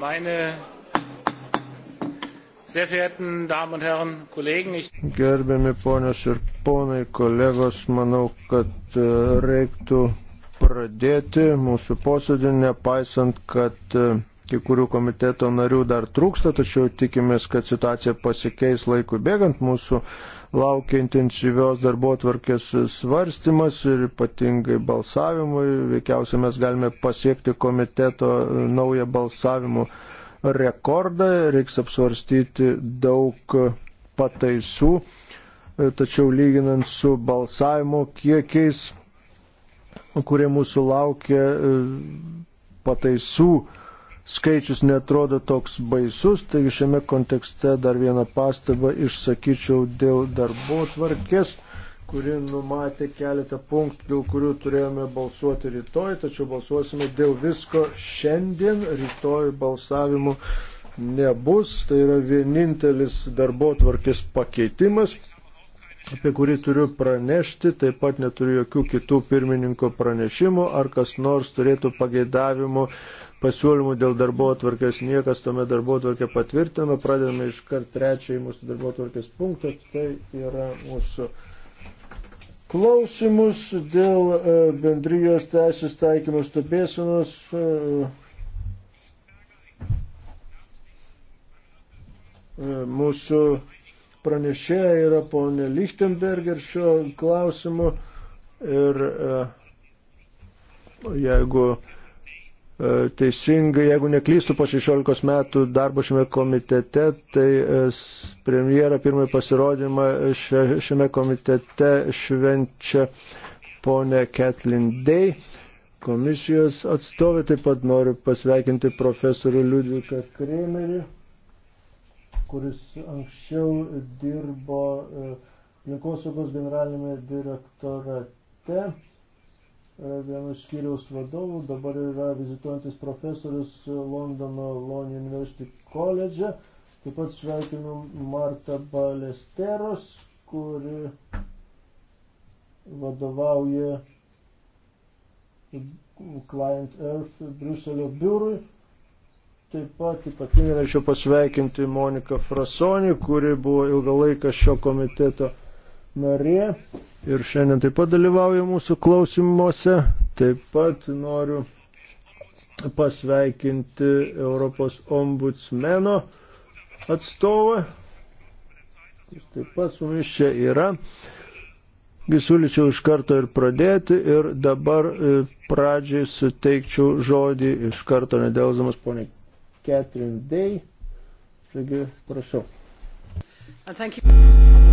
Meine sehr verehrten Damen und Herren, Kollegen, ich Gerbiami ponios ir ponai, kolegos, manau, kad e, reiktų pradėti mūsų posėdį, nepaisant, kad e, kai kurių komiteto narių dar trūksta, tačiau tikimės, kad situacija pasikeis laikui bėgant. Mūsų laukia intensyvios darbo atvarkės svarstymas ir ypatingai balsavimui. Veikiausiai mes galime pasiekti komiteto naują balsavimų rekordą. Reiks apsvarstyti daug pataisų, tačiau lyginant su balsavimo kiekiais, kurie mūsų laukia pataisų, skaičius netrodo toks baisus, taigi šiame kontekste dar vieną pastabą išsakyčiau dėl darbo tvarkės, kuri numatė keletą punktų, dėl kurių turėjome balsuoti rytoj, tačiau balsuosime dėl visko šiandien, rytoj balsavimu nebus, tai yra vienintelis darbo tvarkės pakeitimas apie kurį turiu pranešti, taip pat neturiu jokių kitų pirmininko pranešimų, ar kas nors turėtų pageidavimų, pasiūlymų dėl darbo atvarkės, niekas tame darbo atvarkė patvirtino, pradedame iš kart trečiąjį mūsų darbo atvarkės punktą, tai yra mūsų klausimus dėl e, bendrijos teisės taikymo stebėsenos. E, e, mūsų pranešėja yra ponė Lichtenberger šiuo klausimu ir e, jeigu e, teisingai, jeigu neklystų po 16 metų darbo šiame komitete, tai e, premjera pirmąjį pasirodymą šiame komitete švenčia ponė Kathleen Day. Komisijos atstovė taip pat noriu pasveikinti profesorių Liudviką Kremerį kuris anksčiau dirbo e, aplinkosaugos generalinėme direktorate, e, vienu skyriaus vadovu, dabar yra vizituojantis profesorius Londono Lone University koledže. Taip pat sveikinu Martą Balesteros, kuri vadovauja Client Earth Briuselio biurui. Taip pat ypatingai norėčiau pasveikinti Moniką Frasonį, kuri buvo ilgą laiką šio komiteto narė ir šiandien taip pat dalyvauja mūsų klausimuose. Taip pat noriu pasveikinti Europos ombudsmeno atstovą. Jis taip pat su mumis čia yra. Gisuličiau iš karto ir pradėti ir dabar e, pradžiai suteikčiau žodį iš karto nedėlzamas poniai Catherine Day. Taigi, prašau. Thank you.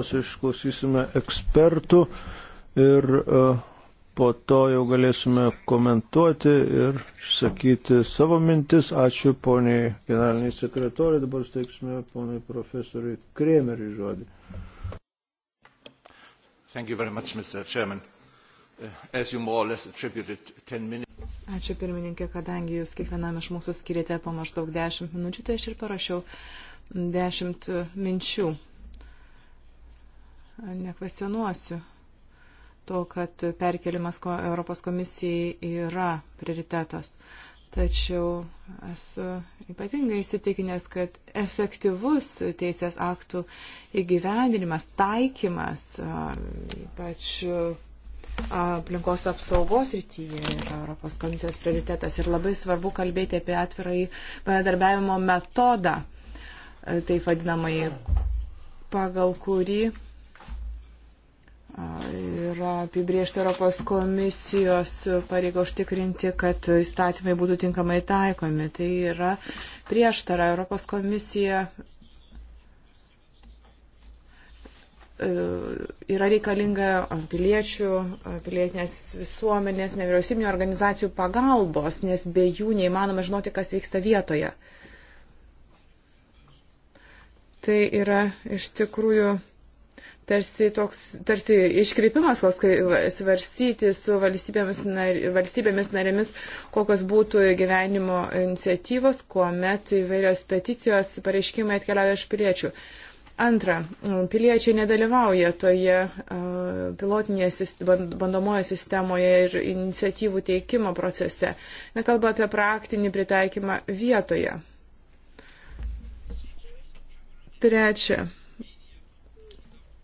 Pirmiausia, išklausysime ekspertų ir e, po to jau galėsime komentuoti ir išsakyti savo mintis. Ačiū poniai generaliniai sekretoriai, dabar steiksime poniai profesoriui Kremeriui žodį. Much, uh, Ačiū pirmininkė, kadangi jūs kiekvienam iš mūsų skirite po maždaug 10 minučių, tai aš ir parašiau 10 minčių nekvestionuosiu to, kad perkelimas Europos komisijai yra prioritetas. Tačiau esu ypatingai įsitikinęs, kad efektyvus teisės aktų įgyvendinimas, taikymas, ypač aplinkos apsaugos rytyje yra Europos komisijos prioritetas ir labai svarbu kalbėti apie atvirai bendarbiavimo metodą, taip vadinamai, pagal kurį yra apibriežta Europos komisijos pareiga užtikrinti, kad įstatymai būtų tinkamai taikomi. Tai yra prieštara. Europos komisija e, yra reikalinga piliečių, pilietinės visuomenės, nevyriausybinio organizacijų pagalbos, nes be jų neįmanoma žinoti, kas vyksta vietoje. Tai yra iš tikrųjų tarsi, toks, tarsi iškreipimas, koks svarstyti su valstybėmis, nar, valstybėmis narėmis, kokios būtų gyvenimo iniciatyvos, kuomet įvairios peticijos pareiškimai atkeliauja iš piliečių. Antra, piliečiai nedalyvauja toje pilotinėje bandomoje sistemoje ir iniciatyvų teikimo procese. Nekalba apie praktinį pritaikymą vietoje. Trečia,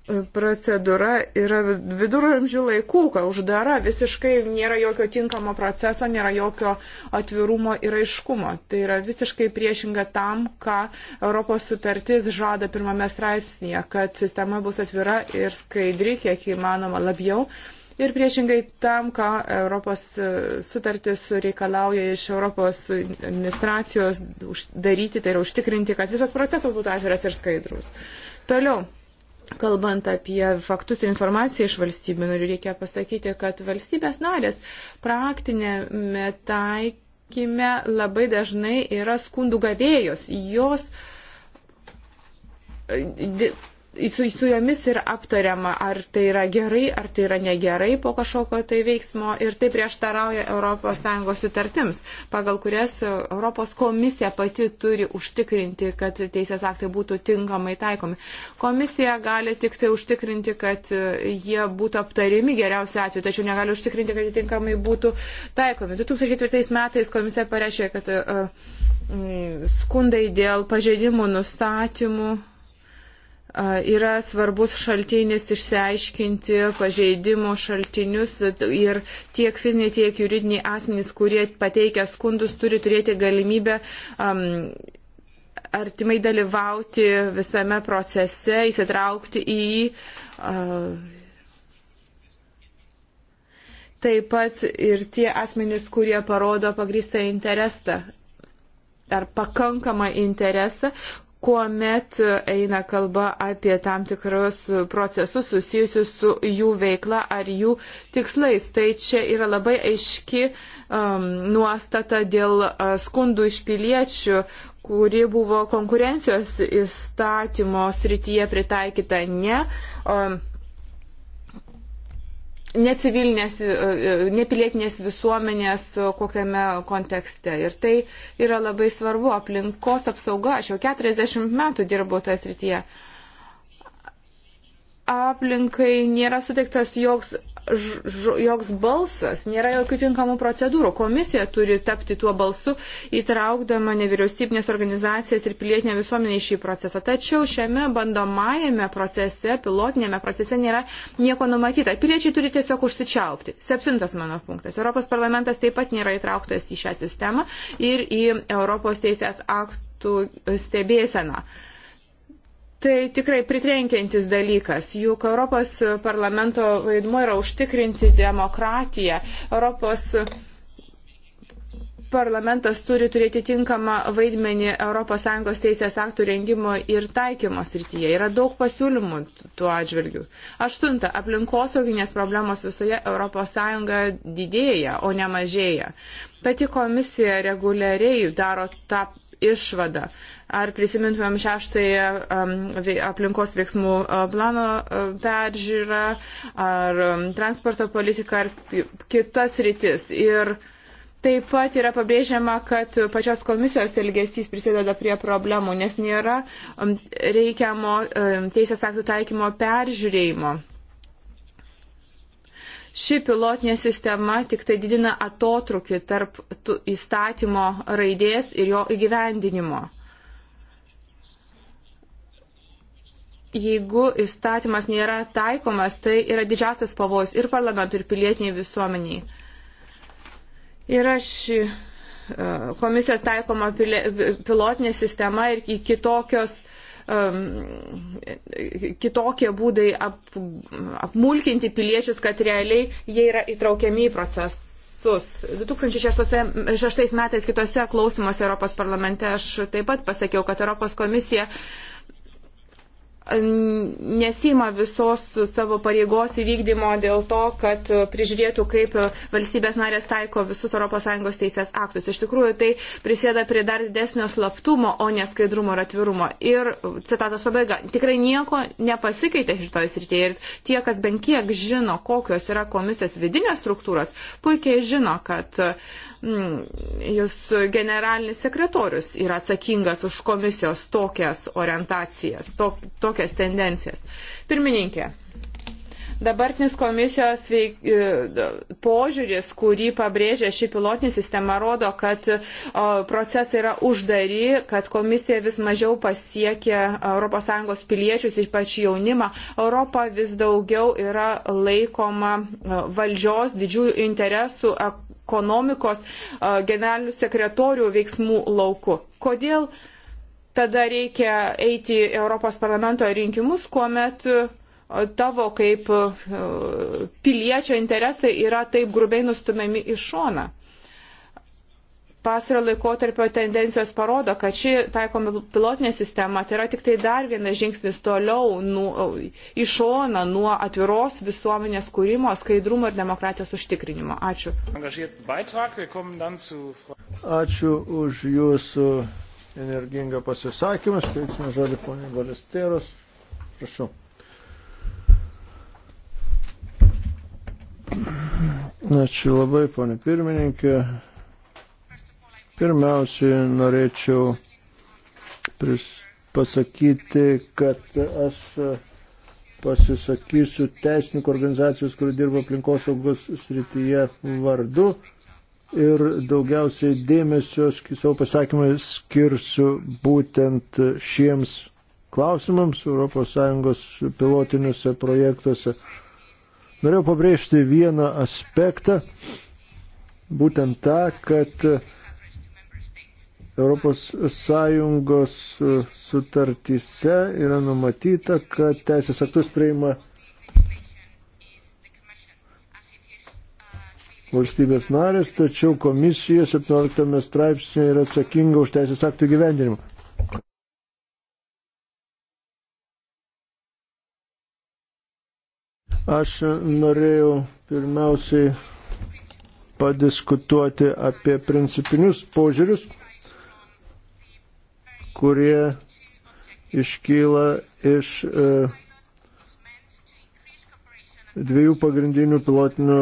procedūra yra viduramžių laikų, kad uždara, visiškai nėra jokio tinkamo proceso, nėra jokio atvirumo ir aiškumo. Tai yra visiškai priešinga tam, ką Europos sutartis žada pirmame straipsnėje, kad sistema bus atvira ir skaidri, kiek įmanoma labiau. Ir priešingai tam, ką Europos sutartis reikalauja iš Europos administracijos daryti, tai yra užtikrinti, kad visas procesas būtų atviras ir skaidrus. Toliau Kalbant apie faktus ir informaciją iš valstybių, noriu reikia pasakyti, kad valstybės narės praktinėme taikime labai dažnai yra skundų gavėjos. Jos e, su, su jomis ir aptariama, ar tai yra gerai, ar tai yra negerai po kažkokio tai veiksmo ir tai prieštarauja ES sutartims, pagal kurias Europos komisija pati turi užtikrinti, kad teisės aktai būtų tinkamai taikomi. Komisija gali tik tai užtikrinti, kad jie būtų aptarimi geriausia atveju, tačiau negali užtikrinti, kad jie tinkamai būtų taikomi. 2004 metais komisija pareiškė, kad uh, skundai dėl pažeidimų nustatymų yra svarbus šaltinis išsiaiškinti pažeidimo šaltinius ir tiek fiziniai, tiek juridiniai asmenys, kurie pateikia skundus, turi turėti galimybę um, artimai dalyvauti visame procese, įsitraukti į jį. Uh, Taip pat ir tie asmenys, kurie parodo pagrįstą interesą ar pakankamą interesą, kuomet eina kalba apie tam tikrus procesus susijusius su jų veikla ar jų tikslais. Tai čia yra labai aiški um, nuostata dėl uh, skundų iš piliečių, kuri buvo konkurencijos įstatymo srityje pritaikyta ne. Um, necivilinės, e, e, nepilietinės visuomenės e, kokiame kontekste. Ir tai yra labai svarbu. Aplinkos apsauga, aš jau 40 metų dirbu toje srityje. Aplinkai nėra suteiktas joks joks balsas, nėra jokių tinkamų procedūrų. Komisija turi tapti tuo balsu, įtraukdama nevyriausybinės organizacijas ir pilietinę visuomenę į šį procesą. Tačiau šiame bandomajame procese, pilotinėme procese nėra nieko numatyta. Piliečiai turi tiesiog užsičiaupti. Septintas mano punktas. Europos parlamentas taip pat nėra įtrauktas į šią sistemą ir į Europos teisės aktų stebėseną. Uh, Tai tikrai pritrenkiantis dalykas, juk Europos parlamento vaidmuo yra užtikrinti demokratiją. Europos parlamentas turi turėti tinkamą vaidmenį ES teisės aktų rengimo ir taikymo srityje. Yra daug pasiūlymų tuo atžvilgiu. Aštunta, aplinkosauginės problemos visoje ES didėja, o ne mažėja. Pati komisija reguliariai daro tą išvada. Ar prisimintumėm šeštąją um, aplinkos veiksmų uh, plano uh, peržiūrą, ar um, transporto politiką, ar kitas rytis. Ir taip pat yra pabrėžiama, kad pačios komisijos elgesys prisideda prie problemų, nes nėra um, reikiamo teisės aktų taikymo peržiūrėjimo. Ši pilotinė sistema tik tai didina atotrukį tarp įstatymo raidės ir jo įgyvendinimo. Jeigu įstatymas nėra taikomas, tai yra didžiausias pavojus ir parlamentui, ir pilietiniai visuomeniai. Yra ši e, komisijos taikoma pilotinė sistema ir kitokios uh, Um, kitokie būdai ap, apmulkinti piliečius, kad realiai jie yra įtraukiami į procesą visus. 2006 metais kitose klausimuose Europos parlamente aš taip pat pasakiau, kad Europos komisija uh, nesima visos savo pareigos įvykdymo dėl to, kad prižiūrėtų, kaip valstybės narės taiko visus ES teisės aktus. Iš tikrųjų, tai prisėda prie dar didesnio slaptumo, o neskaidrumo ir atvirumo. Ir, citatos pabaiga, tikrai nieko nepasikeitė šitoje srityje. Ir tie, kas bent kiek žino, kokios yra komisijos vidinės struktūros, puikiai žino, kad mm, jūs generalinis sekretorius yra atsakingas už komisijos tokias orientacijas, tok, tok, tokias tendencijas. Pirmininkė, dabartinis komisijos veik, e, požiūris, kurį pabrėžia ši pilotinė sistema, rodo, kad e, procesai yra uždari, kad komisija vis mažiau pasiekia ES piliečius, ypač jaunimą. Europa vis daugiau yra laikoma e, valdžios didžiųjų interesų ekonomikos generalinių sekretorių veiksmų lauku. Kodėl uh, tada reikia eiti Europos parlamento rinkimus, kuomet e, tavo kaip e, piliečio interesai yra taip grubiai nustumiami į šoną. Pasaro laikotarpio tendencijos parodo, kad ši taikoma pilotinė sistema tai yra tik tai dar vienas žingsnis toliau nu, į šoną nuo atviros visuomenės kūrimo, skaidrumo ir demokratijos užtikrinimo. Ačiū. Ačiū už jūsų energingą pasisakymą. Steiksime žodį ponė Balesteros. Prašau. Ačiū labai, ponė pirmininkė. Pirmiausiai norėčiau pris, pasakyti, kad aš pasisakysiu teisininkų organizacijos, kuri dirba aplinkosaugos srityje vardu ir daugiausiai dėmesio savo pasakymą skirsiu būtent šiems klausimams ES pilotiniuose projektuose. Norėjau pabrėžti vieną aspektą, būtent tą, kad ES sutartyse yra numatyta, kad teisės aktus priima valstybės narės, tačiau komisija 17 straipsnėje yra atsakinga už teisės aktų gyvendinimą. Aš norėjau pirmiausiai padiskutuoti apie principinius požiūrius, kurie iškyla iš e, dviejų pagrindinių pilotinių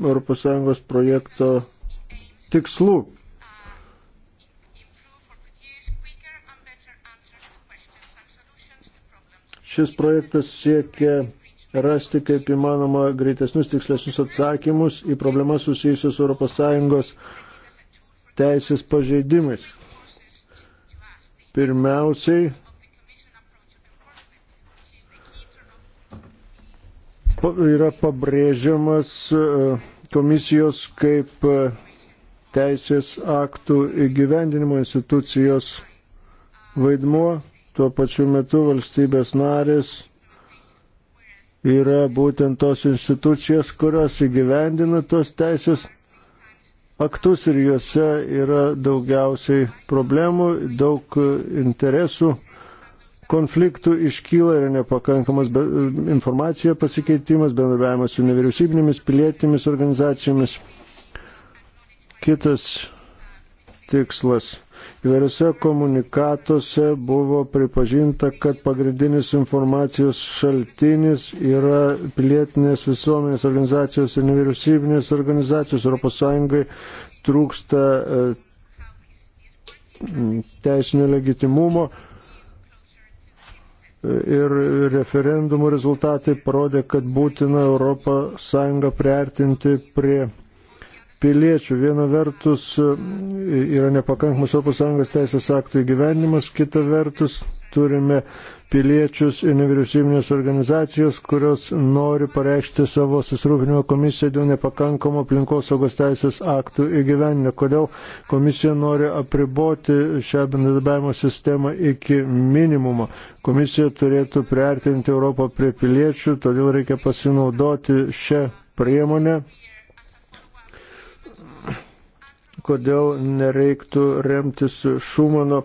ES projekto tikslų. Šis projektas siekia rasti kaip įmanoma greitesnius tikslesnius atsakymus į problemas susijusius ES teisės pažeidimais. Pirmiausiai yra pabrėžiamas e, komisijos kaip e, teisės aktų įgyvendinimo institucijos vaidmuo, tuo pačiu metu valstybės narės yra būtent tos institucijos, kurios įgyvendina tos teisės aktus ir juose yra daugiausiai problemų, daug interesų konfliktų iškyla ir nepakankamas be, informacija pasikeitimas, bendravimas su nevyriausybinėmis pilietinėmis organizacijomis. Kitas tikslas. Įvairiose komunikatuose buvo pripažinta, kad pagrindinis informacijos šaltinis yra pilietinės visuomenės organizacijos ir nevyriausybinės organizacijos. ES trūksta e, teisinio legitimumo ir referendumo rezultatai parodė, kad būtina ES priartinti prie piliečių. Viena vertus e, yra nepakankamas ES teisės aktų įgyvenimas, kita vertus turime piliečius ir nevyriausybinės organizacijos, kurios nori pareikšti savo susirūpinimo komisiją dėl nepakankamo aplinkosaugos teisės aktų įgyvenimo. Kodėl komisija nori apriboti šią bendradarbiavimo sistemą iki minimumo? Komisija turėtų priartinti Europą prie piliečių, todėl reikia pasinaudoti šią priemonę kodėl nereiktų remtis Šumano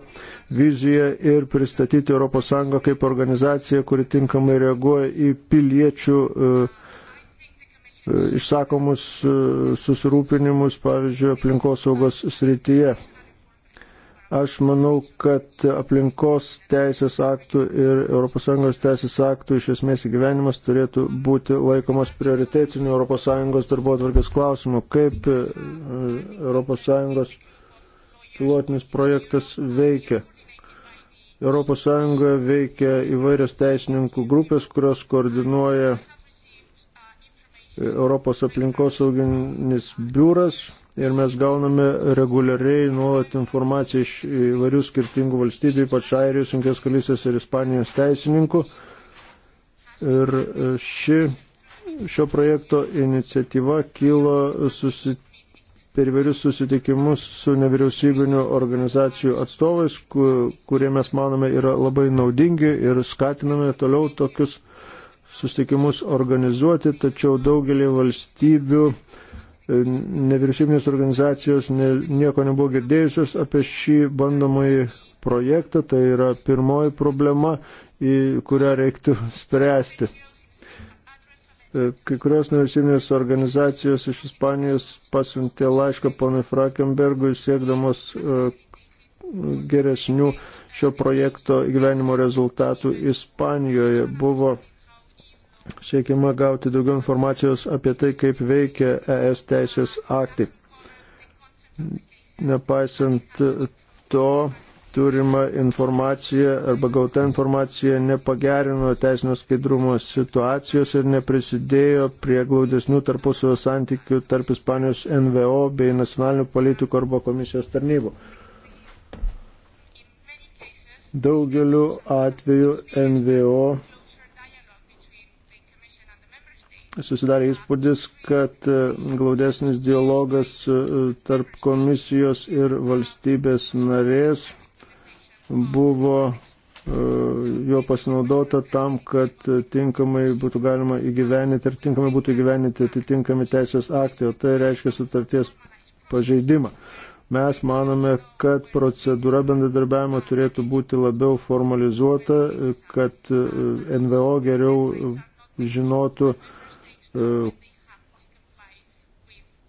viziją ir pristatyti ES kaip organizaciją, kuri tinkamai reaguoja į piliečių e, e, išsakomus e, susirūpinimus, pavyzdžiui, aplinkosaugos srityje. Aš manau, kad aplinkos teisės aktų ir ES teisės aktų iš esmės įgyvenimas turėtų būti laikomas prioritetiniu ES darbo atvarkės klausimu, kaip e, ES pilotinis projektas veikia. ES veikia įvairios teisininkų grupės, kurios koordinuoja e, Europos aplinkosauginis biuras ir mes gauname reguliariai nuolat informaciją iš įvairių skirtingų valstybių, ypač Airijos, Junkės karalystės ir Ispanijos teisininkų. Ir e, ši, šio projekto iniciatyva kilo susit, per įvairius susitikimus su nevyriausybinių organizacijų atstovais, kur, kurie mes manome yra labai naudingi ir skatiname toliau tokius susitikimus organizuoti, tačiau daugelį valstybių uh, E, nevyriausybinės organizacijos ne, nieko nebuvo girdėjusios apie šį bandomąjį projektą, tai yra pirmoji problema, į kurią reiktų spręsti. E, kai kurios nevyriausybinės organizacijos iš Ispanijos pasiuntė laišką ponui Frakenbergui siekdamos e, geresnių šio projekto gyvenimo rezultatų Ispanijoje. Buvo siekiama gauti daugiau informacijos apie tai, kaip veikia ES teisės aktai. Nepaisant to, turima informacija arba gauta informacija nepagerino teisinio skaidrumo situacijos ir neprisidėjo prie glaudesnių tarpusavio santykių tarp Ispanijos NVO bei nacionalinių politikų arba komisijos tarnybų. Daugeliu atveju NVO susidarė įspūdis, kad e, glaudesnis dialogas e, tarp komisijos ir valstybės narės buvo e, jo pasinaudota tam, kad tinkamai būtų galima įgyveninti ir tinkamai būtų įgyveninti atitinkami teisės aktai, o tai reiškia sutarties pažeidimą. Mes manome, kad procedūra bendradarbiavimo turėtų būti labiau formalizuota, kad NVO geriau žinotų, E,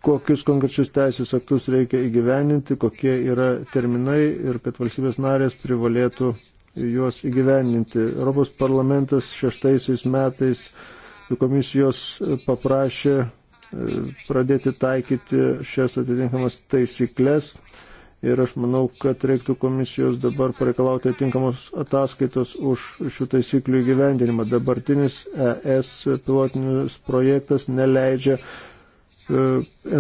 kokius konkrečius teisės aktus reikia įgyveninti, kokie yra terminai ir kad valstybės narės privalėtų juos įgyveninti. Europos parlamentas šeštaisiais metais komisijos paprašė e, pradėti taikyti šias atitinkamas taisyklės Ir aš manau, kad reiktų komisijos dabar pareikalauti atinkamos ataskaitos už šių taisyklių įgyvendinimą. Dabartinis ES pilotinis projektas neleidžia e,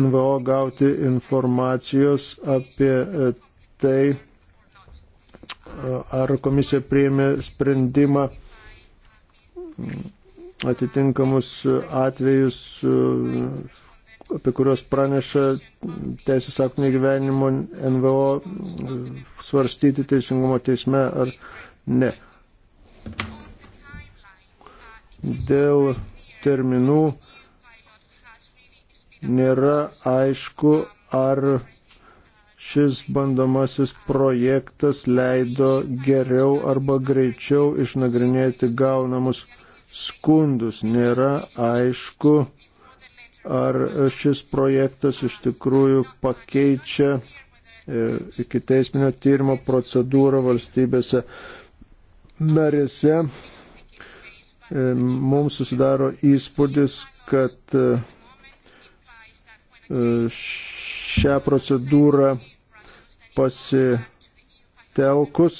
NVO gauti informacijos apie e, tai, e, ar komisija priėmė sprendimą atitinkamus atvejus apie kuriuos praneša teisės aktų negyvenimo NVO svarstyti teisingumo teisme ar ne. Dėl terminų nėra aišku, ar šis bandomasis projektas leido geriau arba greičiau išnagrinėti gaunamus skundus. Nėra aišku, ar šis projektas iš tikrųjų pakeičia e, iki teisminio tyrimo procedūrą valstybėse narėse. E, mums susidaro įspūdis, kad e, šią procedūrą pasitelkus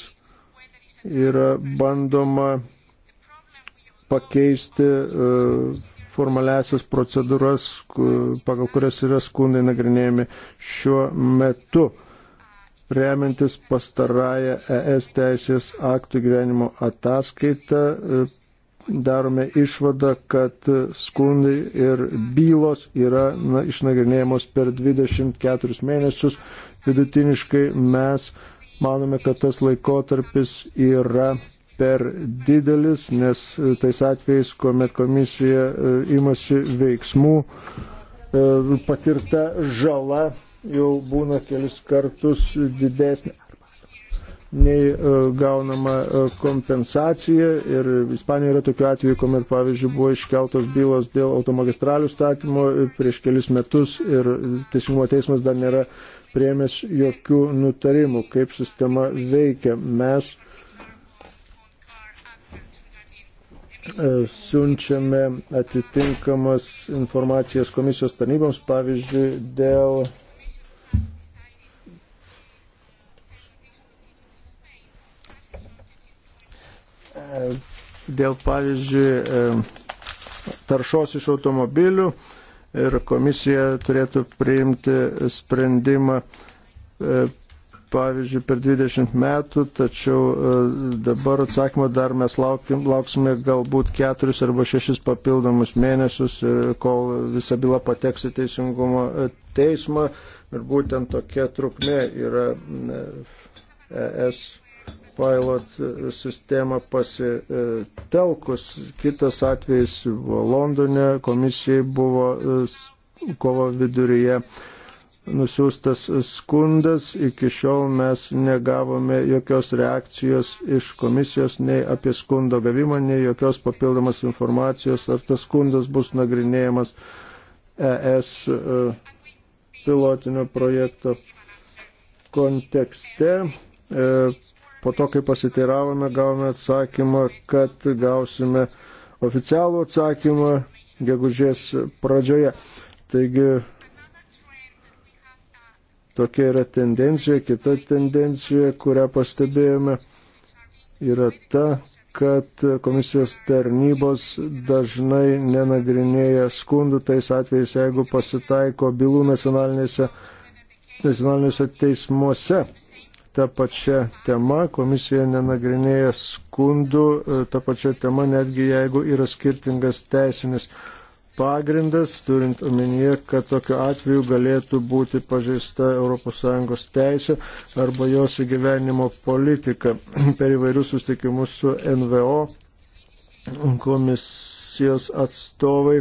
yra bandoma pakeisti uh, formaliasias procedūras, pagal kurias yra skundai nagrinėjami šiuo metu, remiantis pastarąją ES teisės aktų gyvenimo ataskaitą. E, darome išvadą, kad skundai ir bylos yra na, išnagrinėjamos per 24 mėnesius. Vidutiniškai mes manome, kad tas laikotarpis yra per didelis, nes e, tais atvejais, kuomet komisija e, imasi veiksmų, e, patirta žala jau būna kelis kartus didesnė nei gaunama kompensacija ir Ispanijoje yra tokių atvejų, kuomet pavyzdžiui buvo iškeltos bylos dėl automagistralių statymo prieš kelis metus ir teisingumo teismas dar nėra priemęs jokių nutarimų, kaip sistema veikia. Mes E, siunčiame atitinkamas informacijas komisijos tarnyboms, pavyzdžiui, dėl e, dėl pavyzdžiui e, taršos iš automobilių ir komisija turėtų priimti sprendimą pavyzdžiui, per 20 metų, tačiau e, dabar atsakymo dar mes laukim, lauksime galbūt 4 arba 6 papildomus mėnesius, e, kol visa byla pateks į teisingumo e, teismą. Ir būtent tokia trukmė yra ES pilot sistemą pasitelkus. Kitas atvejis buvo Londone, komisijai buvo kovo viduryje nusiųstas skundas. Iki šiol mes negavome jokios reakcijos iš komisijos nei apie skundo gavimą, nei jokios papildomos informacijos, ar tas skundas bus nagrinėjamas ES e, pilotinio projekto kontekste. E, po to, kai pasiteiravome, gavome atsakymą, kad gausime oficialų atsakymą gegužės pradžioje. Taigi Tokia yra tendencija. Kita tendencija, kurią pastebėjome, yra ta, kad komisijos tarnybos dažnai nenagrinėja skundų tais atvejais, jeigu pasitaiko bylų nacionalinėse, nacionalinėse teismuose. Ta pačia tema komisija nenagrinėja skundų, ta pačia tema netgi jeigu yra skirtingas teisinis pagrindas, turint omenyje, kad tokiu atveju galėtų būti pažeista ES teisė arba jos įgyvenimo politika. Per įvairius sustikimus su NVO komisijos atstovai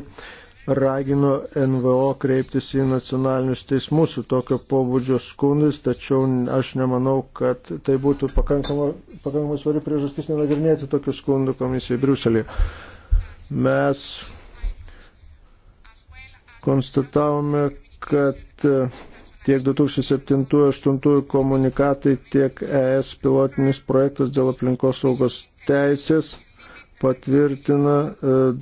ragino NVO kreiptis į nacionalinius teismus su tokio pobūdžio skundais, tačiau aš nemanau, kad tai būtų pakankama, pakankamai svari priežastis nenagrinėti tokių skundų komisijai Briuselėje. Mes konstatavome, kad e, tiek 2007-2008 komunikatai, tiek ES pilotinis projektas dėl aplinkos saugos teisės patvirtina e,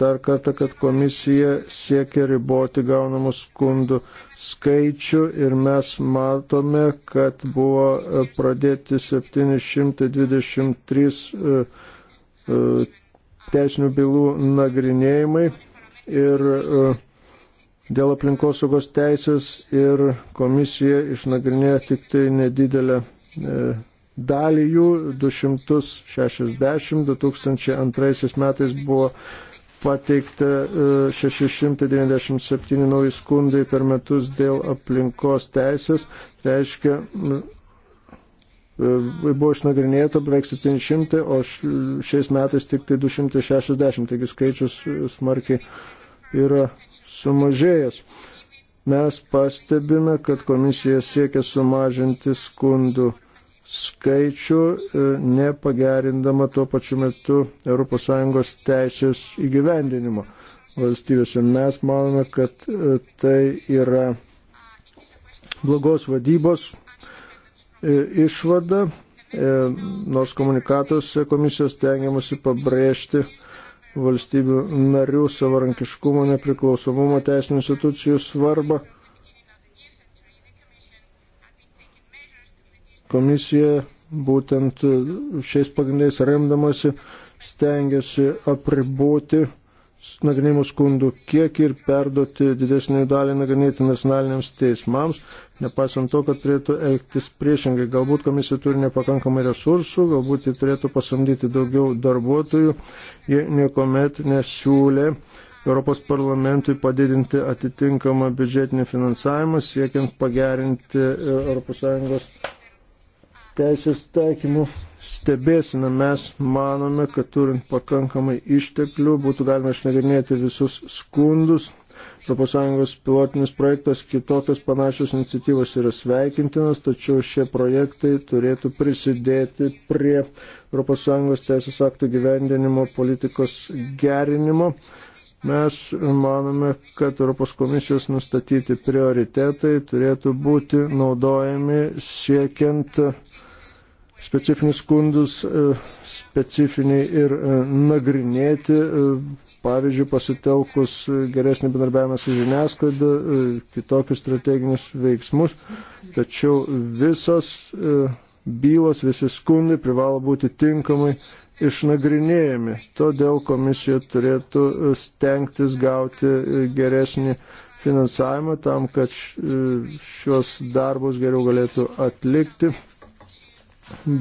dar kartą, kad komisija siekia riboti gaunamų skundų skaičių ir mes matome, kad buvo e, pradėti 723 teisinių bylų nagrinėjimai ir uh, dėl aplinkosaugos teisės ir komisija išnagrinėjo tik tai nedidelę e, dalį jų, 260, 2002 metais buvo pateikta 697 e, nauji skundai per metus dėl aplinkos teisės, reiškia, e, buvo išnagrinėta beveik 700, o šiais metais tik tai 260, taigi skaičius smarkiai yra sumažėjęs. Mes pastebime, kad komisija siekia sumažinti skundų skaičių, e, nepagerindama tuo pačiu metu ES teisės įgyvendinimo valstybėse. Mes manome, kad e, tai yra blogos vadybos e, išvada, nors komunikatuose komisijos tengiamasi pabrėžti, valstybių narių savarankiškumo, nepriklausomumo teisinių institucijų svarbą. Komisija būtent šiais pagrindais remdamasi stengiasi apriboti nagrinėjimų skundų kiekį ir perduoti didesnį dalį nagrinėti nacionaliniams teismams, nepaisant to, kad turėtų elgtis priešingai. Galbūt komisija turi nepakankamai resursų, galbūt jie turėtų pasamdyti daugiau darbuotojų, jie niekuomet nesiūlė. Europos parlamentui padidinti atitinkamą biudžetinį finansavimą, siekiant pagerinti ES teisės taikymų stebėsime. Mes manome, kad turint pakankamai išteklių būtų galima išnagrinėti visus skundus. ES pilotinis projektas kitokios panašios iniciatyvos yra sveikintinas, tačiau šie projektai turėtų prisidėti prie ES teisės aktų gyvendinimo politikos gerinimo. Mes manome, kad Europos komisijos nustatyti prioritetai turėtų būti naudojami siekiant uh, specifinius skundus e, specifiniai ir e, nagrinėti, e, pavyzdžiui, pasitelkus geresnį bendarbiavimą su žiniasklaida, kitokius strateginius veiksmus. Tačiau visos bylos, visi skundai privalo būti tinkamai išnagrinėjami. Todėl komisija turėtų stengtis gauti geresnį finansavimą tam, kad šios darbus geriau galėtų atlikti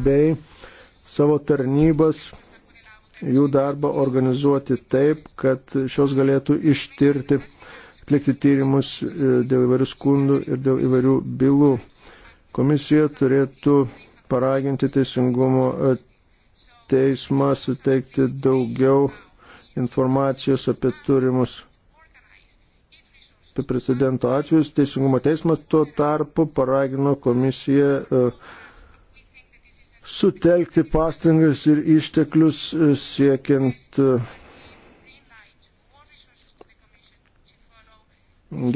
bei savo tarnybas jų darbą organizuoti taip, kad šios galėtų ištirti, atlikti tyrimus e, dėl įvairių skundų ir dėl įvairių bylų. Komisija turėtų paraginti teisingumo e, teismą suteikti daugiau informacijos apie turimus apie precedento atvejus. Teisingumo teismas tuo tarpu paragino komisiją uh, sutelkti pastangas ir išteklius e, siekiant e,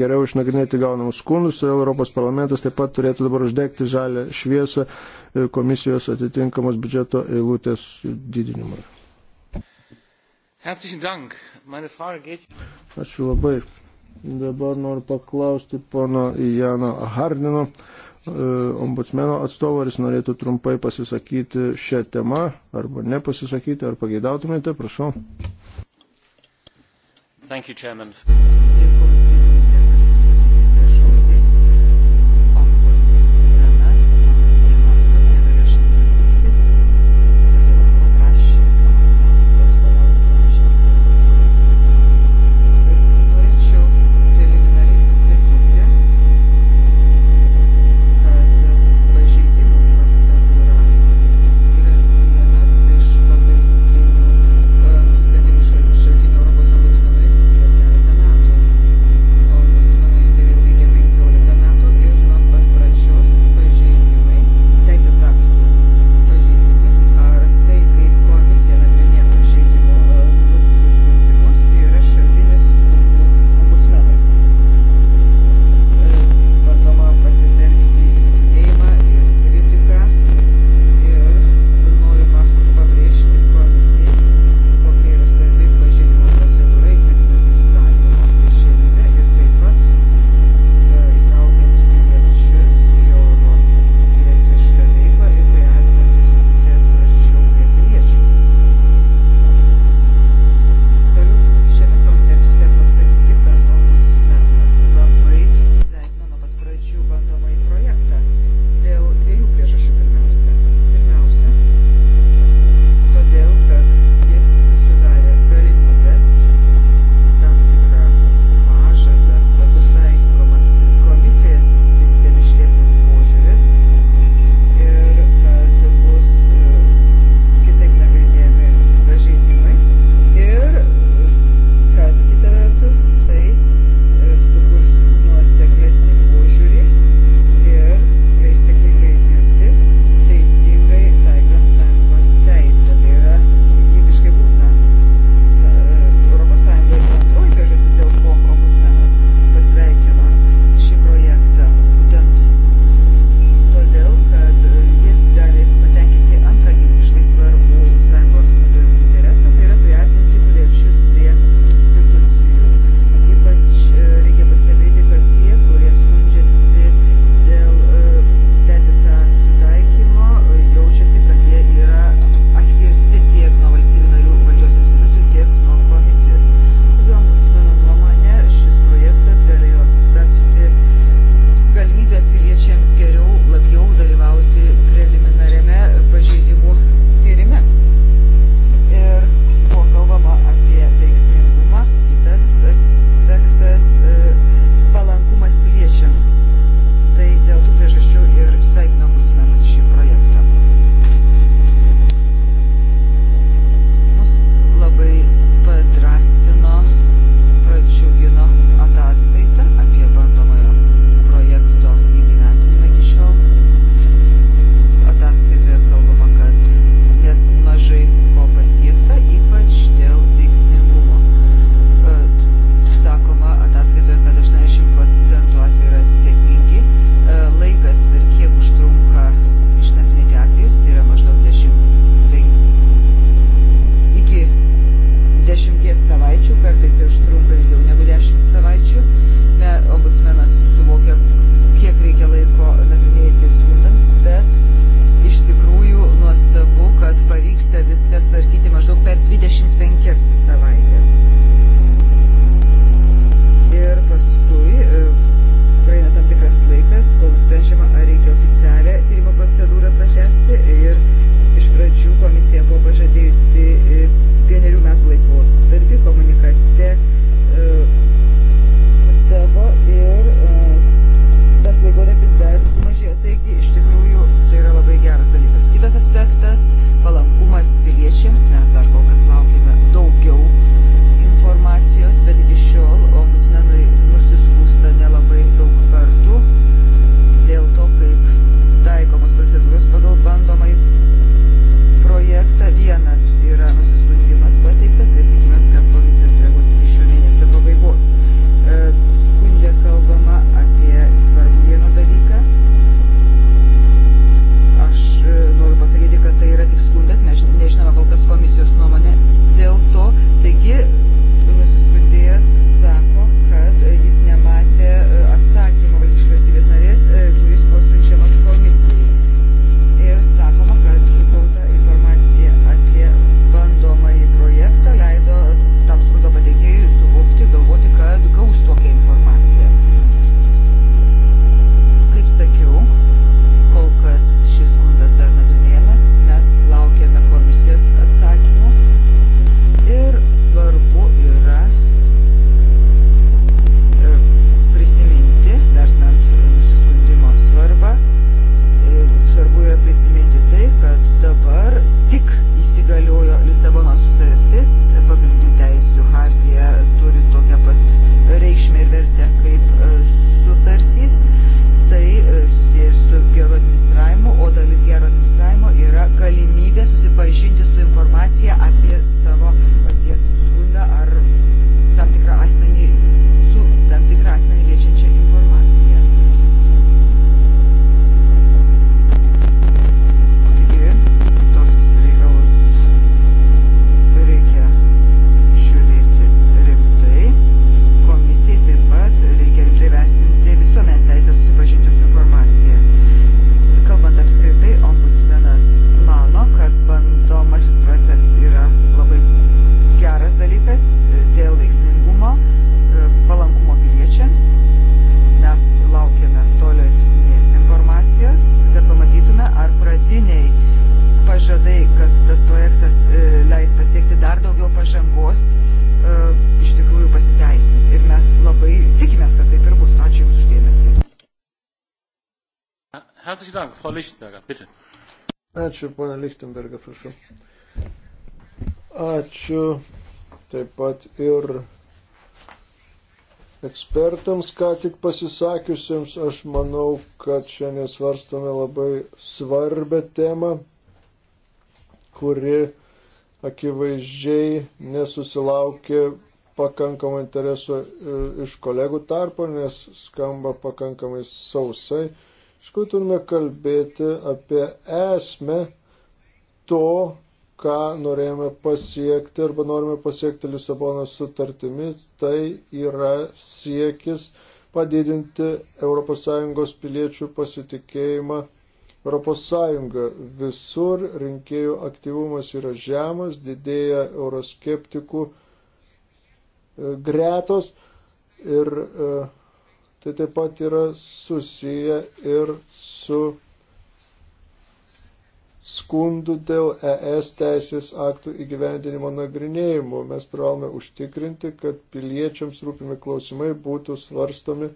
geriau išnagrinėti gaunamus skundus, todėl Europos parlamentas taip pat turėtų dabar uždegti žalę šviesą e, komisijos atitinkamos biudžeto eilutės didinimui. Ačiū labai. Dabar noriu paklausti pono Jano Hardino. E, ombudsmeno atstovo, ar jis norėtų trumpai pasisakyti šią temą, arba nepasisakyti, ar pageidautumėte, prašau. Thank you, Chairman. Dėkui. Lichtenberger, bitte. Ačiū, ponia Lichtenberger, prašau. Ačiū taip pat ir ekspertams, ką tik pasisakiusiems. Aš manau, kad šiandien svarstame labai svarbę temą, kuri akivaizdžiai nesusilaukė pakankamo intereso e, iš kolegų tarpo, nes skamba pakankamai sausai. Iš kur turime kalbėti apie esmę to, ką norėjome pasiekti arba norime pasiekti Lisabonos sutartimi, tai yra siekis padidinti ES piliečių pasitikėjimą ES. Visur rinkėjų aktyvumas yra žemas, didėja euroskeptikų e, gretos ir e, tai taip pat yra susiję ir su skundų dėl ES teisės aktų įgyvendinimo nagrinėjimo. Mes privalome užtikrinti, kad piliečiams rūpimi klausimai būtų svarstomi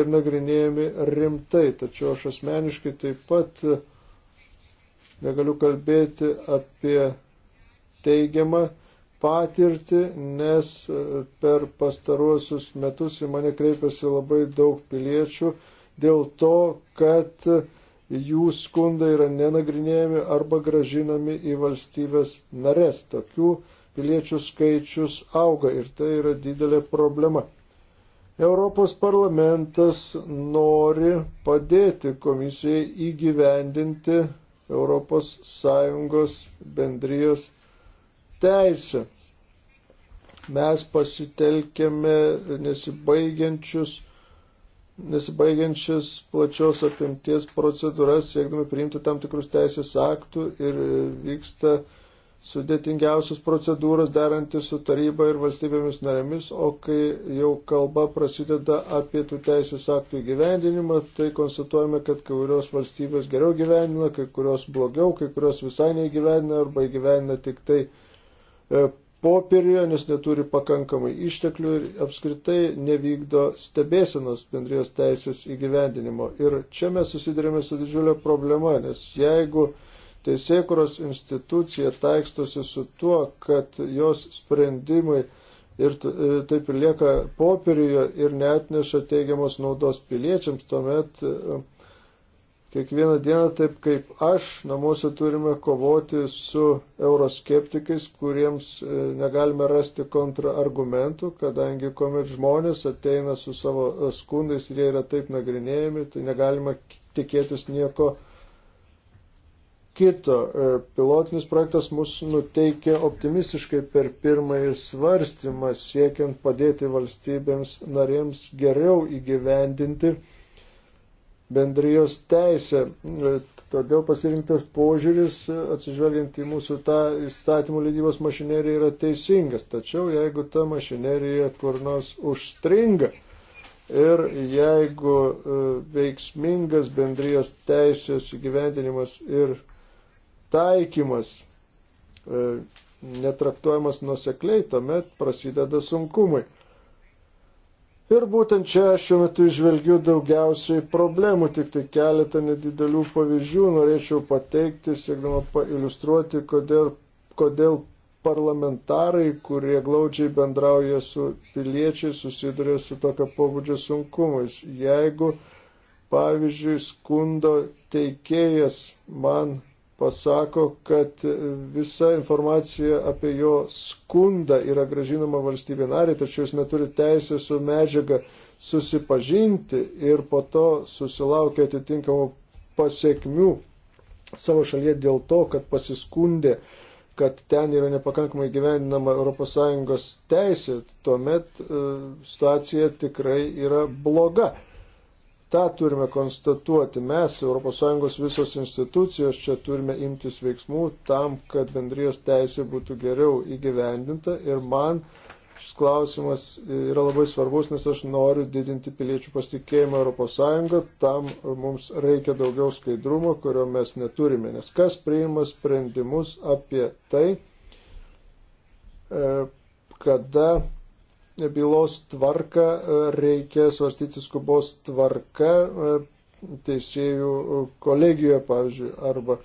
ir nagrinėjami rimtai. Tačiau aš asmeniškai taip pat negaliu kalbėti apie teigiamą patirtį, nes e, per pastaruosius metus į mane kreipiasi labai daug piliečių dėl to, kad jų skundai yra nenagrinėjami arba gražinami į valstybės narės. Tokių piliečių skaičius auga ir tai yra didelė problema. Europos parlamentas nori padėti komisijai įgyvendinti ES bendrijos teisę. Mes pasitelkėme nesibaigiančius nesibaigiančias plačios apimties procedūras, siekdami priimti tam tikrus teisės aktų ir vyksta sudėtingiausios procedūros derantis su taryba ir valstybėmis narėmis, o kai jau kalba prasideda apie tų teisės aktų įgyvendinimą, tai konstatuojame, kad kai kurios valstybės geriau gyvenina, kai kurios blogiau, kai kurios visai neįgyvenina arba įgyvenina tik tai E, popieriuje, nes neturi pakankamai išteklių ir apskritai nevykdo stebėsenos bendrijos teisės įgyvendinimo. Ir čia mes susidurėme su didžiulė problema, nes jeigu teisėkuros institucija taikstosi su tuo, kad jos sprendimai ir e, taip ir lieka popieriuje ir net neša teigiamos naudos piliečiams, tuomet e, kiekvieną dieną, taip kaip aš, namuose turime kovoti su euroskeptikais, kuriems e, negalime rasti kontraargumentų, kadangi kuomet žmonės ateina su savo e, skundais ir jie yra taip nagrinėjami, tai negalima tikėtis nieko kito. E, pilotinis projektas mus nuteikė optimistiškai per pirmąjį svarstymą, siekiant padėti valstybėms narėms geriau įgyvendinti bendrijos teisę. E, todėl pasirinktas požiūris, e, atsižvelgiant į mūsų tą įstatymų leidybos mašineriją, yra teisingas. Tačiau jeigu ta mašinerija kur nors užstringa ir jeigu e, veiksmingas bendrijos teisės įgyvendinimas ir taikymas netraktuojamas nusekliai, tuomet prasideda sunkumai. Ir būtent čia šiuo metu išvelgiu daugiausiai problemų, tik tai keletą nedidelių pavyzdžių norėčiau pateikti, siekdama pailustruoti, kodėl, kodėl parlamentarai, kurie glaudžiai bendrauja su piliečiai, susiduria su tokio pobūdžio sunkumais. Jeigu, pavyzdžiui, skundo teikėjas man pasako, kad visa informacija apie jo skundą yra gražinama valstybė nariai, tačiau jis neturi teisę su medžiaga susipažinti ir po to susilaukia atitinkamų pasiekmių savo šalyje dėl to, kad pasiskundė, kad ten yra nepakankamai gyveninama ES teisė, tuomet e, situacija tikrai yra bloga tą turime konstatuoti. Mes, ES visos institucijos, čia turime imtis veiksmų tam, kad bendrijos teisė būtų geriau įgyvendinta ir man šis klausimas yra labai svarbus, nes aš noriu didinti piliečių pasitikėjimą ES, tam mums reikia daugiau skaidrumo, kurio mes neturime, nes kas priima sprendimus apie tai, e, kada bylos tvarką reikia svarstyti skubos tvarka e, teisėjų kolegijoje, pavyzdžiui, arba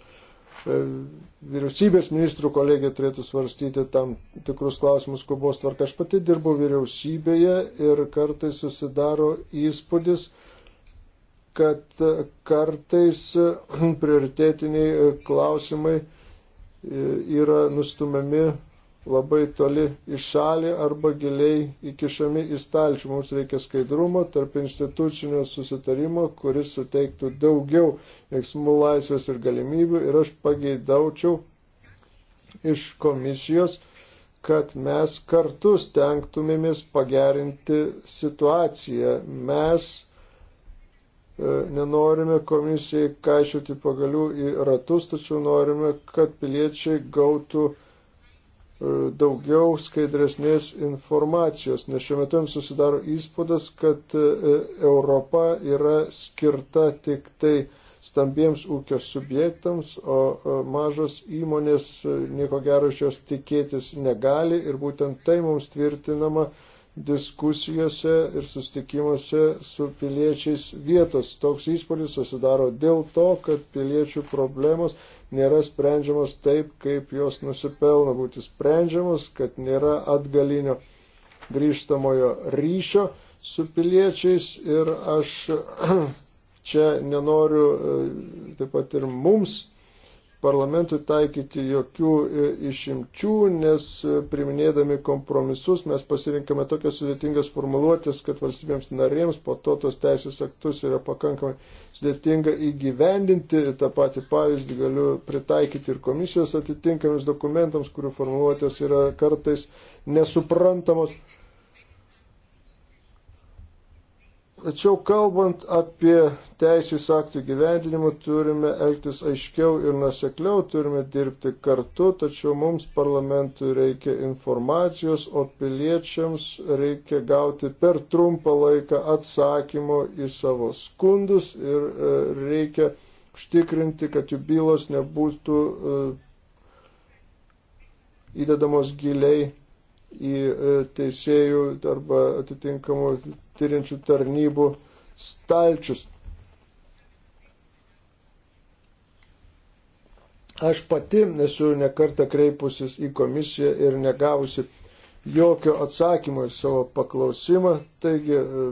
e, vyriausybės ministrų kolegija turėtų svarstyti tam tikrus klausimus skubos tvarka. Aš pati dirbau vyriausybėje ir kartais susidaro įspūdis, kad kartais prioritetiniai klausimai e, yra nustumiami labai toli į šalį arba giliai įkišami į stalčių. Mums reikia skaidrumo tarp institucinio susitarimo, kuris suteiktų daugiau veiksmų laisvės ir galimybių. Ir aš pageidaučiau iš komisijos, kad mes kartu stengtumėmės pagerinti situaciją. Mes e, nenorime komisijai kaišiuoti pagalių į ratus, tačiau norime, kad piliečiai gautų E, daugiau skaidresnės informacijos, nes šiuo metu jums susidaro įspūdis, kad e, Europa yra skirta tik tai stambiems ūkio subjektams, o e, mažos įmonės nieko gero iš jos tikėtis negali ir būtent tai mums tvirtinama diskusijose ir sustikimuose su piliečiais vietos. Toks įspūdis susidaro dėl to, kad piliečių problemos nėra sprendžiamos taip, kaip jos nusipelno būti sprendžiamos, kad nėra atgalinio grįžtamojo ryšio su piliečiais ir aš čia nenoriu e, taip pat ir mums parlamentui taikyti jokių e, išimčių, nes e, priminėdami kompromisus mes pasirinkame tokias sudėtingas formuluotės, kad valstybėms narėms po to tos teisės aktus yra pakankamai sudėtinga įgyvendinti. Ta pati pavyzdį galiu pritaikyti ir komisijos atitinkamus dokumentams, kurių formuluotės yra kartais nesuprantamos. Tačiau kalbant apie teisės aktų gyvendinimą, turime elgtis aiškiau ir nusekliau, turime dirbti kartu, tačiau mums parlamentui reikia informacijos, o piliečiams reikia gauti per trumpą laiką atsakymo į savo skundus ir e, reikia užtikrinti, kad jų bylos nebūtų e, įdedamos giliai į e, teisėjų arba atitinkamų tyriančių tarnybų stalčius. Aš pati esu nekarta kreipusis į komisiją ir negavusi jokio atsakymo į savo paklausimą, taigi e,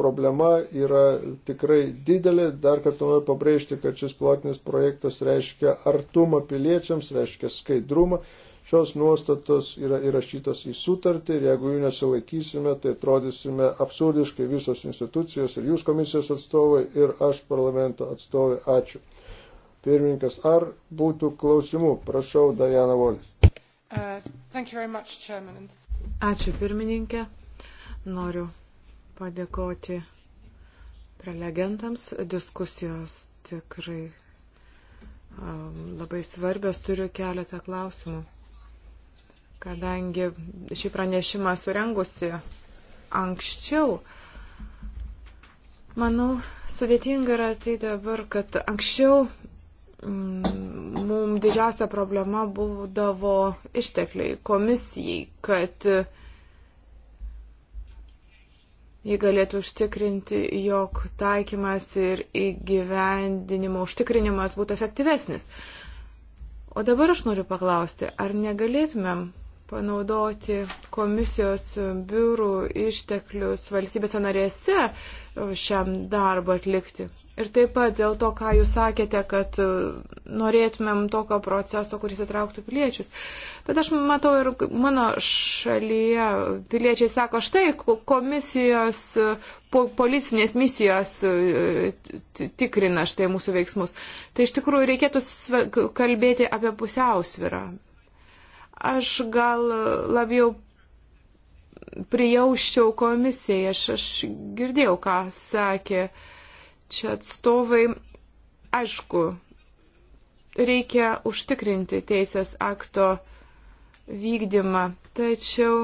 problema yra tikrai didelė. Dar kartą noriu pabrėžti, kad šis pilotinis projektas reiškia artumą piliečiams, reiškia skaidrumą Šios nuostatos yra įrašytos į sutartį ir jeigu jų nesilaikysime, tai atrodysime absurdiškai visos institucijos ir jūs komisijos atstovai ir aš parlamento atstovai. Ačiū. Pirmininkas, ar būtų klausimų? Prašau, Dajana Volis. Uh, much, chairman. Ačiū pirmininkė. Noriu padėkoti prelegentams. Diskusijos tikrai um, labai svarbios. Turiu keletą klausimų kadangi šį pranešimą surengusi anksčiau, manau, sudėtinga yra tai dabar, kad anksčiau mm, mums didžiausia problema būdavo ištekliai komisijai, kad jį galėtų užtikrinti, jog taikymas ir įgyvendinimo užtikrinimas būtų efektyvesnis. O dabar aš noriu paklausti, ar negalėtumėm panaudoti komisijos biurų išteklius valstybėse narėse e, šiam darbą atlikti. Ir taip pat dėl to, ką jūs sakėte, kad e, norėtumėm tokio proceso, kuris įtrauktų piliečius. Bet aš matau ir mano šalyje piliečiai sako, štai komisijos e, po, policinės misijos tikrina štai mūsų veiksmus. Tai iš tikrųjų reikėtų kalbėti apie pusiausvirą, Aš gal labiau prijauščiau komisijai, aš, aš girdėjau, ką sakė čia atstovai. Aišku, reikia užtikrinti teisės akto vykdymą, tačiau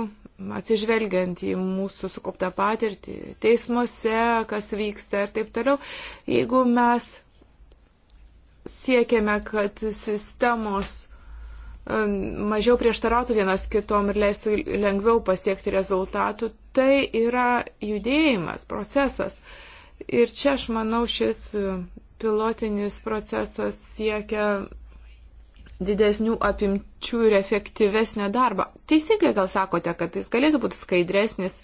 atsižvelgiant į mūsų sukauptą patirtį teismuose, kas vyksta ir taip toliau, jeigu mes siekiame, kad sistemos Um, mažiau prieštarautų vienas kitom ir leistų lengviau pasiekti rezultatų. Tai yra judėjimas, procesas. Ir čia, aš manau, šis um, pilotinis procesas siekia didesnių apimčių ir efektyvesnio darbo. Teisingai gal sakote, kad jis galėtų būti skaidresnis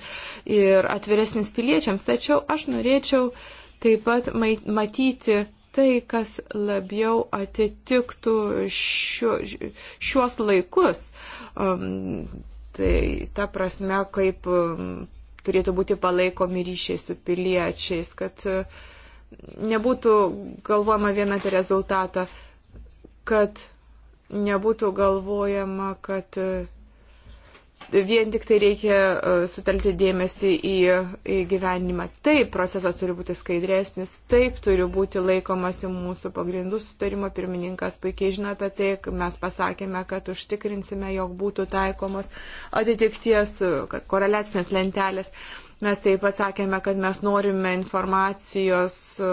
ir atviresnis piliečiams, tačiau aš norėčiau taip pat matyti tai, kas labiau atitiktų šiu, šiuos laikus. Um, tai ta prasme, kaip um, turėtų būti palaikomi ryšiai su piliečiais, kad uh, nebūtų galvojama viena apie rezultatą, kad nebūtų galvojama, kad uh, vien tik tai reikia e, sutelkti dėmesį į, į gyvenimą. Taip, procesas turi būti skaidresnis, taip turi būti laikomasi mūsų pagrindų sustarimo. Pirmininkas puikiai žino apie tai, mes pasakėme, kad užtikrinsime, jog būtų taikomos atitikties e, koreliacinės lentelės. Uh, Mes taip pat sakėme, kad mes norime informacijos, e,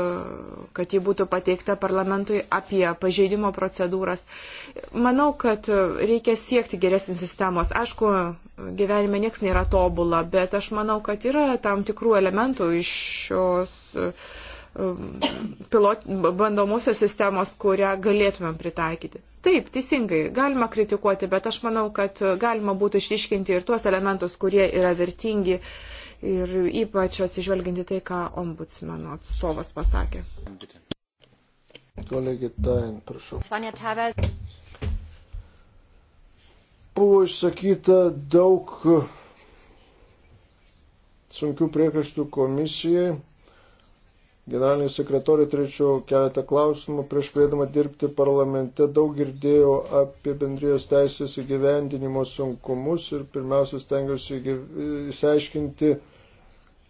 kad ji būtų pateikta parlamentui apie pažeidimo procedūras. Manau, kad reikia siekti geresnės sistemos. Aišku, gyvenime nieks nėra tobula, bet aš manau, kad yra tam tikrų elementų iš šios e, pilot, bandomosios sistemos, kurią galėtumėm pritaikyti. Taip, teisingai, galima kritikuoti, bet aš manau, kad galima būtų išryškinti ir tuos elementus, kurie yra vertingi uh, ir ypač atsižvelginti tai, ką ombudsmeno atstovas pasakė. Kolegė Tain, prašau. Buvo išsakyta daug sunkių priekaištų komisijai. Generalinį sekretorių turėčiau keletą klausimų. Prieš pradėdama dirbti parlamente daug girdėjau apie bendrijos teisės įgyvendinimo sunkumus ir pirmiausia stengiuosi įsiaiškinti,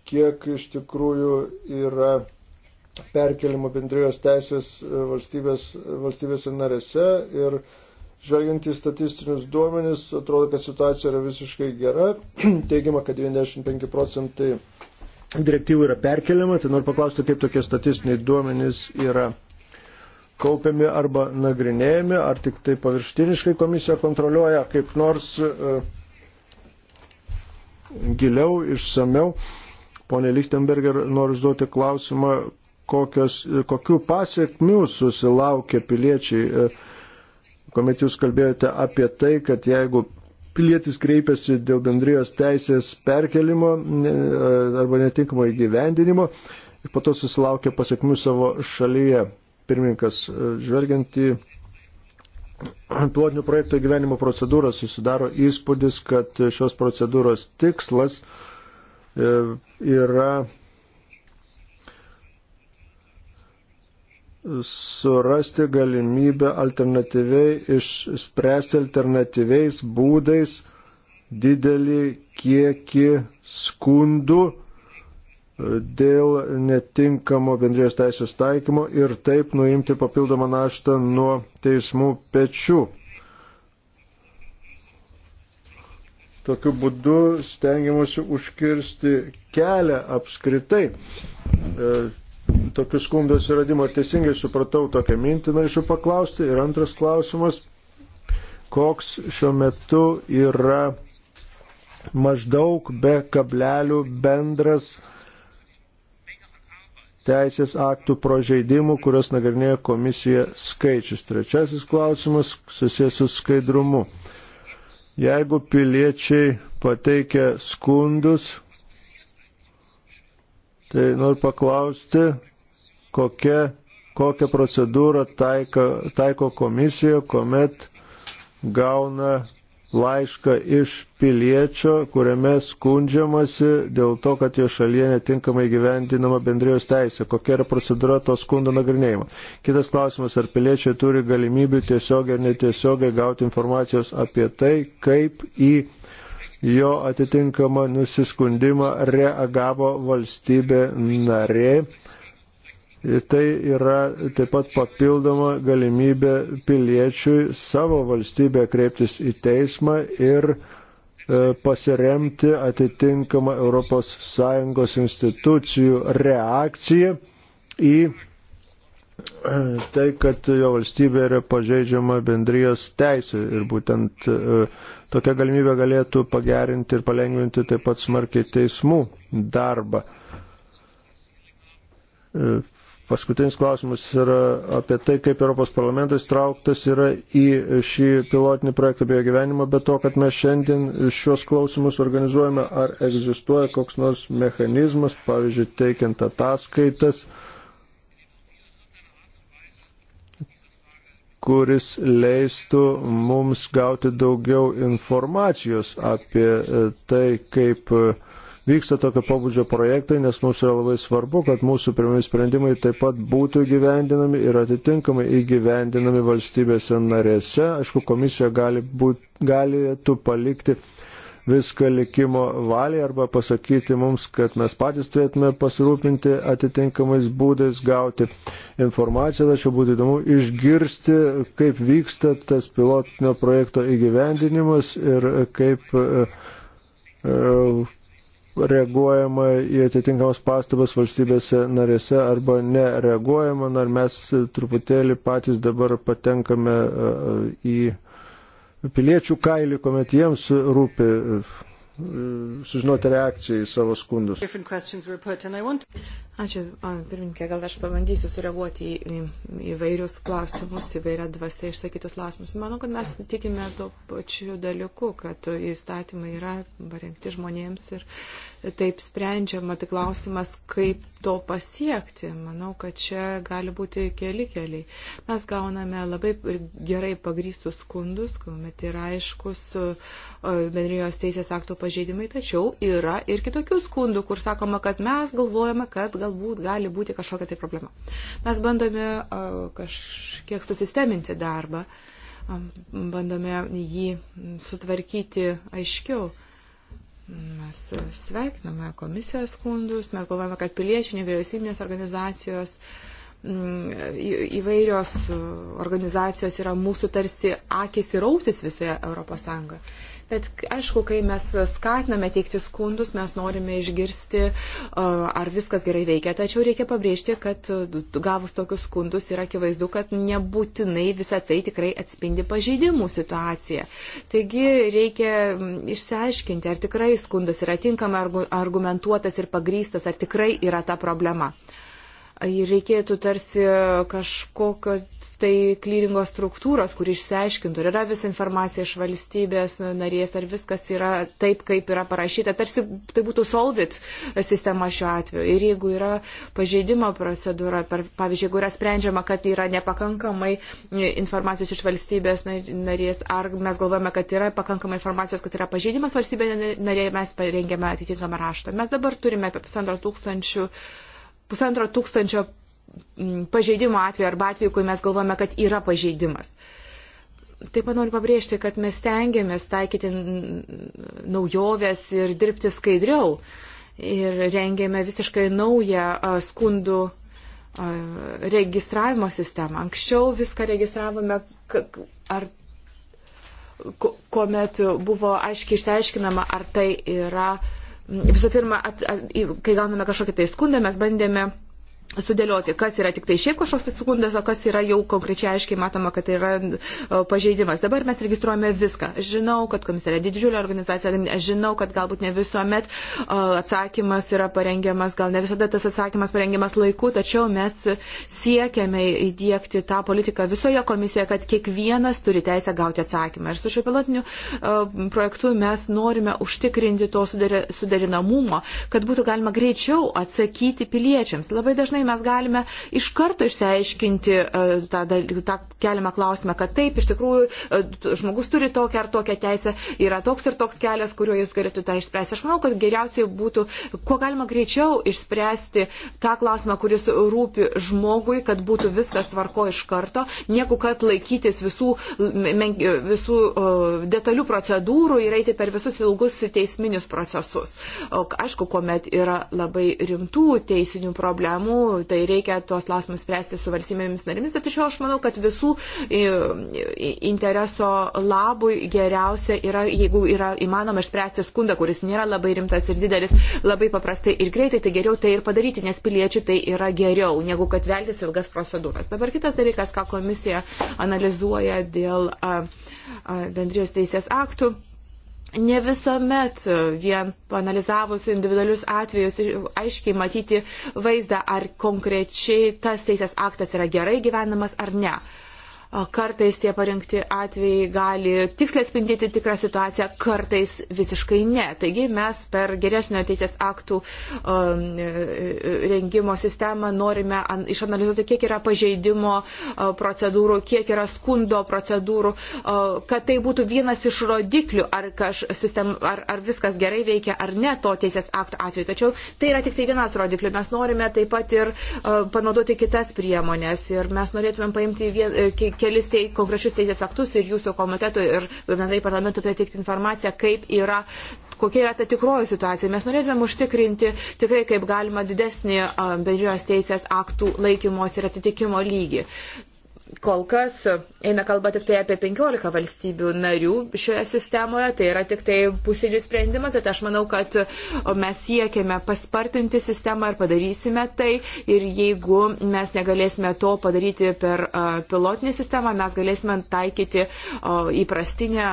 kiek iš tikrųjų yra perkelimo bendrijos teisės e, valstybės, e, valstybėse narėse ir žvelgiant į statistinius duomenis, atrodo, kad situacija yra visiškai gera. Teigiama, kad 95 procentai direktyvų yra perkeliama, tai noriu paklausti, kaip tokie statistiniai duomenys yra kaupiami arba nagrinėjami, ar tik tai paviršiniškai komisija kontroliuoja, kaip nors uh, giliau, išsameu. Uh, Pone Lichtenberger, noriu užduoti klausimą, kokios, kokių pasiekmių susilaukė piliečiai, e, kuomet jūs kalbėjote apie tai, kad jeigu pilietis kreipiasi dėl bendrijos teisės perkelimo e, arba netinkamo įgyvendinimo ir po to susilaukia pasiekmių savo šalyje. Pirmininkas, e, žvelgiant į plotinių projektų gyvenimo procedūrą, susidaro įspūdis, kad šios procedūros tikslas E, yra surasti galimybę alternatyviai išspręsti alternatyviais būdais didelį kiekį skundų e, dėl netinkamo bendrijos teisės taikymo ir taip nuimti papildomą naštą nuo teismų pečių. Tokiu būdu stengiamasi užkirsti kelią apskritai. E, tokių skundų atsiradimo teisingai supratau tokią mintį, norėčiau paklausti. Ir antras klausimas, koks šiuo metu yra maždaug be kablelių bendras teisės aktų prožeidimų, kurios nagrinėjo komisija skaičius. Trečiasis klausimas susijęs su skaidrumu. Jeigu piliečiai pateikia skundus, tai noriu paklausti, kokia, kokią procedūrą taika, taiko komisija, kuomet gauna laišką iš piliečio, kuriame skundžiamasi dėl to, kad jo šalyje netinkamai gyvendinama bendrijos teisė. Kokia yra procedūra to skundo nagrinėjimo? Kitas klausimas, ar piliečiai turi galimybių tiesiogiai ar netiesiogiai gauti informacijos apie tai, kaip į jo atitinkamą nusiskundimą reagavo valstybė narė Tai yra taip pat papildoma galimybė piliečiui savo valstybę kreiptis į teismą ir e, pasiremti atitinkamą ES institucijų reakciją į e, tai, kad jo valstybė yra pažeidžiama bendrijos teisė ir būtent e, tokia galimybė galėtų pagerinti ir palengvinti taip pat smarkiai teismų darbą. Paskutinis klausimas yra apie tai, kaip Europos parlamentas trauktas yra į šį pilotinį projektą apie gyvenimą, bet to, kad mes šiandien šios klausimus organizuojame, ar egzistuoja koks nors mechanizmas, pavyzdžiui, teikiant ataskaitas, kuris leistų mums gauti daugiau informacijos apie tai, kaip uh, vyksta tokio pobūdžio projektai, nes mums yra labai svarbu, kad mūsų pirmieji sprendimai taip pat būtų įgyvendinami ir atitinkamai įgyvendinami valstybėse narėse. Aišku, komisija gali būt, galėtų palikti viską likimo valiai arba pasakyti mums, kad mes patys turėtume pasirūpinti atitinkamais būdais gauti informaciją, tačiau būtų įdomu išgirsti, kaip vyksta tas pilotinio projekto įgyvendinimas ir kaip e, e, reaguojama į atitinkamas pastabas valstybėse narėse arba nereaguojama, ar mes truputėlį patys dabar patenkame e, e, į piliečių kailį, kuomet jiems rūpi e, sužinoti reakciją į savo skundus. Ačiū, pirmininkė, gal aš pabandysiu sureaguoti į įvairius klausimus, įvairią dvasę išsakytus klausimus. Manau, kad mes tikime tuo pačiu dalyku, kad įstatymai yra parengti žmonėms ir taip sprendžiama, tik klausimas, kaip to pasiekti. Manau, kad čia gali būti keli keliai. Mes gauname labai gerai pagrystus skundus, kuomet yra aiškus bendrijos teisės aktų pažeidimai, tačiau yra ir kitokių skundų, kur sakoma, kad mes galvojame, kad gal galbūt gali būti kažkokia tai problema. Mes bandome kažkiek susisteminti darbą, bandome jį sutvarkyti aiškiau. Mes sveikiname komisijos skundus, mes galvojame, kad piliečiai, nevyriausybinės organizacijos, įvairios organizacijos yra mūsų tarsi akis ir ausis visoje Europos Sąjungoje. Bet aišku, kai mes skatiname teikti skundus, mes norime išgirsti, ar viskas gerai veikia. Tačiau reikia pabrėžti, kad gavus tokius skundus yra akivaizdu, kad nebūtinai visa tai tikrai atspindi pažeidimų situaciją. Taigi reikia išsiaiškinti, ar tikrai skundas yra tinkamai argumentuotas ir pagrystas, ar tikrai yra ta problema reikėtų tarsi kažkokio tai klyringo struktūros, kur išsiaiškintų, ar yra visa informacija iš valstybės narės, ar viskas yra taip, kaip yra parašyta. Tarsi tai būtų solvit sistema šiuo atveju. Ir jeigu yra pažeidimo procedūra, per, pavyzdžiui, jeigu yra sprendžiama, kad yra nepakankamai informacijos iš valstybės narės, ar mes galvojame, kad yra pakankamai informacijos, kad yra pažeidimas valstybė narė, mes parengėme atitinkamą raštą. Mes dabar turime apie pusantro tūkstančių. 000 pusantro tūkstančio mm, pažeidimo atveju arba atveju, kai mes galvojame, kad yra pažeidimas. Taip pat noriu pabrėžti, kad mes stengiamės taikyti naujoves ir dirbti skaidriau. Ir rengėme visiškai naują skundų registravimo sistemą. Anksčiau viską registravome, ar, kuomet buvo aiškiai išteiškinama, ar tai yra uh, Visų pirma, at, at, kai gauname kažkokį tai skundą, mes bandėme sudėlioti, kas yra tik tai šiaip kažkoks tai sekundas, o kas yra jau konkrečiai aiškiai matoma, kad tai yra e, pažeidimas. Dabar mes registruojame viską. Aš žinau, kad komisarė didžiulė organizacija, aš žinau, kad galbūt ne visuomet e, atsakymas yra parengiamas, gal ne visada tas atsakymas parengiamas laiku, tačiau mes siekiame įdėkti tą politiką visoje komisijoje, kad kiekvienas turi teisę gauti atsakymą. Ir su šiuo pilotiniu e, projektu mes norime užtikrinti to suderinamumą, kad būtų galima greičiau atsakyti piliečiams. Labai dažnai abejoju, mes galime iš karto išsiaiškinti e, tą, tą keliamą klausimą, kad taip, iš tikrųjų, e, žmogus turi tokią ar tokią teisę, yra toks ir toks kelias, kuriuo jis galėtų tą išspręsti. Aš manau, kad geriausiai būtų, kuo galima greičiau išspręsti tą klausimą, kuris rūpi žmogui, kad būtų viskas tvarko iš karto, negu kad laikytis visų, visų detalių procedūrų ir eiti per visus ilgus teisminius procesus. Aišku, kuomet yra labai rimtų teisinių problemų, tai reikia tuos klausimus spręsti su valstybėmis narimis, bet tačiau aš manau, kad visų e, intereso labui geriausia yra, jeigu yra įmanoma išspręsti skundą, kuris nėra labai rimtas ir didelis, labai paprastai ir greitai, tai geriau tai ir padaryti, nes piliečiai tai yra geriau, negu kad veltis ilgas procedūras. Dabar kitas dalykas, ką komisija analizuoja dėl bendrijos teisės aktų. Ne visuomet e, vien analizavus individualius atvejus aiškiai matyti vaizdą, ar konkrečiai tas teisės aktas yra gerai gyvenamas ar ne. Uh, Kartais tie parengti atvejai gali tiksliai atspindėti tikrą situaciją, kartais visiškai ne. Taigi mes per geresnio teisės aktų um, e, e, rengimo sistemą norime an, išanalizuoti, kiek yra pažeidimo uh, procedūrų, kiek yra skundo procedūrų, uh, kad tai būtų vienas iš rodiklių, ar, kaž, sistem, ar, ar viskas gerai veikia ar ne to teisės aktų atveju. Tačiau tai yra tik tai vienas rodiklių. Mes norime taip pat ir uh, panaudoti kitas priemonės ir mes norėtumėm paimti vien, e, kelis tei, konkrečius teisės aktus ir jūsų komitetui ir bendrai parlamentui pateikti informaciją, kaip yra, kokia yra ta tikroji situacija. Mes norėtumėm užtikrinti tikrai kaip galima didesnį bendrijos teisės aktų laikymos ir atitikimo lygį kol kas eina kalba tik tai apie 15 valstybių narių šioje sistemoje, tai yra tik tai pusinis sprendimas, bet aš manau, kad mes siekiame paspartinti sistemą ir padarysime tai. Ir jeigu mes negalėsime to padaryti per pilotinį sistemą, mes galėsime taikyti įprastinę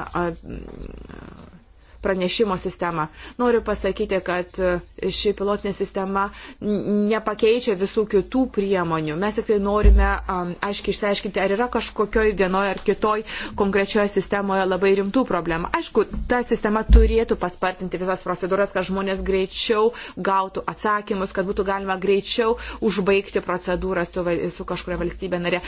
pranešimo sistemą. Noriu pasakyti, kad e, ši pilotinė sistema nepakeičia visų kitų priemonių. Mes tik tai norime um, aiškiai išsiaiškinti, ar yra kažkokioj vienoje ar kitoj konkrečioje sistemoje labai rimtų problemų. Aišku, ta sistema turėtų paspartinti visas procedūras, kad žmonės greičiau gautų atsakymus, kad būtų galima greičiau užbaigti procedūrą su, su kažkuria valstybė narė.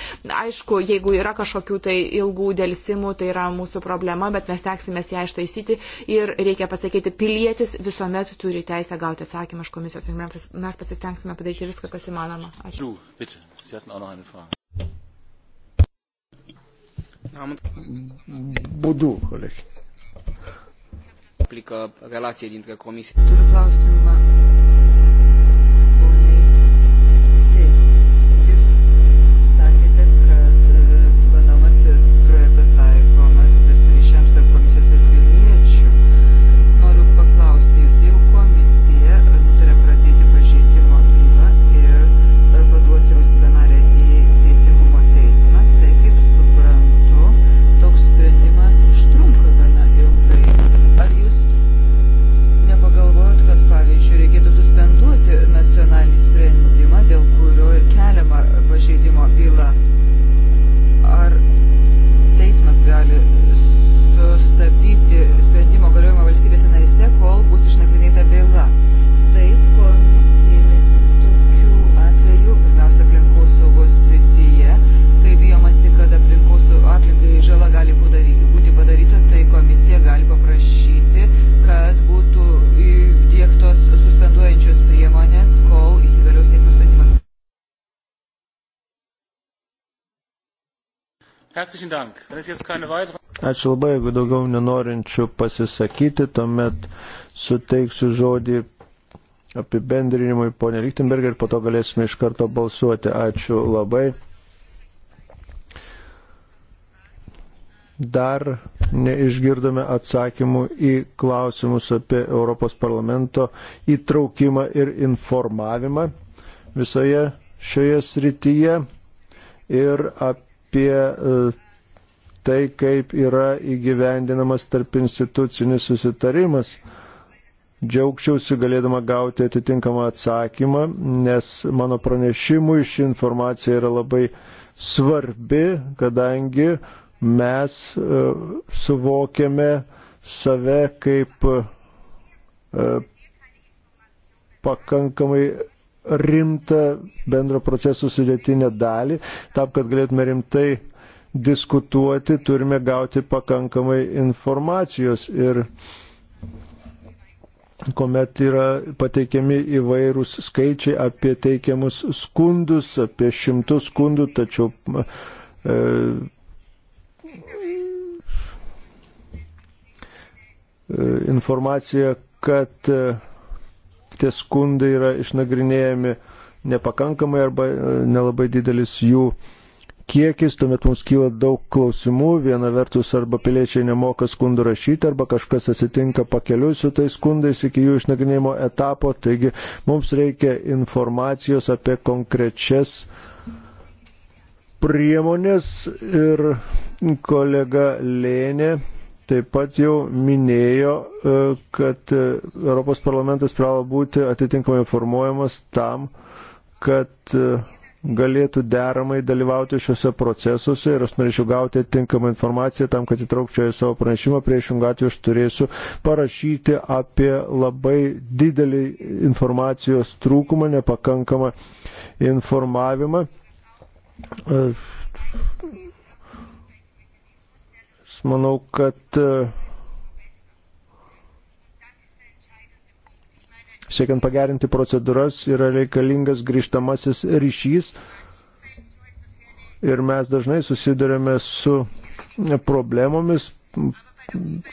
Aišku, jeigu yra kažkokių tai ilgų dėlsimų, tai yra mūsų problema, bet mes teksime ją ištaisyti. Ir Ir reikia pasakyti, pilietis visuomet turi teisę gauti atsakymą iš komisijos. Ir mes pasistengsime padaryti viską, kas įmanoma. Ačiū. Būdų, kolegė. Aplică relație dintre comisie. Turiu klausimą Ačiū labai, jeigu daugiau nenorinčių pasisakyti, tuomet suteiksiu žodį apibendrinimui ponė Lichtenberger ir po to galėsime iš karto balsuoti. Ačiū labai. Dar neišgirdome atsakymų į klausimus apie Europos parlamento įtraukimą ir informavimą visoje šioje srityje ir apie apie e, tai, kaip yra įgyvendinamas tarp institucinis susitarimas. Džiaugčiausi galėdama gauti atitinkamą atsakymą, nes mano pranešimui ši informacija yra labai svarbi, kadangi mes e, suvokiame save kaip e, pakankamai rimtą bendro procesų sudėtinę dalį, tam, kad galėtume rimtai diskutuoti, turime gauti pakankamai informacijos ir kuomet yra pateikiami įvairūs skaičiai apie teikiamus skundus, apie šimtus skundų, tačiau e, e informacija, kad e, tie skundai yra išnagrinėjami nepakankamai arba e, nelabai didelis jų kiekis, tuomet mums kyla daug klausimų, viena vertus arba piliečiai nemoka skundų rašyti, arba kažkas atsitinka pakeliu su tais skundais iki jų išnagrinėjimo etapo, taigi mums reikia informacijos apie konkrečias priemonės ir kolega Lėnė taip pat jau minėjo, e, kad e, Europos parlamentas privalo būti atitinkamai informuojamas tam, kad e, galėtų deramai dalyvauti šiuose procesuose ir aš norėčiau gauti atitinkamą informaciją tam, kad įtraukčiau į savo pranešimą, priešingų atveju aš turėsiu parašyti apie labai didelį informacijos trūkumą, nepakankamą informavimą manau, kad e, siekiant pagerinti procedūras yra reikalingas grįžtamasis ryšys ir mes dažnai susidurėme su problemomis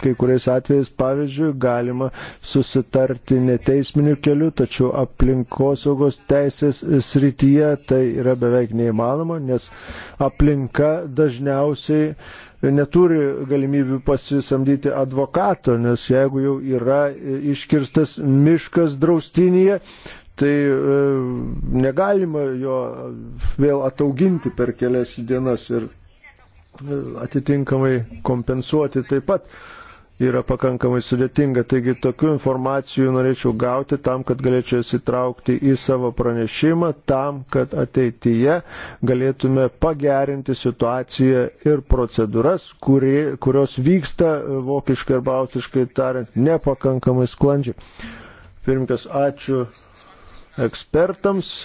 kai kuriais atvejais, pavyzdžiui, galima susitarti neteisminiu keliu, tačiau aplinkosaugos teisės srityje tai yra beveik neįmanoma, nes aplinka dažniausiai neturi galimybių pasisamdyti advokato, nes jeigu jau yra iškirstas miškas draustinyje, tai e, negalima jo vėl atauginti per kelias dienas ir atitinkamai kompensuoti taip pat yra pakankamai sudėtinga. Taigi tokių informacijų norėčiau gauti tam, kad galėčiau jas įtraukti į savo pranešimą, tam, kad ateityje galėtume pagerinti situaciją ir procedūras, kuri, kurios vyksta e, vokiškai arba autiškai tariant nepakankamai sklandžiai. Pirmkas, ačiū ekspertams.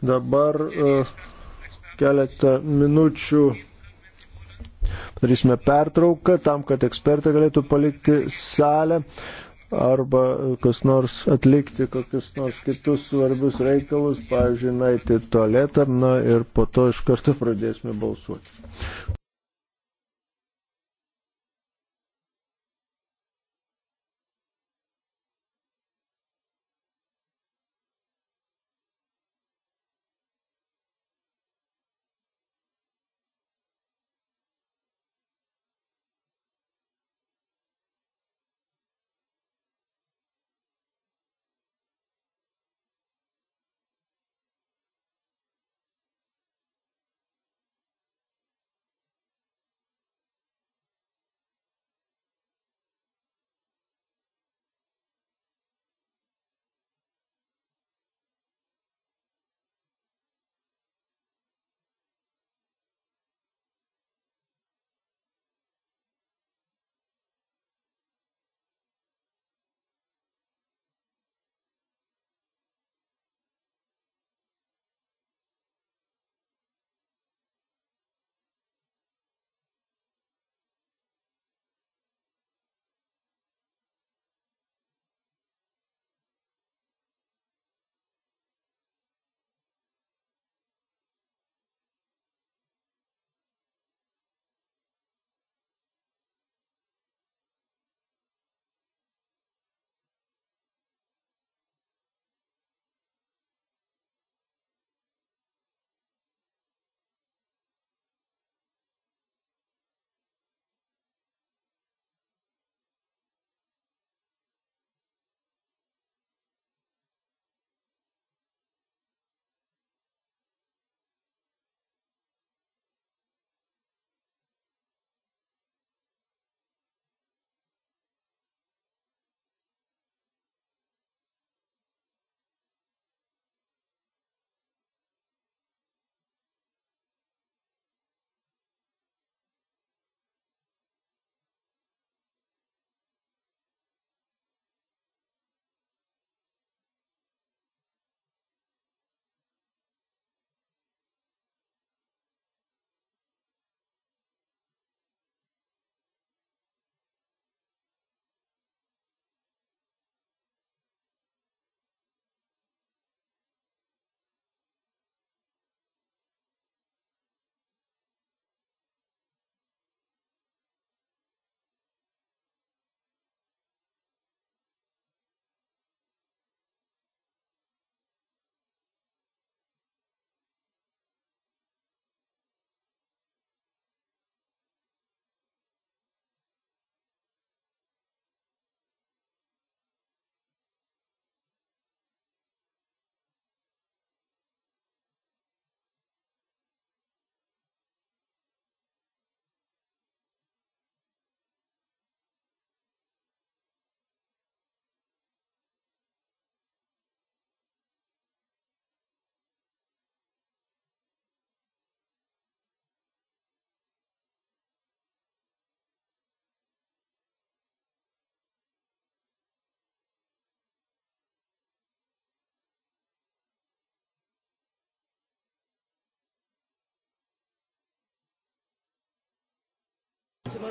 Dabar uh, keletą minučių Padarysime pertrauką tam, kad ekspertai galėtų palikti salę arba kas nors atlikti kokius nors kitus svarbius reikalus, pavyzdžiui, naiti į tualetą, na ir po to iš karto pradėsime balsuoti.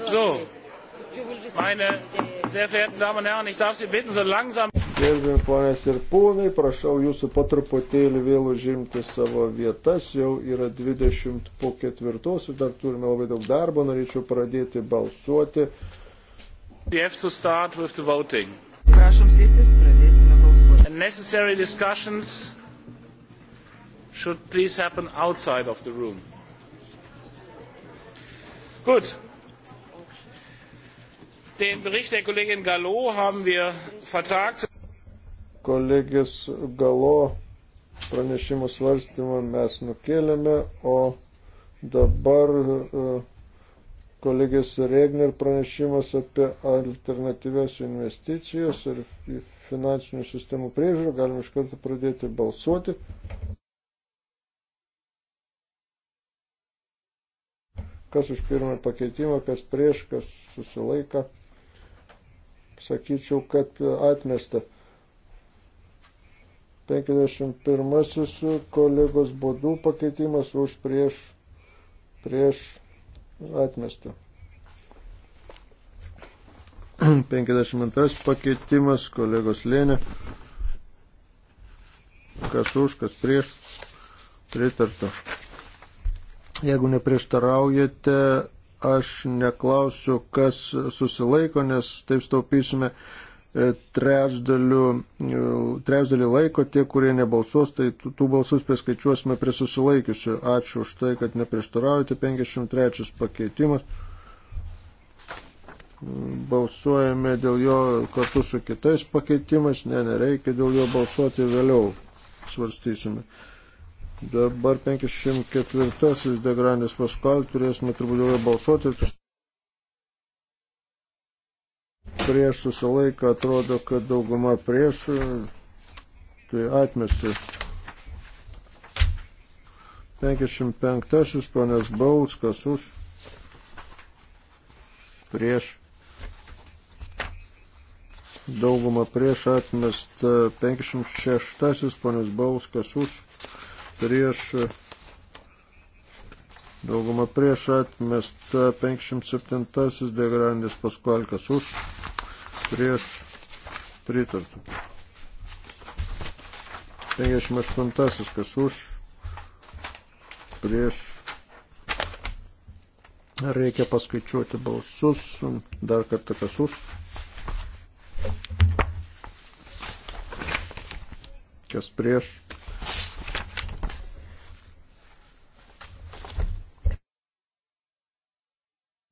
So, meine sehr verehrten Damen und Herren, ich darf Sie bitten, so langsam. Gerbiami ponės ir ponai, prašau jūsų po truputėlį vėl užimti savo vietas, jau yra 20 po ketvirtos, dar turime labai daug darbo, norėčiau pradėti balsuoti. Prašom sėstis, pradėsime balsuoti. Necessary discussions should please happen outside of the room. Good. Den Bericht der Kollegin Gallo haben wir vertagt. Kolegės Galo pranešimų svarstymą mes nukėlėme, o dabar e, kolegės Regner pranešimas apie alternatyves investicijas ir finansinių sistemų priežiūrą. Galime iš karto pradėti balsuoti. Kas už pirmą pakeitimą, kas prieš, kas susilaika sakyčiau, kad atmesta. 51 kolegos bodų pakeitimas už prieš, prieš atmestą. 52 pakeitimas kolegos Lėnė. Kas už, kas prieš, pritarta. Jeigu neprieštaraujate, Aš neklausiu, kas susilaiko, nes taip staupysime e, e, trečdalį laiko, tie, kurie nebalsuos, tai tų balsus priskaičiuosime prie susilaikiusių. Ačiū už tai, kad neprieštaraujate. 53 pakeitimas. Balsuojame dėl jo kartu su kitais pakeitimais. Ne, nereikia dėl jo balsuoti vėliau. Svarstysime. Dabar 504 Degranis Paskal turėsime turbūt jau balsuoti. Prieš susilaiką atrodo, kad dauguma prieš, tai atmesti. 55 ponės Bauskas už prieš daugumą prieš atmestą 56 ponas Bauskas už prieš, dauguma prieš atmesta 57 degrandis paskualkas už, prieš pritartų. 58 kas už, prieš reikia paskaičiuoti balsus, dar kartą kas už. Kas prieš?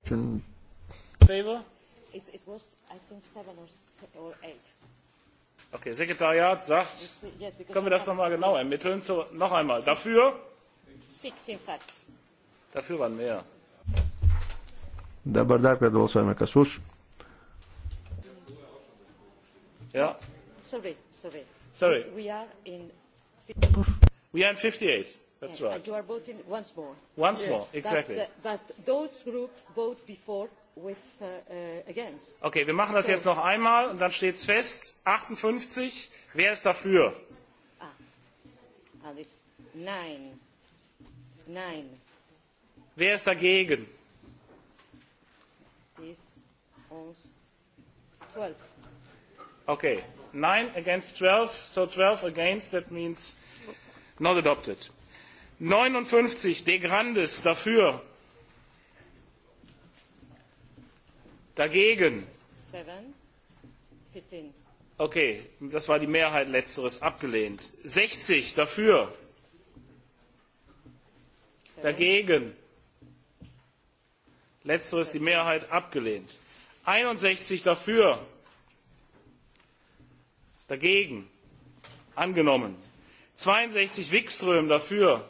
Čin... Favor? It, it was, I think, seven or, or eight. Okay, Sekretariat sagt, yes, können wir das nochmal genau ermitteln? So, noch einmal. Dafür? Six, in fact. Dafür waren mehr. Dabar dar kartą balsuojame, kas už. Ja. Sorry, sorry. Sorry. We are in... We are in 58. That's right. And you are voting once more. Once yes. more, exactly. But, uh, but those groups vote before with uh, uh, against. Okay, wir machen das so. jetzt noch einmal und dann steht's fest. 58. Wer ist dafür? Ah, ah das ist nein. Nein. Wer ist dagegen? Dies, uns, 12. Okay, 9 against 12, so 12 against, that means not adopted neunundfünfzig de grandes dafür dagegen okay das war die mehrheit letzteres abgelehnt sechzig dafür dagegen letzteres die mehrheit abgelehnt einundsechzig dafür dagegen angenommen zweiundsechzig wikström dafür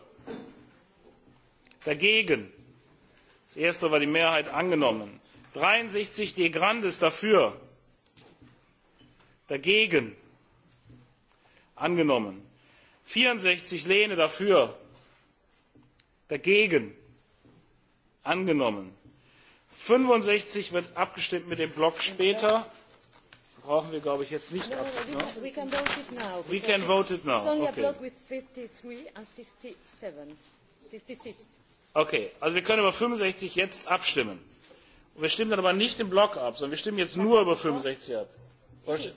dagegen das erste war die mehrheit angenommen dreiundsechzig de grandes dafür dagegen angenommen vierundsechzig lehne dafür dagegen angenommen fünfundsechzig wird abgestimmt mit dem block später brauchen wir glaube ich jetzt nicht no, abzustimmen. No? We can vote it now. We can vote it now. It's only okay. a block with 53 and 67. 66. Okay, also wir können über 65 jetzt abstimmen. Wir stimmen dann aber nicht im Block ab, sondern wir stimmen jetzt nur über 65 ab. Okay,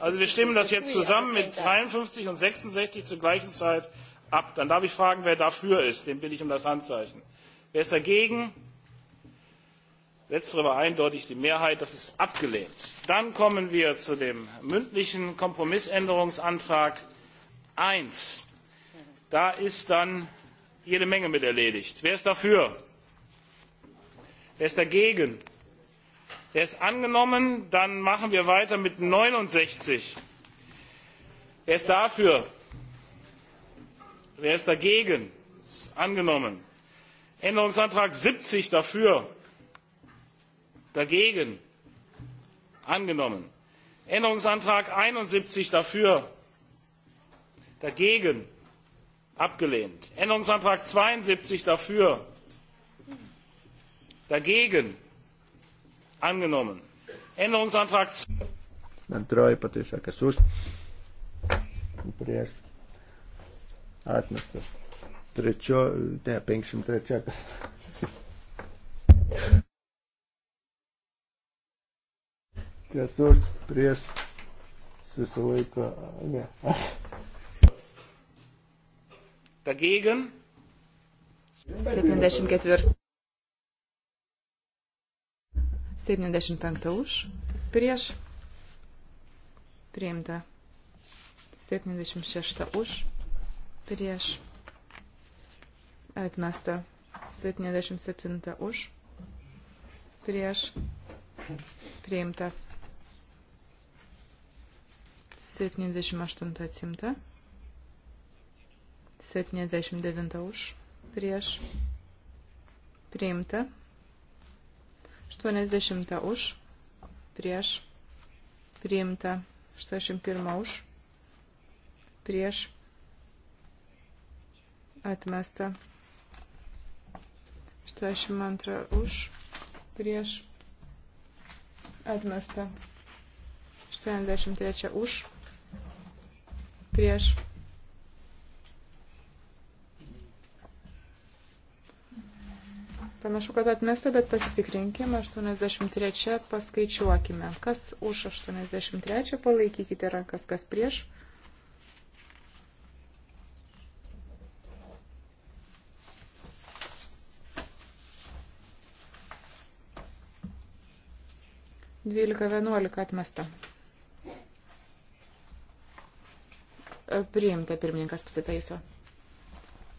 also wir stimmen das jetzt zusammen mit 53 und 66 zur gleichen Zeit ab. Dann darf ich fragen, wer dafür ist. Den bitte ich um das Handzeichen. Wer ist dagegen? Letztere war eindeutig die Mehrheit. Das ist abgelehnt. Dann kommen wir zu dem mündlichen Kompromissänderungsantrag 1 da ist dann jede menge mit erledigt. wer ist dafür? wer ist dagegen? der ist angenommen. dann machen wir weiter mit neunundsechzig. wer ist dafür? wer ist dagegen? ist angenommen. änderungsantrag siebzig dafür dagegen angenommen; änderungsantrag einundsiebzig dafür dagegen abgelehnt; änderungsantrag zweiundsiebzig dafür dagegen angenommen; änderungsantrag antroji pataisa kas už prieš atmestas trečio ne penkiasdešimt trečia kas kas už prieš susilaiko ne Dagegen. 74. 75 už. Prieš. Priimta. 76 už. Prieš. Atmesta. 77 už. Prieš. Priimta. 78 atsimta. 79 už, prieš, priimta. 80 už, prieš, priimta. 81 už, prieš, atmesta. 82 už, prieš, atmesta. 83 už, prieš, atmesta Panašu, kad atmesta, bet pasitikrinkime. 83 paskaičiuokime. Kas už 83 palaikykite rankas, kas prieš. Dvylika, vienuolika atmesta. Priimta pirmininkas pasitaiso.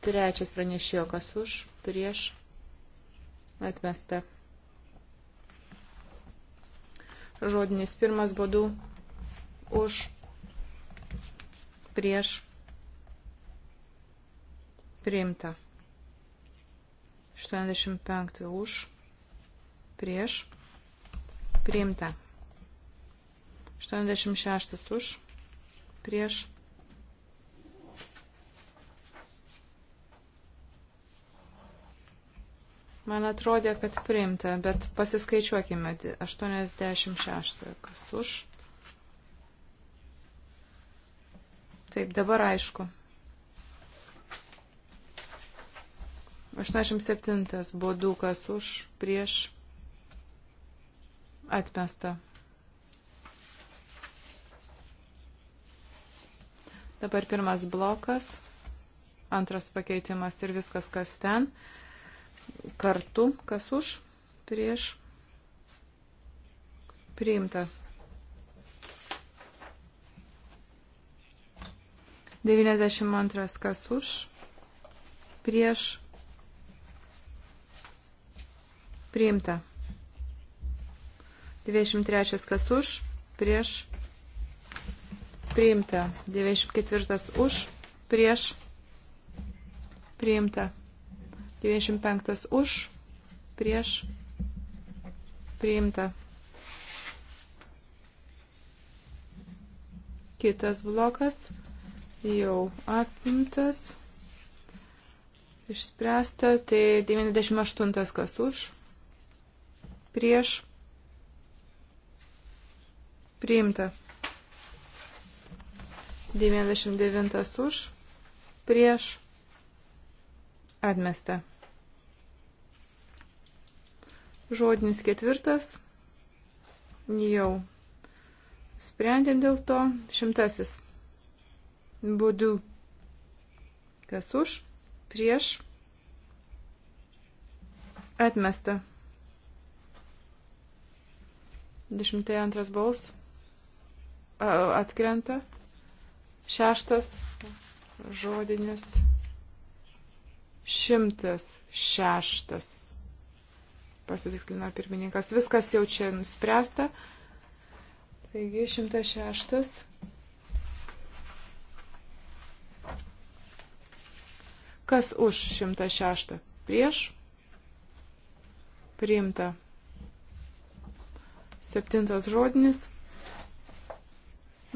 Trečias pranešėjo, kas už, prieš, Atmesta. Žodinis pirmas būdų už prieš priimta. 85 už prieš priimta. 86 už prieš priimta. Man atrodė, kad priimta, bet pasiskaičiuokime 86. Kas už? Taip, dabar aišku. 87. Buvo du, kas už, prieš, atmesta. Dabar pirmas blokas, antras pakeitimas ir viskas, kas ten. 88 kartu, kas už, prieš, priimta. 92 kas už, prieš, priimta. 93 kas už, prieš, priimta. 94 už, prieš, priimta. 95 už, prieš, priimta. Kitas blokas jau apimtas, išspręsta, tai 98 kas už, prieš, priimta. 99 už, prieš, priimta. Atmesta. Žodinis ketvirtas. Jau. Sprendėm dėl to. Šimtasis. Būdu. Kas už? Prieš. Atmesta. 102 baus. Atkrenta. Šeštas. Žodinis. Šimtas šeštas. Pasitikslino pirmininkas. Viskas jau čia nuspręsta. Taigi, šimtas šeštas. Kas už 106? Prieš? Priimta. Septintas žodinis.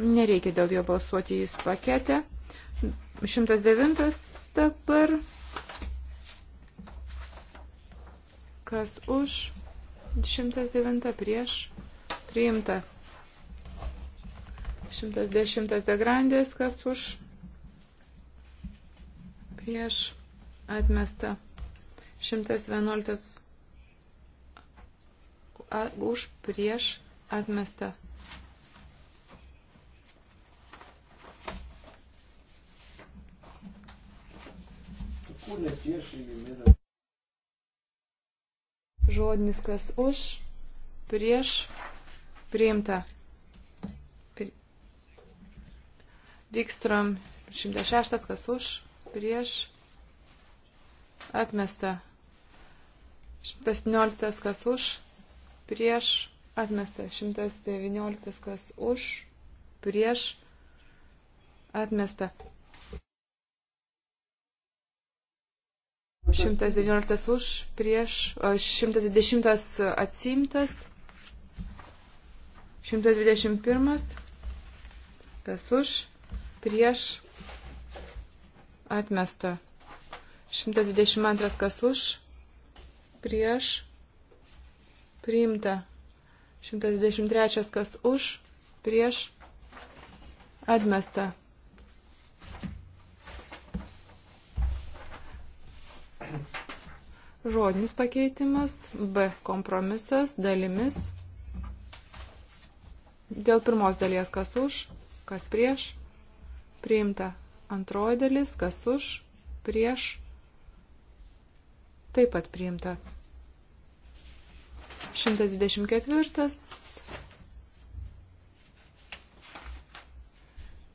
Nereikia dėl jo balsuoti, jis pakete. 109 dabar. Kas už? 109 prieš. Priimta. 110 degrandės. Kas už? Prieš. Atmesta. 111 už prieš atmestą. Kūnė prieš įlymina. Žodinis kas už, prieš, priimta. Vikstrom 106, kas už, prieš, atmesta. 119, kas už, prieš, atmesta. 119, kas už, prieš, atmesta. 119 už, prieš, 110 atsimtas, 121 kas už, prieš, atmesta, 122 kas už, prieš, priimta, 123 kas už, prieš, atmesta. Žodinis pakeitimas, B kompromisas, dalimis. Dėl pirmos dalies kas už, kas prieš, priimta. Antroji dalis kas už, prieš, taip pat priimta. 124.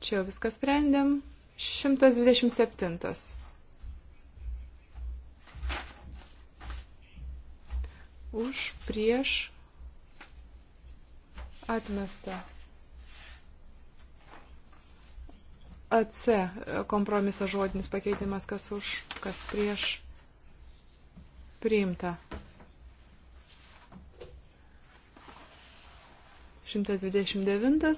Čia viskas sprendėm. 127. už, prieš, atmesta. AC kompromisas žodinis pakeitimas, kas už, kas prieš, priimta. 129. 129.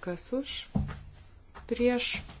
Kas už, prieš, priimta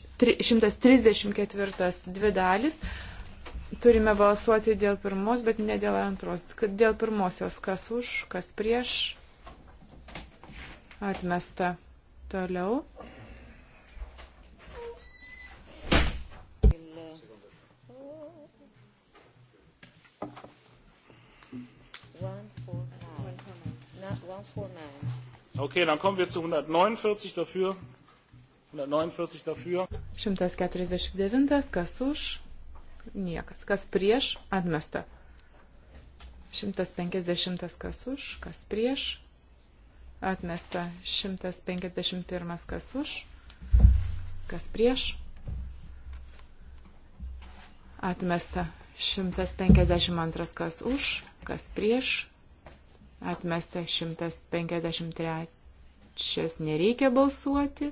134 dvi dalis. Turime balsuoti dėl pirmos, bet ne dėl antros. Dėl pirmosios, kas už, kas prieš. Atmesta. Toliau. Okay, dann kommen wir zu 149 dafür, 149 dafür. 149, kas už, niekas. Kas prieš, atmesta. 150, kas už, kas prieš, atmesta. 151, kas už, kas prieš, atmesta. 152, kas už, kas prieš, atmesta. 153, nereikia balsuoti.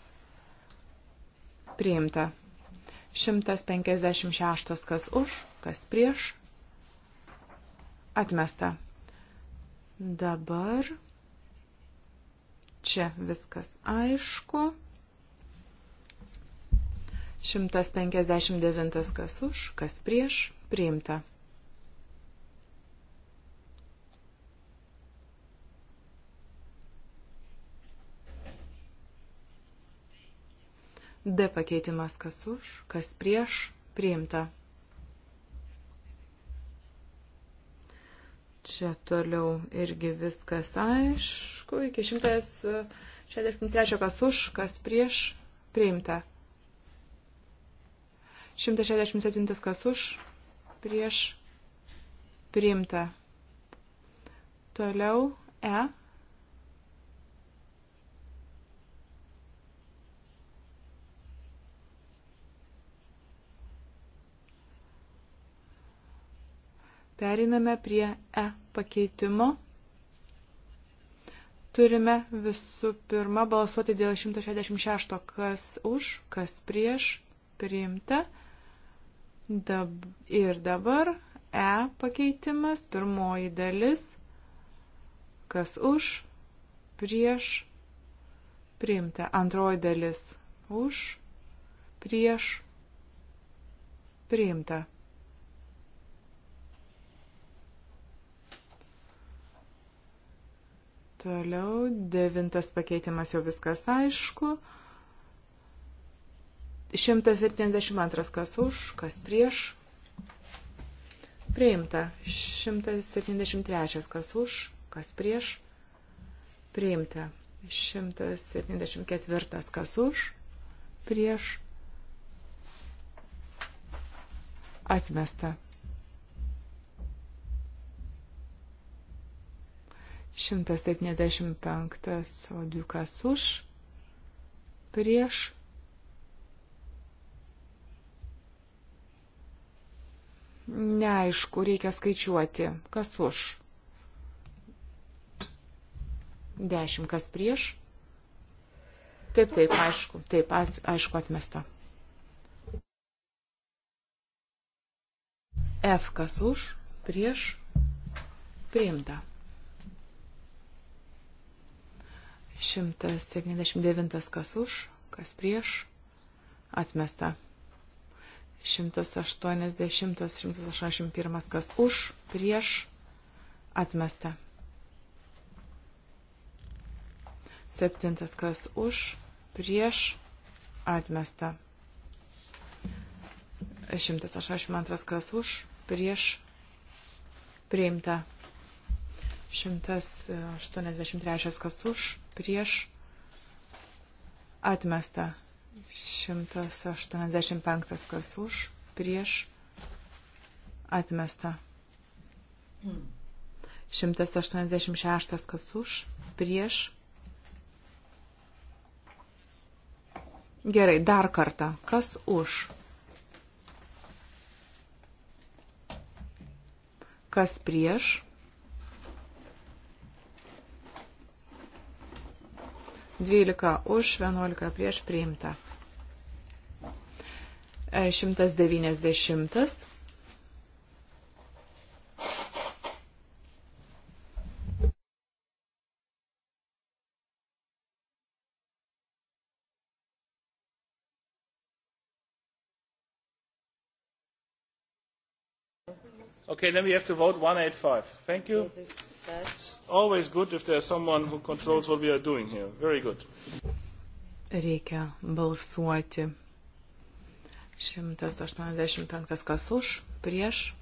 priimta. 156 kas už, kas prieš, atmesta. Dabar čia viskas aišku. 159 kas už, kas prieš, priimta. D pakeitimas kas už, kas prieš, priimta. Čia toliau irgi viskas aišku, iki 163 e, kas už, kas prieš, priimta. 167 kas už, prieš, priimta. Toliau E Periname prie E pakeitimo. Turime visų pirma balsuoti dėl 166, kas už, kas prieš, priimta. Dab ir dabar E pakeitimas, pirmoji dalis, kas už, prieš, priimta. Antroji dalis, už, prieš, priimta. Toliau devintas pakeitimas jau viskas aišku. 172 kas už, kas prieš. Priimta. 173 kas už, kas prieš. Priimta. 174 kas už, prieš. Atmesta. 175 odiukas už, prieš. Neaišku, reikia skaičiuoti, kas už. 10 kas prieš. Taip, taip, aišku, taip, aišku, atmesta. F kas už, prieš, priimta. 179 kas už, kas prieš, atmesta. 180, 181 kas už, prieš, atmesta. 7 kas už, prieš, atmesta. 182 kas už, prieš, priimta. 183 kas už, prieš atmesta 185 kas už prieš atmesta 186 kas už prieš Gerai, dar kartą. Kas už? Kas prieš? 12 už, 11 prieš priimta. 190. E, okay, then we have to vote 185. Thank you. That's... Always good if there's someone who controls what we are doing here. Very good. Reikia balsuoti. 185 kas už, prieš,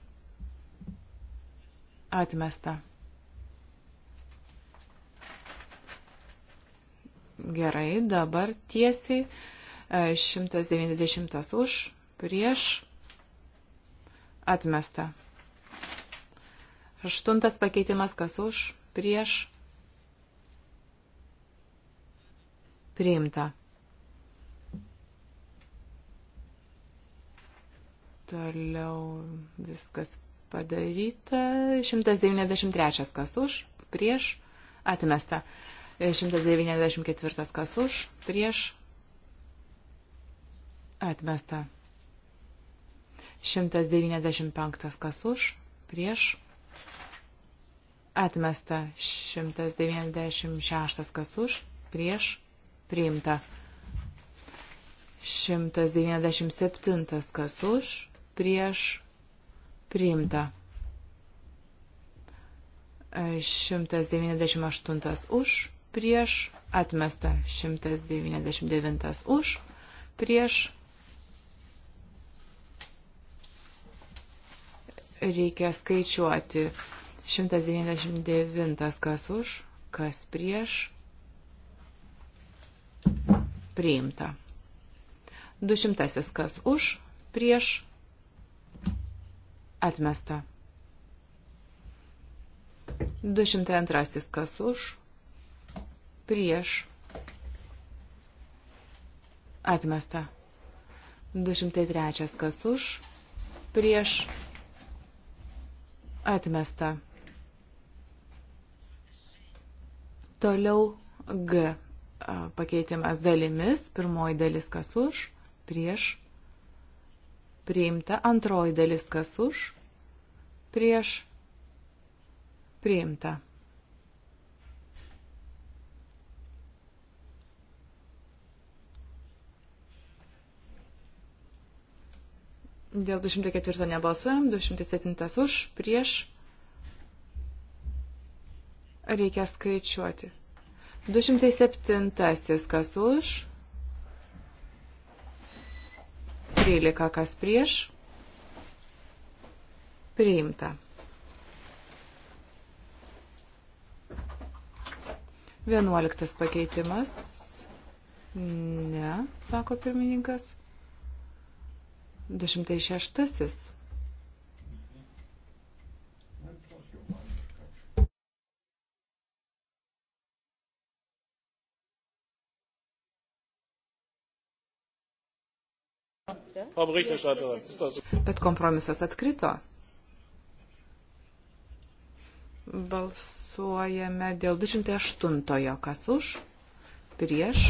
atmesta. Gerai, dabar tiesiai 190 e, už, prieš, atmesta. Aštuntas pakeitimas kas už, prieš, priimta. Toliau viskas padaryta. 193 kas už, prieš, atmesta. 194 kas už, prieš, atmesta. 195 kas už, prieš, atmesta. Atmesta 196 kas už, prieš priimta. 197 kas už, prieš priimta. 198 už, prieš atmesta. 199 už, prieš reikia skaičiuoti. 199 kas už, kas prieš. Priimta. 200 kas už, prieš. Atmesta. 202 kas už, prieš. Atmesta. 203 kas už, prieš. Atmesta. Toliau G pakeitimas dalimis. Pirmoji dalis kas už, prieš. Priimta. Antroji dalis kas už, prieš. Priimta. Dėl 204 nebalsuojam, 207 už, prieš Reikia skaičiuoti. 207 kas už, 13 kas prieš, priimta. 11 pakeitimas. Ne, sako pirmininkas. 206. Bet kompromisas atkrito. Balsuojame dėl 208. Kas už? Prieš?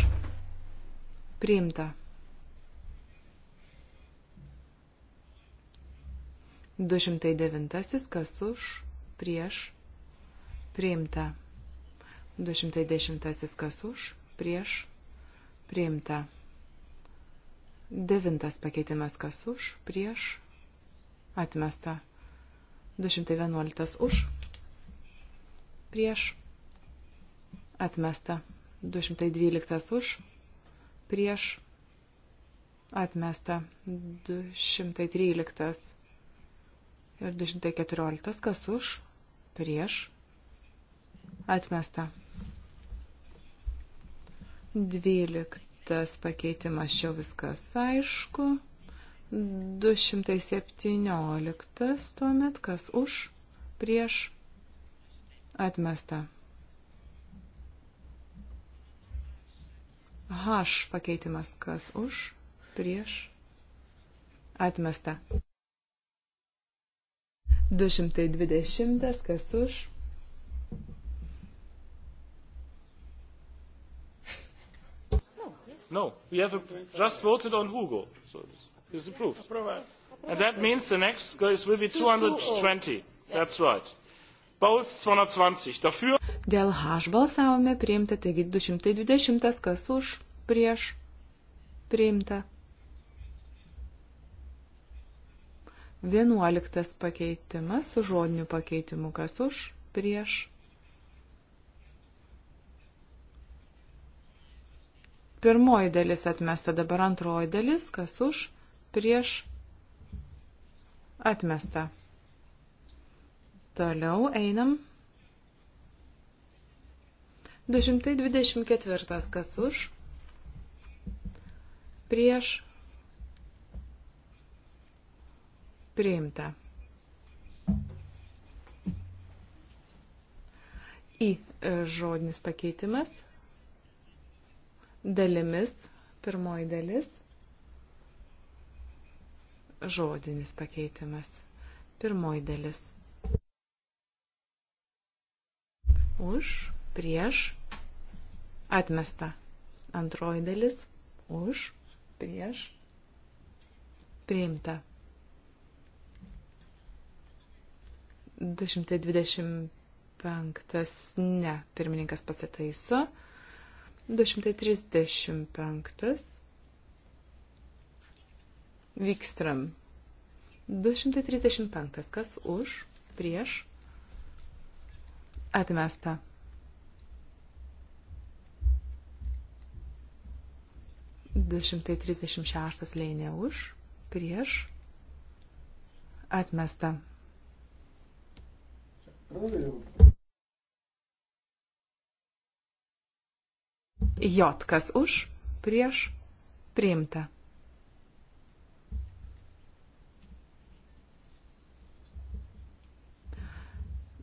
Priimta. 209. Kas už? Prieš? Priimta. 210. Kas už? Prieš? Priimta. Devintas pakeitimas kas už, prieš, atmesta. 211 už, prieš, atmesta. 212 už, prieš, atmesta. 213 ir 214 kas už, prieš, atmesta. 12 Kitas pakeitimas, čia viskas aišku. 217 tuomet, kas už, prieš, atmesta. H pakeitimas, kas už, prieš, atmesta. 220, kas už, No, we have a, just voted on Hugo, so it's approved. And that means the next goes will be 220. That's right. Both 220. Dafür. Dėl H balsavome priimta, taigi 220, kas už, prieš, priimta. 11 pakeitimas su žodiniu pakeitimu, kas už, prieš, priimta Pirmoji dalis atmesta, dabar antroji dalis, kas už, prieš, atmesta. Toliau einam. 224, kas už, prieš, priimta. Į e, žodinis pakeitimas dalimis. Pirmoji dalis - žodinis pakeitimas. Pirmoji dalis. Už, prieš, atmesta. Antroji dalis - už, prieš, priimta. 225 ne, pirmininkas pasitaiso. 235. Vikstram. 235. Kas už? Prieš? Atmesta. Du šimtai trisdešimt šeštas lėnė už, prieš, atmesta. Praėjau. J. Kas už? Prieš? Priimta.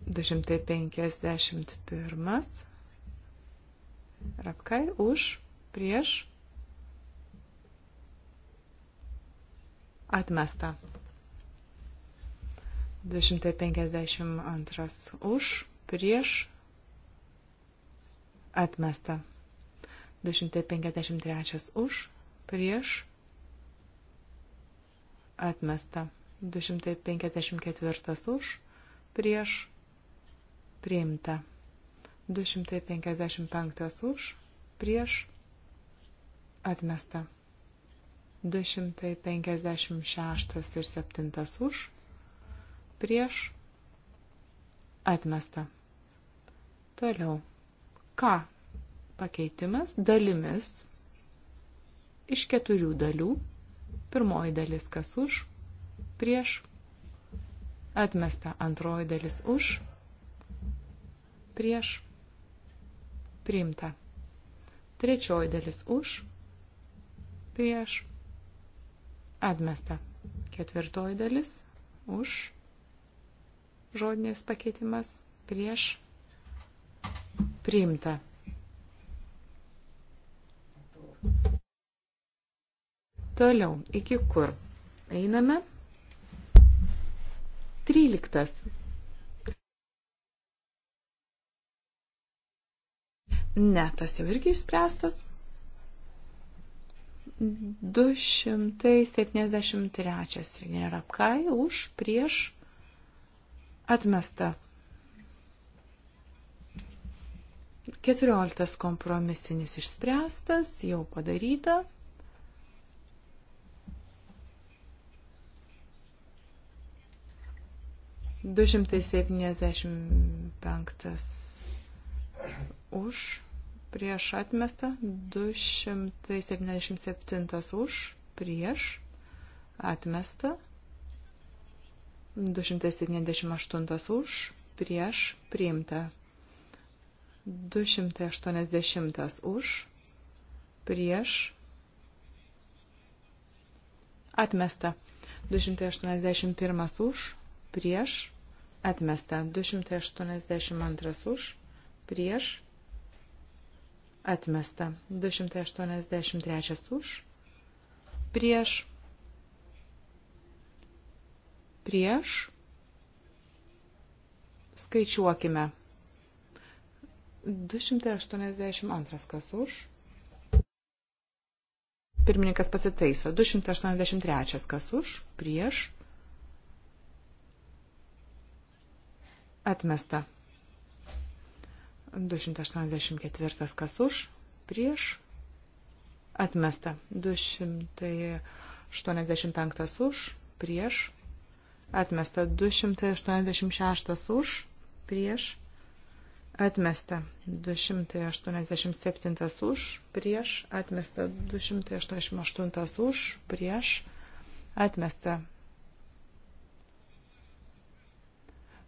Du šimtai penkiasdešimt pirmas. Rapkai už, prieš. Atmesta. 252 už, prieš, atmesta. 253 už, prieš, atmesta. 254 už, prieš, priimta. 255 už, prieš, atmesta. 256 ir 7 už, prieš, atmesta. Toliau. Ką pakeitimas dalimis iš keturių dalių. Pirmoji dalis kas už, prieš, atmesta antroji dalis už, prieš, priimta. Trečioji dalis už, prieš, atmesta. Ketvirtoji dalis už, žodinės pakeitimas, prieš, priimta. Toliau, iki kur? Einame. 13. Ne, tas jau irgi išspręstas. 273 nėra apkai už prieš atmestą. Keturioliktas kompromisinis išspręstas, jau padaryta. Du šimtai septyniasdešimt penktas už, prieš atmestą, du šimtai septyniasdešimt septintas už, prieš atmestą, du šimtai septyniasdešimt aštuntas už, prieš priimtą. 280 už, prieš, atmesta. 281 už, prieš, atmesta. 282 už, prieš, atmesta. 283 už, prieš, prieš, skaičiuokime. 282 kas už. Pirmininkas pasitaiso. 283 kas už. Prieš. Atmesta. 284 kas už. Prieš. Atmesta. 285 už. Prieš. Atmesta. 286 už. Prieš Atmesta 287 už, prieš, atmesta 288 už, prieš, atmesta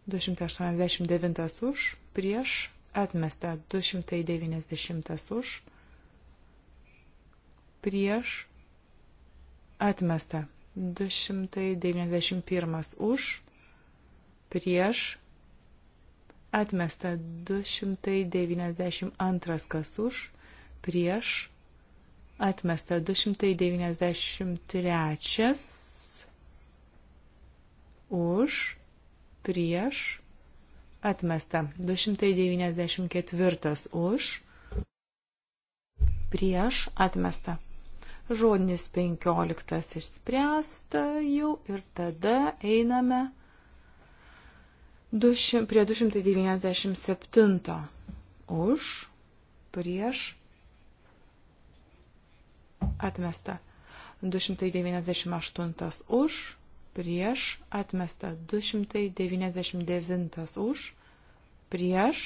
289 už, prieš, atmesta 290 už, prieš, atmesta 291 už, prieš, Atmesta 292 kas už, prieš, atmesta 293 už, prieš, atmesta 294 už, prieš, atmesta žodinis 15 išspręsta jau ir tada einame 200, prie 297 už, prieš, atmesta. 298 už, prieš, atmesta. 299 už, prieš,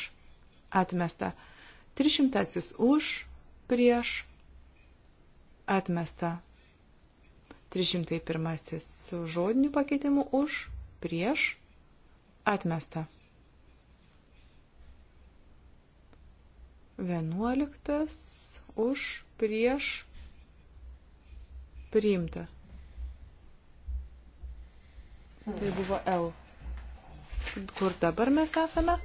atmesta. 300 už, prieš, atmesta. 301 su žodiniu pakeitimu už, prieš, Atmesta. Vienuoliktas už prieš priimta. Tai buvo L. Kur dabar mes esame?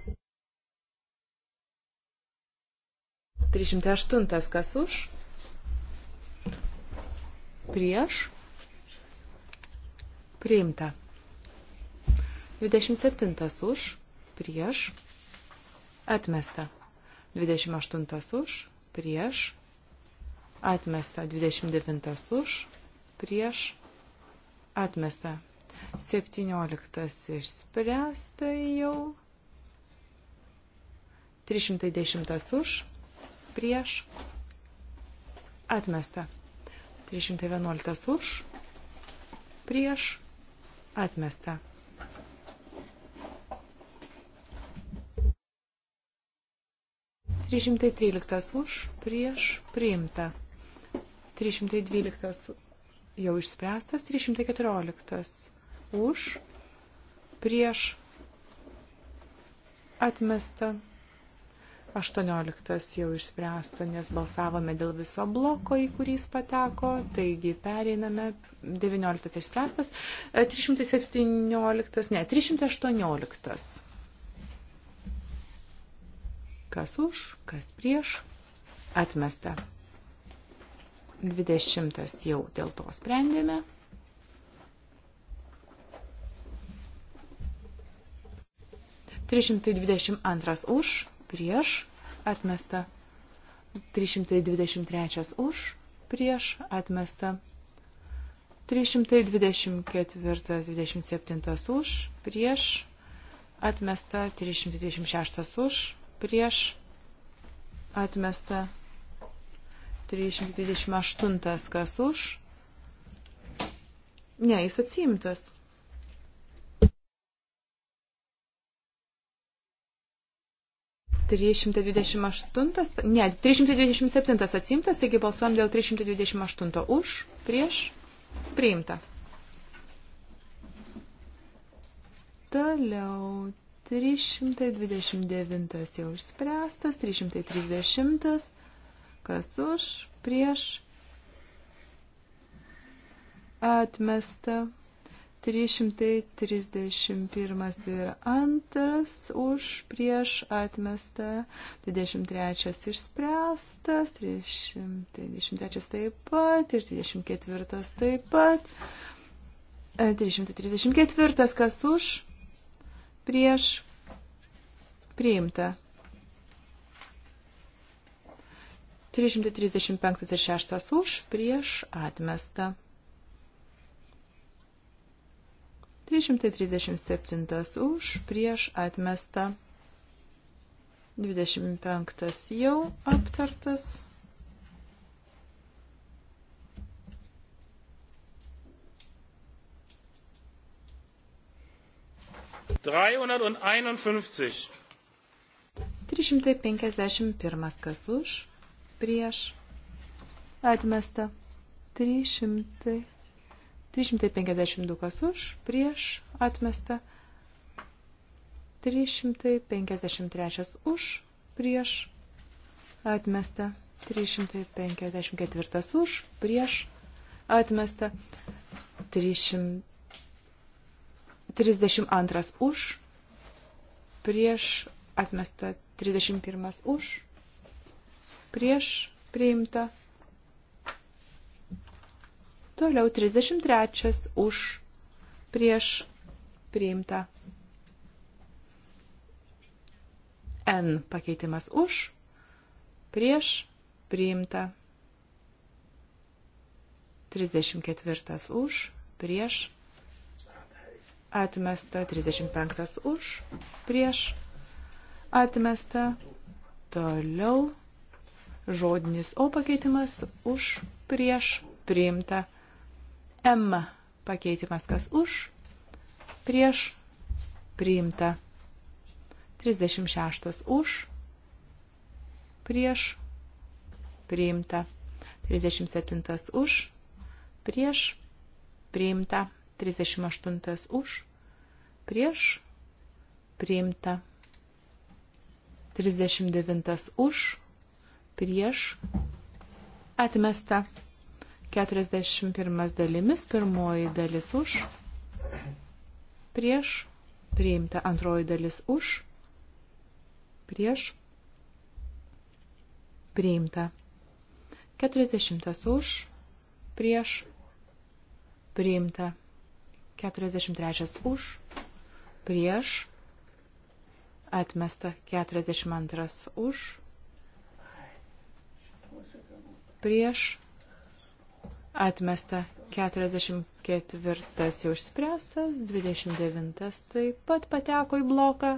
308. Kas už? Prieš? Priimta. 27 už, prieš, atmesta. 28 už, prieš, atmesta. 29 už, prieš, atmesta. 17 išspręsta jau. 310 už, prieš, atmesta. 311 už, prieš, atmesta. 313 už, prieš, priimta. 312 jau išspręstas, 314 už, prieš, atmesta. 18 jau išspręsta, nes balsavome dėl viso bloko, į kurį jis pateko, taigi pereiname, 19 išspręstas, 317, ne, 318 Kas už, kas prieš, atmesta. 20 jau dėl to sprendėme. Trišimtai dvidešimt antras už, prieš, atmesta. 323 už, prieš, atmesta. 324, 27 už, prieš, atmesta 326 už, prieš atmesta 328, kas už. Ne, jis atsiimtas. Trišimtai dvidešimt aštuntas, ne, trišimtai dvidešimt septintas atsimtas, taigi balsuojam dėl trišimtai dvidešimt aštunto už, prieš, priimta. Toliau 329 jau išspręstas, 330, kas už, prieš, atmesta, 331 ir antras, už, prieš, atmesta, 23 išspręstas, 323 taip pat ir 24 taip pat, 334 kas už, prieš priimta. 335 ir 6 už prieš atmestą. 337 už prieš atmestą. 25 jau aptartas. 351. 351 kas už, prieš, atmesta. 300, 352 kas už, prieš, atmesta. 353 už, prieš, atmesta. 354 už, prieš, atmesta. 300. 32 už, prieš atmesta 31 už, prieš priimta. Toliau 33 už, prieš priimta. N pakeitimas už, prieš priimta. 34 už, prieš atmesta, 35 už, prieš, atmesta, toliau, žodinis O pakeitimas, už, prieš, priimta, M pakeitimas, kas už, prieš, priimta, 36 už, prieš, priimta, 37 už, prieš, priimta. 38 už, prieš, priimta. 39 už, prieš, atmesta. 41 dalimis, pirmoji dalis už, prieš, priimta. Antroji dalis už, prieš, priimta. 40 už, prieš, priimta. 43 už, prieš, atmesta 42 už, prieš, atmesta 44 jau išspręstas, 29 taip pat pateko į bloką.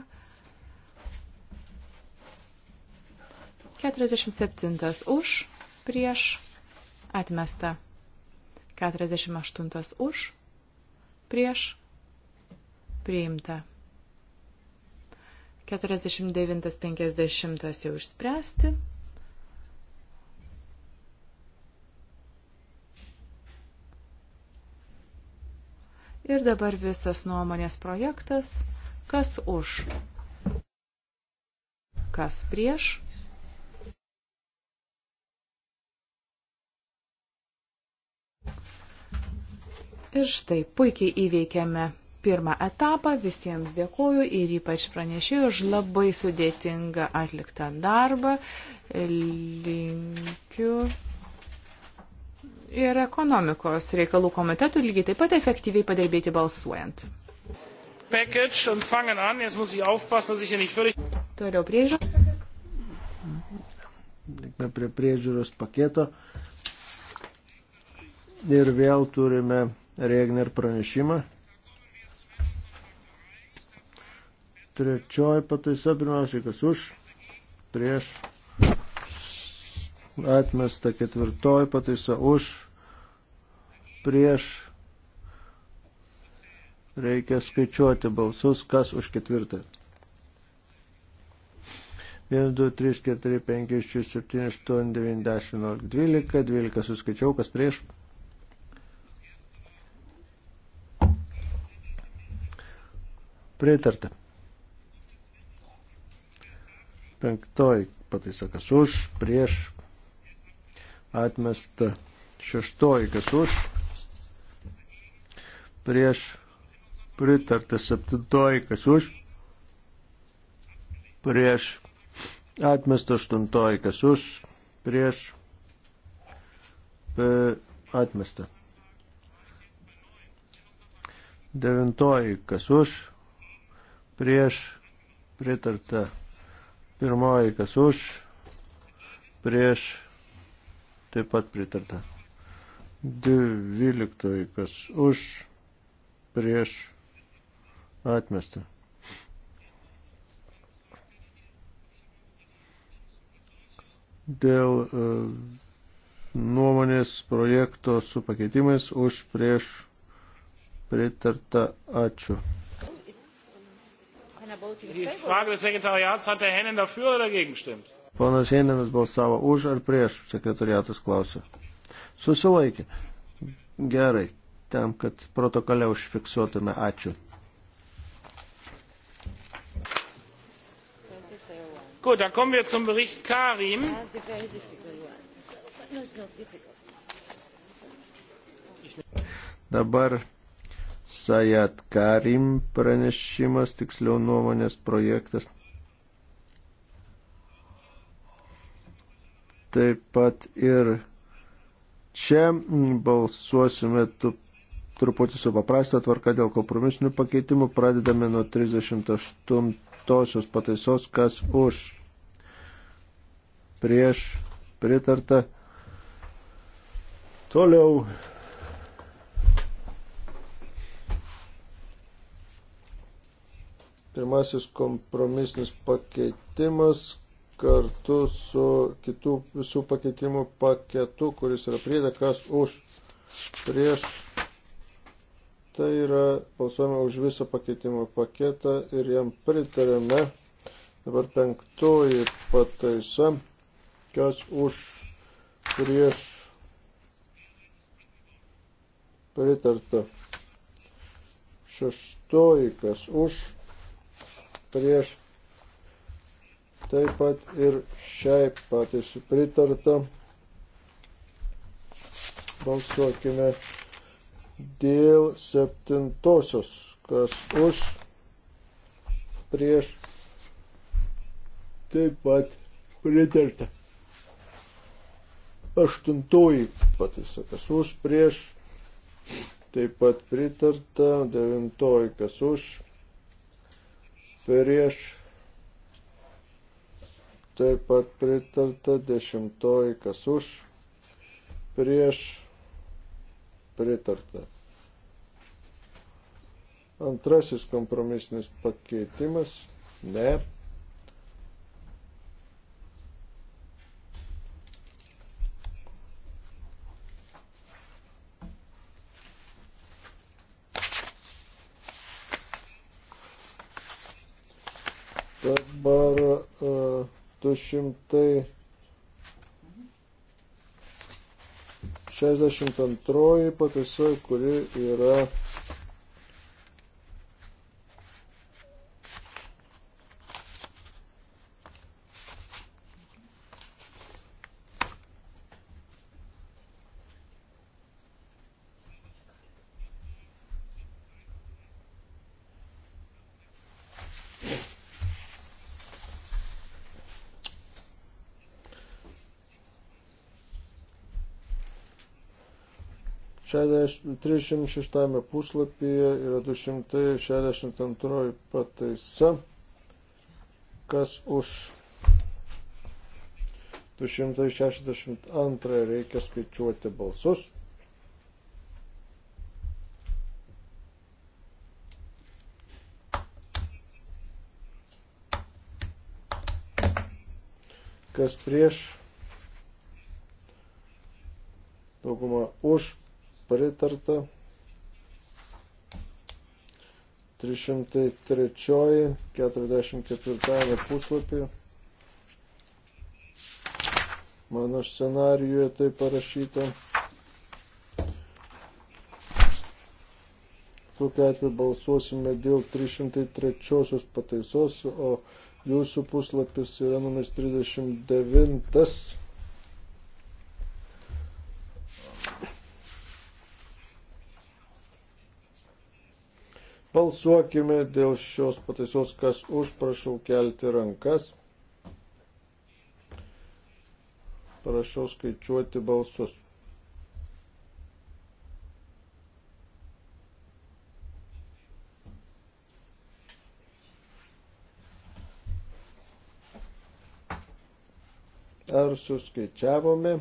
47 už, prieš, atmesta. 48 už, prieš priimta. 49.50 jau išspręsti. Ir dabar visas nuomonės projektas, kas už, kas prieš, Ir štai puikiai įveikėme pirmą etapą. Visiems dėkoju ir ypač pranešėjau už labai sudėtingą atliktą darbą. Linkiu. Ir ekonomikos reikalų komitetų lygiai taip pat efektyviai padirbėti balsuojant. Toliau priežiūra. Likme prie priežiūros paketo. Ir vėl turime Regner pranešimą. Trečioji pataisa pirmiausiai, kas už, prieš, atmesta ketvirtoji pataisa už, prieš, reikia skaičiuoti balsus, kas už ketvirtą. 1, 2, 3, 4, 5, 6, 7, 8, 9, 10, 11, 12, 12 suskaičiau, kas prieš. Pritarta. Penktoji pataisa kas už, prieš, atmesta. Šeštoji kas už, prieš, pritarta. Septintoji kas už, prieš, atmesta. Aštuntoji kas už, prieš, atmesta. Devintoji kas už, prieš pritarta. Pirmoji, kas už, prieš taip pat pritarta. Dvyliktoji, kas už, prieš atmestą. Dėl e, nuomonės projekto su pakeitimais už prieš pritarta. Ačiū. Die Frage des Sekretariats, hat der Hennen dafür oder dagegen stimmt? Ponas Heninas balsavo už ar prieš, sekretariatas klausė. Susilaikė. Gerai, tam, kad protokole užfiksuotume. Ačiū. Gut, dann kommen wir zum Bericht Karim. Ah, Dabar Sajat Karim pranešimas, tiksliau nuomonės projektas. Taip pat ir čia balsuosime truputį su paprastą tvarką dėl kompromisinių pakeitimų. Pradedame nuo 38 pataisos, kas už, prieš, pritarta. Toliau Pirmasis kompromisnis pakeitimas kartu su kitų visų pakeitimų paketu, kuris yra priedė, kas už prieš. Tai yra balsuojama už visą pakeitimo paketą ir jam pritarėme. Dabar penktoji pataisa, kas už prieš pritarta. Šeštoji, kas už prieš. Taip pat ir šiai patys pritarta. Balsuokime dėl septintosios, kas už, prieš, taip pat pritarta. Aštuntoji pataisa, kas už, prieš, taip pat pritarta. Devintoji, kas už, prieš. Taip pat pritarta dešimtoji, kas už, prieš, pritarta. Antrasis kompromisinis pakeitimas, ne, 262 pataisa, kuri yra 36 puslapyje yra 262 pataisa. Kas už 262 reikia skaičiuoti balsus. Kas prieš dauguma už pritarta. 303, 44 puslapį. Mano scenarijoje tai parašyta. Tokiu atveju balsuosime dėl 303 pataisos, o jūsų puslapis yra numeris 39. Balsuokime dėl šios pataisos, kas už, prašau kelti rankas. Prašau skaičiuoti balsus. Ar suskaičiavome?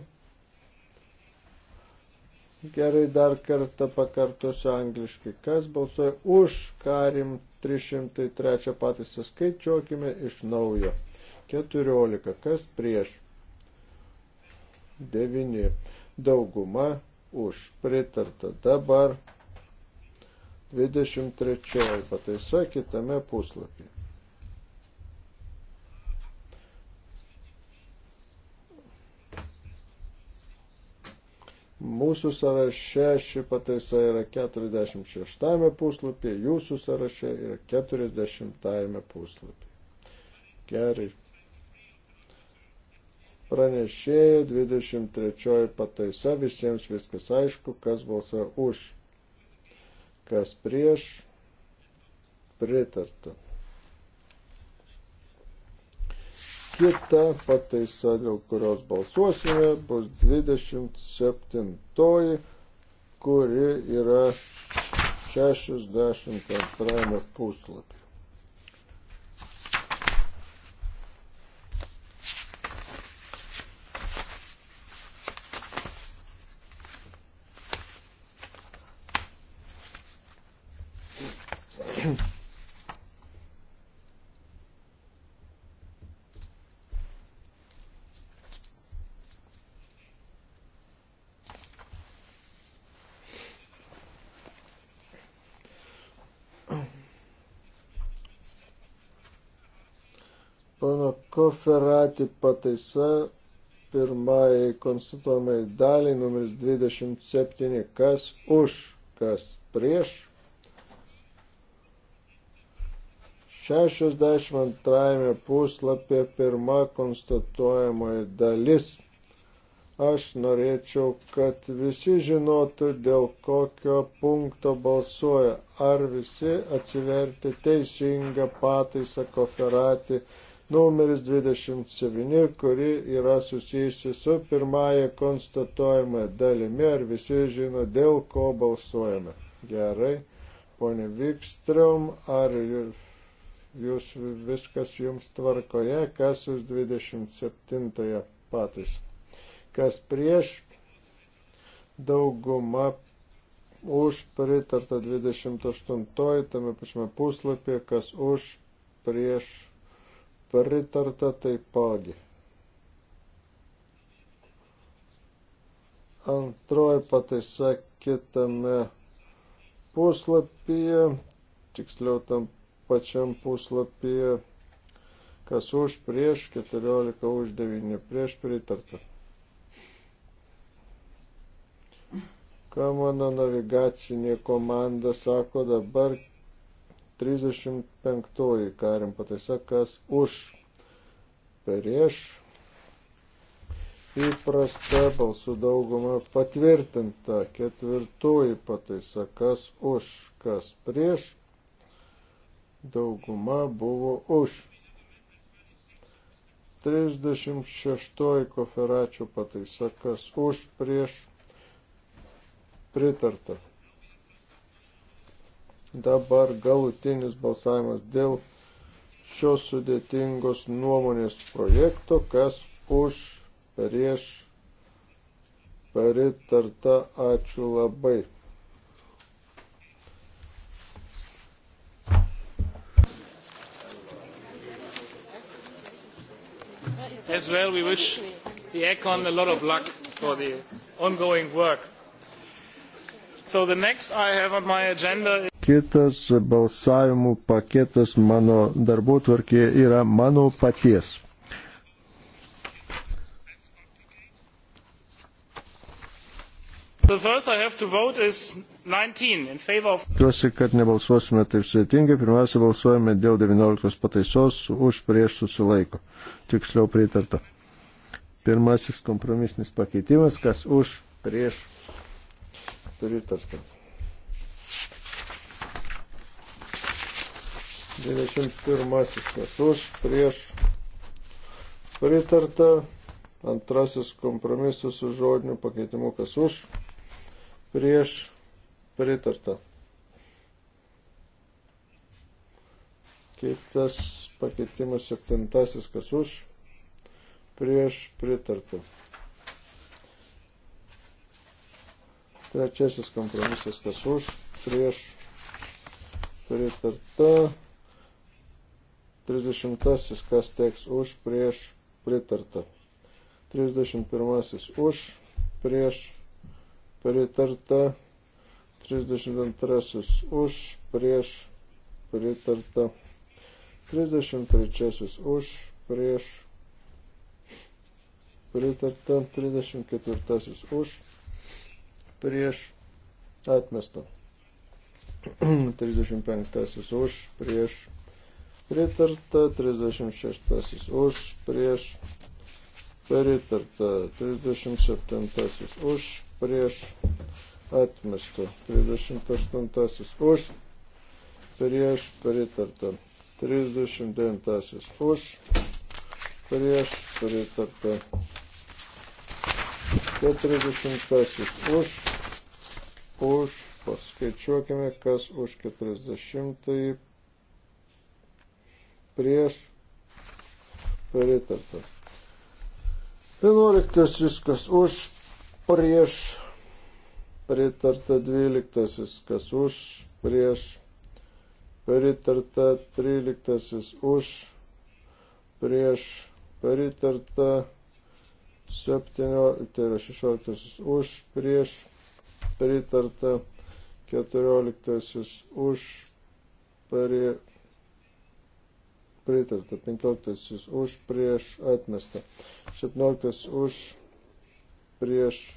Gerai, dar kartą pakartosiu angliškai. Kas balsuoja už Karim 303 pataisą skaičiuokime iš naujo. 14. Kas prieš? 9. Dauguma už pritarta dabar 23 pataisa kitame puslapyje. Mūsų sąraše ši pataisa yra 46 puslapyje, jūsų sąraše yra 40 puslapyje. Gerai. Pranešėjo 23 pataisa, visiems viskas aišku, kas balsuoja už, kas prieš, pritarta. Kita pataisa, dėl kurios balsuosime, bus 27, kuri yra 62 puslapį. Koferati pataisa pirmai konstituojamai daliai, numeris 27, kas už, kas prieš. 62 puslapė pirma konstatuojamoji dalis. Aš norėčiau, kad visi žinotų, dėl kokio punkto balsuoja. Ar visi atsiverti teisingą pataisą koferatį numeris 27, kuri yra susijusi su pirmąją konstatuojama dalimi, ar visi žino, dėl ko balsuojame. Gerai, ponė Vikstrom, ar jūs viskas jums tvarkoje, kas už 27 patys, kas prieš dauguma už pritarta 28 tame pačiame puslapyje, kas už prieš pritarta taipogi. Antroji pataisa kitame puslapyje, tiksliau tam pačiam puslapyje, kas už prieš 14 už 9 prieš pritarta. ką mano navigacinė komanda sako dabar 35 karim pataisa, kas už prieš įprasta balsų dauguma patvirtinta. Ketvirtoji pataisa, kas už, kas prieš, dauguma buvo už. 36 koferačių pataisa, kas už, prieš, pritarta. Dabar galutinis balsavimas dėl šios sudėtingos nuomonės projekto, kas už, prieš, paritarta, ačiū labai. as well we wish the econ a lot of luck for the ongoing work. so the next i have on my agenda is kitas balsavimų paketas mano darbų tvarkėje yra mano paties. Tikiuosi, kad nebalsuosime taip sveitingai. Pirmiausia, balsuojame dėl 19 pataisos už prieš susilaiko. Tiksliau pritarta. Pirmasis kompromisinis pakeitimas, kas už prieš pritarta. 91 kas už, prieš pritarta, antrasis kompromisas su žodiniu pakeitimu kas už, prieš pritarta. Kitas pakeitimas septintasis kas už, prieš pritarta. Trečiasis kompromisas kas už, prieš pritarta. 30. Kas teiks už, prieš, pritarta. 31. Už, prieš, pritarta. 32. Už, prieš, pritarta. 33. Už, prieš, pritarta. 34. Už, prieš, atmesta. 35. Už, prieš, pritarta pritarta, 36 už, prieš, pritarta, 37 už, prieš, atmesta, 38 už, prieš, pritarta, 39 už, prieš, pritarta, 40 už, už, paskaičiuokime, kas už 40 prieš pritarta. 11 kas už prieš pritarta 12 kas už prieš pritarta 13 už prieš pritarta 17 tai yra 16 už prieš pritarta 14 už prie, pritarta, 15 už prieš atmestą, 17 už prieš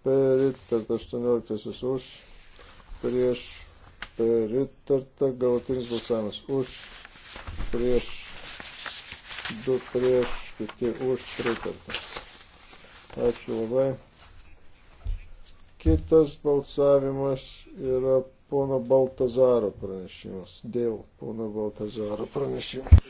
pritarta, 18 už prieš pritarta, galutinis balsavimas už prieš 2 prieš kiti už pritarta. Ačiū labai. Kitas balsavimas yra pono Baltazaro pranešimas. Dėl pono Baltazaro pranešimo.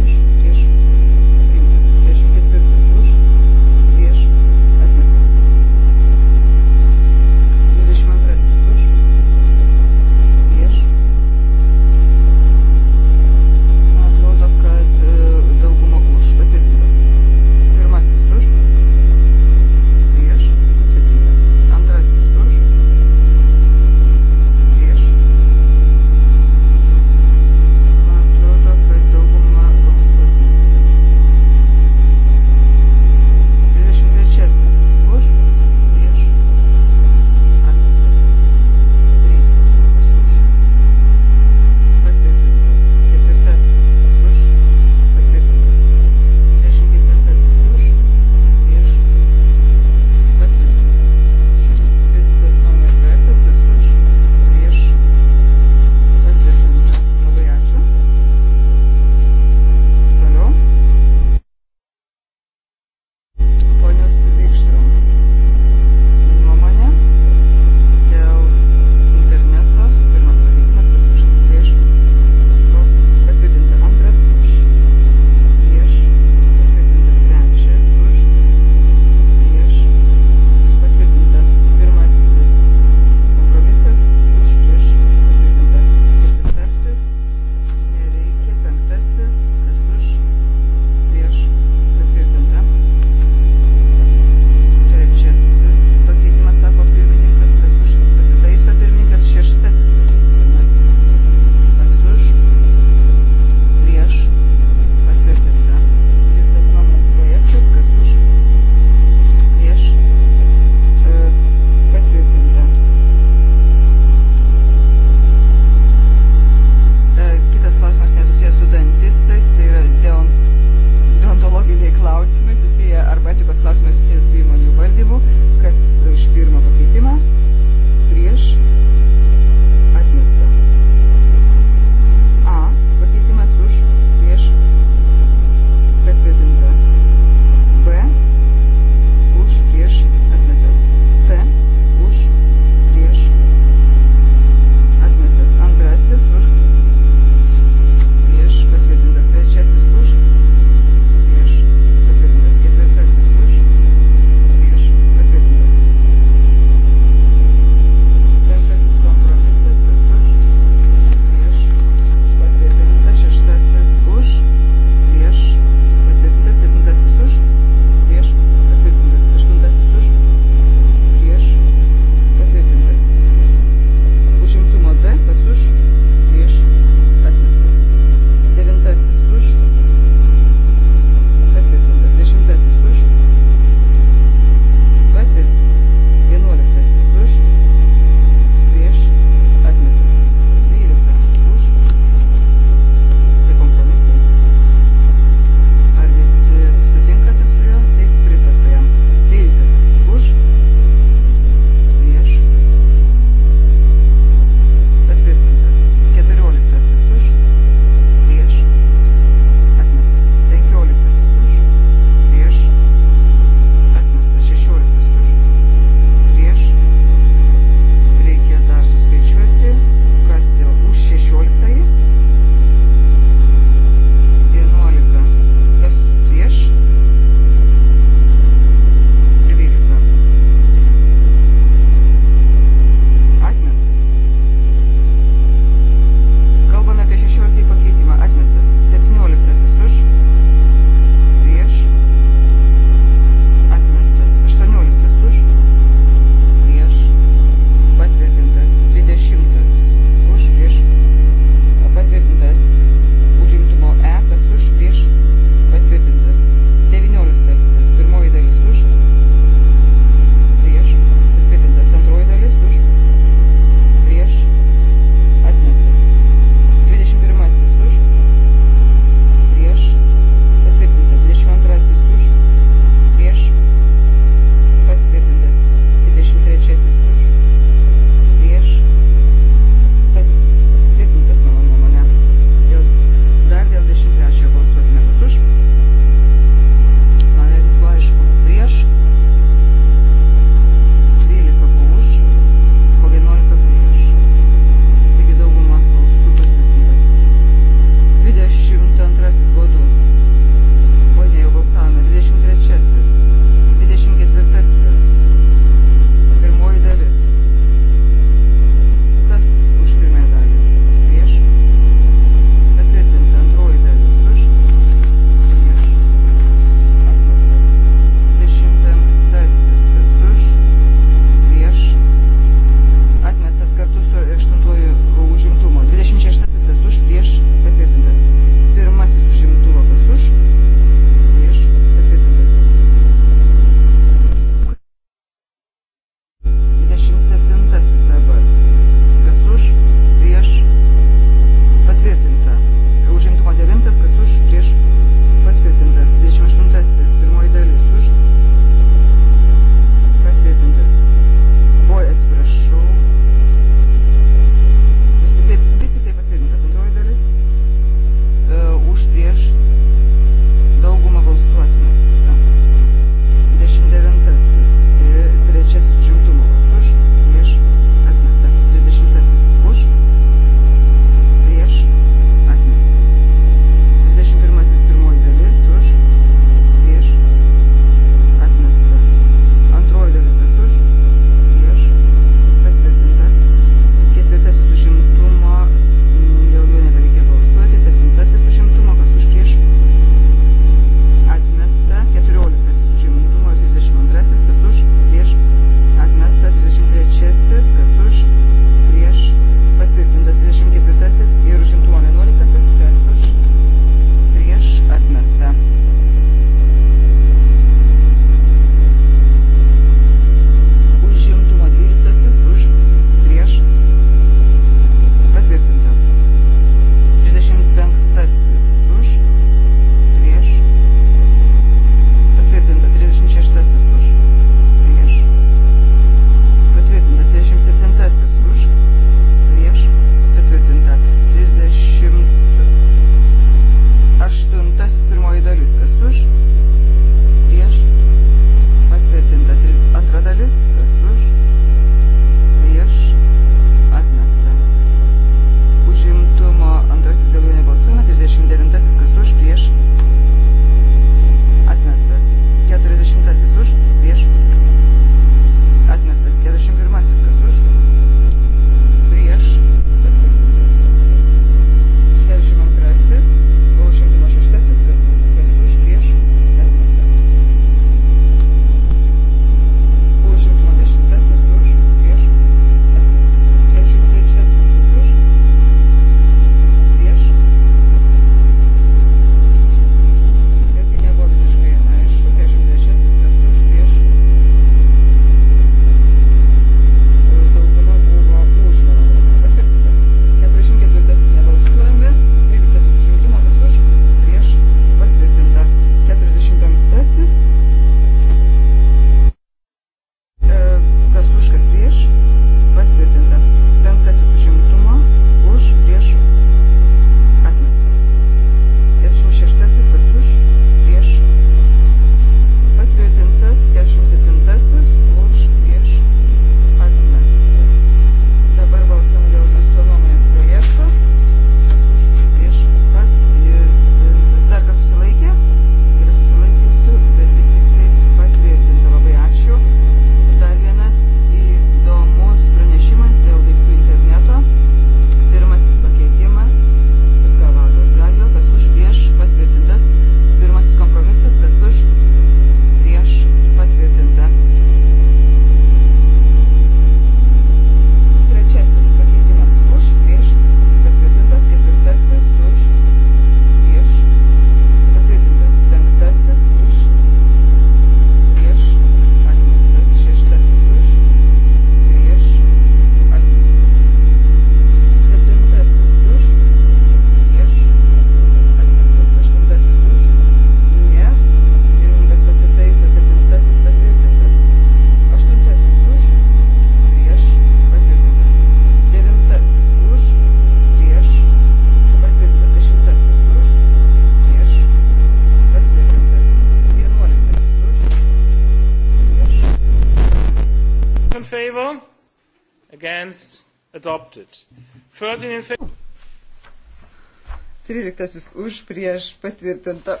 13 už prieš patvirtinta.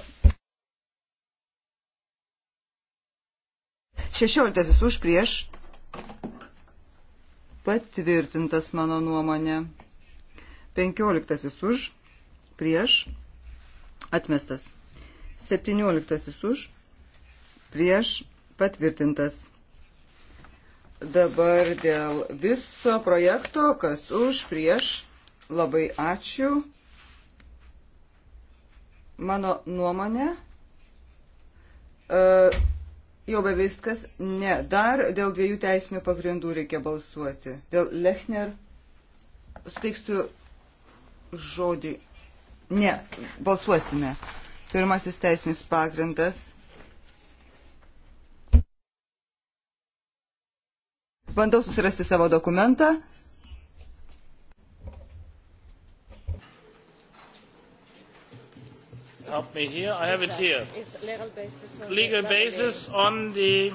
16 už prieš patvirtintas mano nuomonė. 15 už prieš atmestas. 17 už prieš patvirtintas. Dabar dėl viso projekto, kas už prieš, labai ačiū. Mano nuomonė, e, jau be viskas, ne, dar dėl dviejų teisinių pagrindų reikia balsuoti. Dėl Lechner suteiksiu žodį. Ne, balsuosime. Pirmasis teisinis pagrindas. Bandau susirasti savo dokumentą. help me here. I have it here. Legal basis on the.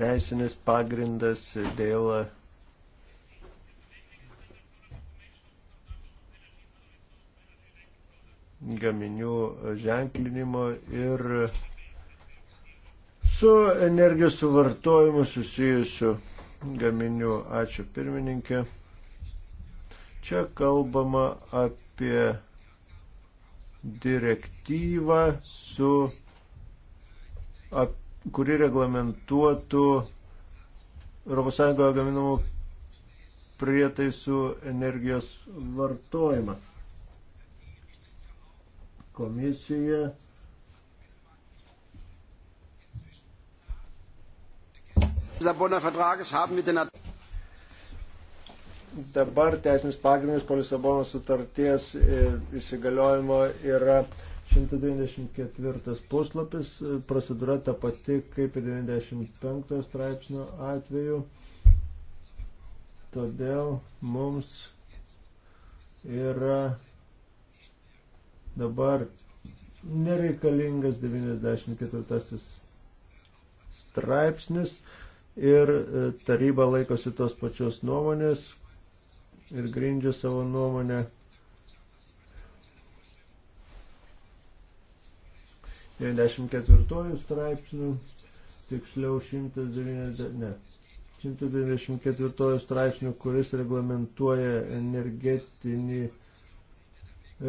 Teisinis pagrindas dėl. Uh, gaminių ženklinimo ir uh, su energijos suvartojimu susijusių gaminių. Ačiū pirmininkė. Čia kalbama apie direktyvą, su, ap, kuri reglamentuotų ES gaminamų prietaisų energijos vartojimą. Komisija Lisabonner Vertrages haben mit den dabar teisinis pagrindas po Lisabono sutarties įsigaliojimo yra 194 puslapis, procedūra ta pati kaip 95 straipsnio atveju. Todėl mums yra dabar nereikalingas 94 straipsnis ir e, taryba laikosi tos pačios nuomonės, ir grindžia savo nuomonę. Dešimt ketvirtojų straipsnių, tiksliau 190, ne, 194 straipsnių, kuris reglamentuoja energetinį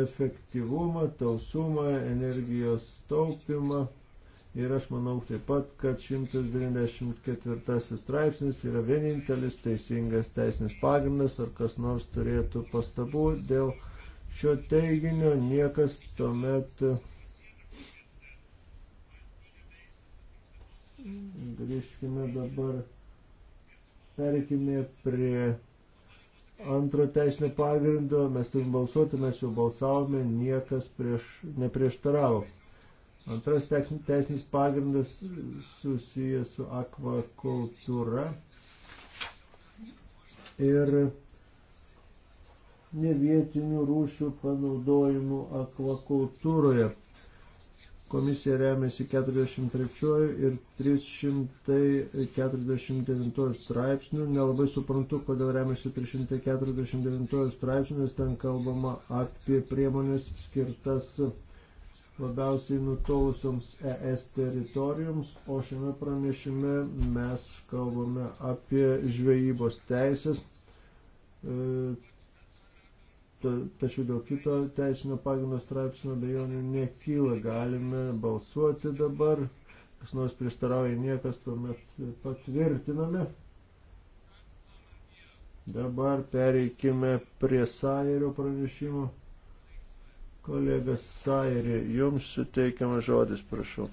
efektyvumą, tausumą, energijos taupimą. Ir aš manau taip pat, kad 194 straipsnis yra vienintelis teisingas teisinis pagrindas, ar kas nors turėtų pastabų dėl šio teiginio, niekas tuomet grįžkime dabar, perikime prie antro teisinio pagrindo, mes turim balsuoti, mes jau balsavome, niekas prieš, neprieštaravo. Antras teisinis pagrindas susijęs su akvakultūra ir nevietinių rūšių panaudojimu akvakultūroje. Komisija remiasi 43 ir 349 straipsnių. Nelabai suprantu, kodėl remiasi 349 straipsnių, nes ten kalbama apie priemonės skirtas labiausiai nutolusioms ES teritorijoms, o šiame pranešime mes kalbame apie žvejybos teisės, e, tačiau dėl kito teisinio pagrindo straipsnio bejonių nekyla, galime balsuoti dabar, kas nors prieštarauja niekas, tuomet patvirtiname. Dabar pereikime prie Sajerio pranešimo. Kolega Sairi, jums suteikiamas žodis, prašau.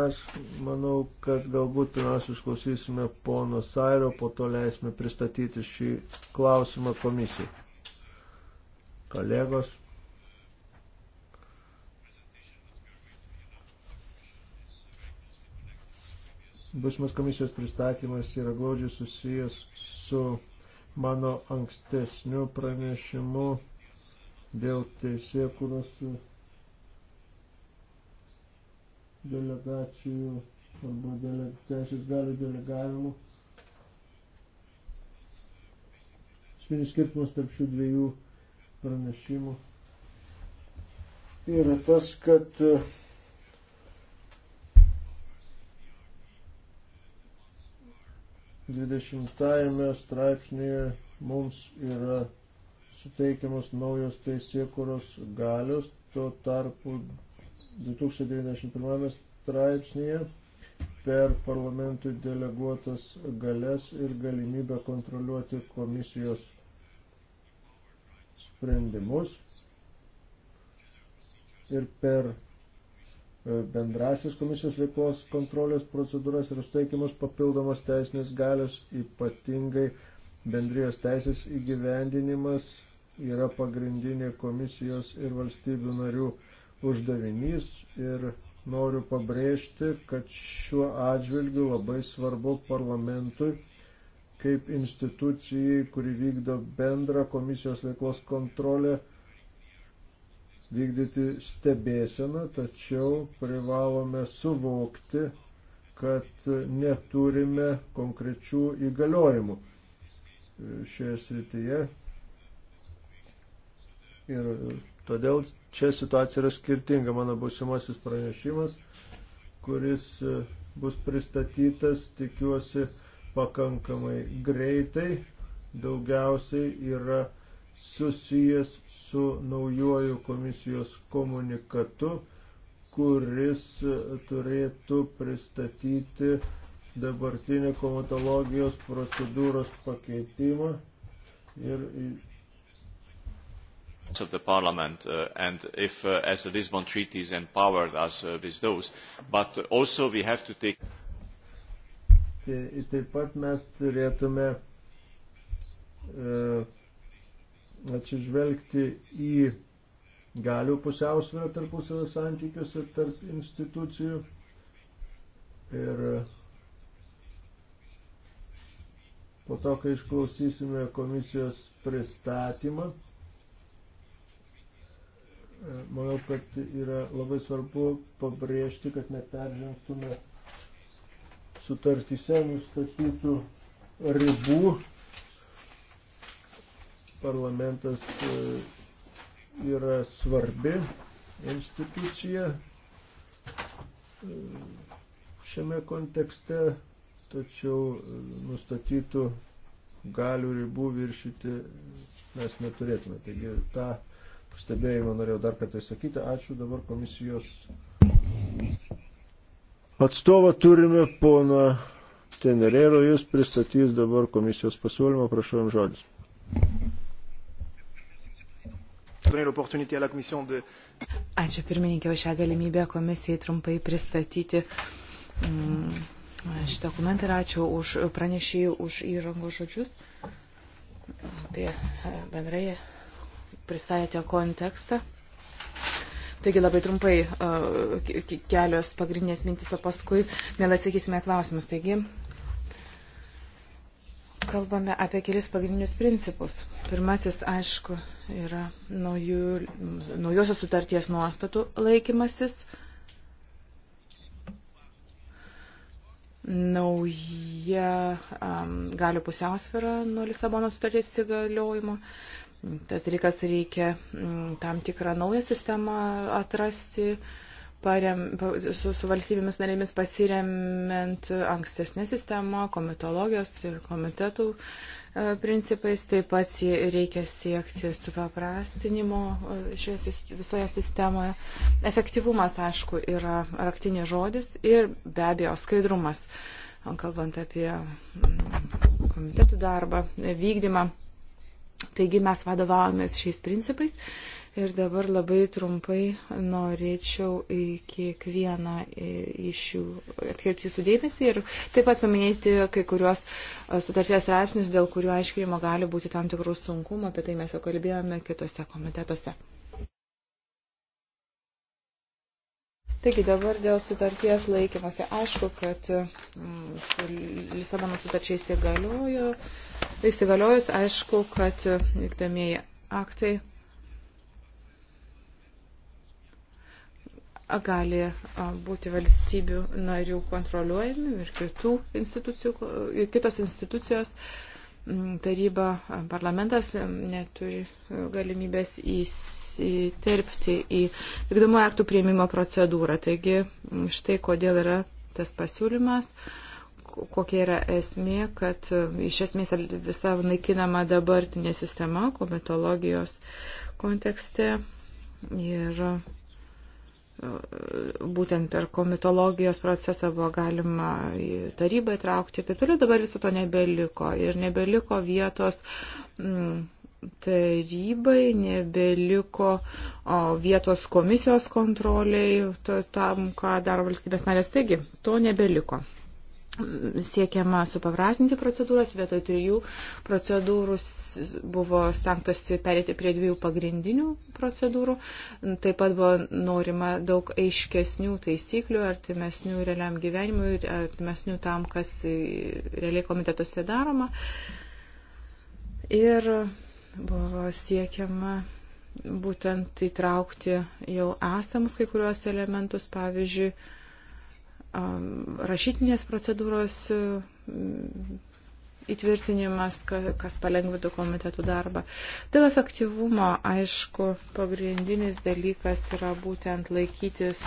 Aš manau, kad galbūt pirmiausia išklausysime pono Sairio, po to leisime pristatyti šį klausimą komisijai. Kolegos. Būsimas komisijos pristatymas yra glaudžiai susijęs su mano ankstesniu pranešimu dėl teisėkuros delegacijų arba dele, teisės galių delegavimų. Esminis skirtumas tarp šių dviejų pranešimų yra tas, kad uh, 20 straipsnėje mums yra suteikiamos naujos teisėkuros galios, tuo tarpu 2091 straipsnėje per parlamentui deleguotas galės ir galimybę kontroliuoti komisijos sprendimus ir per E, bendrasis komisijos veiklos kontrolės procedūras yra suteikimus papildomos teisinės galios, ypatingai bendrijos teisės įgyvendinimas yra pagrindinė komisijos ir valstybių narių uždavinys ir noriu pabrėžti, kad šiuo atžvilgiu labai svarbu parlamentui kaip institucijai, kuri vykdo bendrą komisijos veiklos kontrolę, vykdyti stebėseną, tačiau privalome suvokti, kad neturime konkrečių įgaliojimų šioje srityje. Ir todėl čia situacija yra skirtinga. Mano būsimasis pranešimas, kuris bus pristatytas, tikiuosi, pakankamai greitai. Daugiausiai yra susijęs su naujoju komisijos komunikatu, kuris turėtų pristatyti dabartinį komatologijos procedūros pakeitimą ir of the parliament uh, and if uh, as the lisbon treaty has empowered us uh, with those but also we have to take taip pat mes turėtume uh, atsižvelgti į galių pusiausvyrą tarpusavio santykius ir tarp institucijų. Ir po to, kai išklausysime komisijos pristatymą, e, manau, kad yra labai svarbu pabrėžti, kad neperžengtume sutartyse nustatytų ribų parlamentas e, yra svarbi institucija e, šiame kontekste, tačiau e, nustatytų galių ribų viršyti mes neturėtume. Taigi tą pastebėjimą norėjau dar kartą išsakyti. Ačiū dabar komisijos atstovą turime poną Tenerero, jis pristatys dabar komisijos pasiūlymą, prašau jums žodis donner l'opportunité à la Commission de. Ačiū pirmininkė už šią galimybę komisijai trumpai pristatyti. Mm, šį dokumentą ir ačiū už pranešėjų, už įrangos žodžius apie e, bendrai pristatėte kontekstą. Taigi labai trumpai e, kelios pagrindinės mintis, o paskui vėl atsakysime klausimus. Taigi, kalbame apie kelis pagrindinius principus. Pirmasis, aišku, yra naujų, naujosios sutarties nuostatų laikymasis. Nauja um, galių pusiausvėra nuo Lisabono sutarties įsigaliojimo. Tas dalykas reikia m, tam tikrą naują sistemą atrasti. Uh, parem, su, su valstybėmis narėmis pasiremiant ankstesnė sistema, komitologijos ir komitetų e, principais. Taip pat reikia siekti supaprastinimo e, šioje, visoje sistemoje. Efektyvumas, aišku, yra raktinis žodis ir be abejo skaidrumas, kalbant apie mm, komitetų darbą, vykdymą. Taigi mes vadovavomės šiais principais Ir dabar labai trumpai norėčiau į kiekvieną iš jų atkreipti jūsų dėmesį ir taip pat paminėti kai kuriuos sutarties straipsnius, dėl kurių aiškinimo gali būti tam tikrų sunkumų, apie tai mes jau kalbėjome kitose komitetuose. Taigi dabar dėl sutarties laikymosi. Aišku, kad mm, su Lisabono sutarčiai įsigaliojo, įsigaliojus, aišku, kad vykdomieji aktai gali būti valstybių narių kontroliuojami ir kitų institucijų, kitos institucijos. Mm, taryba, parlamentas neturi galimybės įsiterpti į vykdomo aktų prieimimo procedūrą. Taigi štai kodėl yra tas pasiūlymas kokia yra esmė, kad iš esmės visa naikinama dabartinė sistema komitologijos kontekste ir būtent per komitologijos procesą buvo galima į tarybą įtraukti ir taip toliau, dabar viso to nebeliko ir nebeliko vietos mm, tarybai, nebeliko o, vietos komisijos kontroliai to, tam, ką daro valstybės narės. Taigi, to nebeliko siekiama supaprastinti procedūras, vietoj trijų procedūrų buvo stengtasi perėti prie dviejų pagrindinių procedūrų. Taip pat buvo norima daug aiškesnių taisyklių, artimesnių realiam gyvenimui ir artimesnių tam, kas realiai komitetuose daroma. Ir buvo siekiama būtent įtraukti jau esamus kai kuriuos elementus, pavyzdžiui, rašytinės procedūros mm, įtvirtinimas, kas palengvintų komitetų darbą. Dėl efektyvumo, aišku, pagrindinis dalykas yra būtent laikytis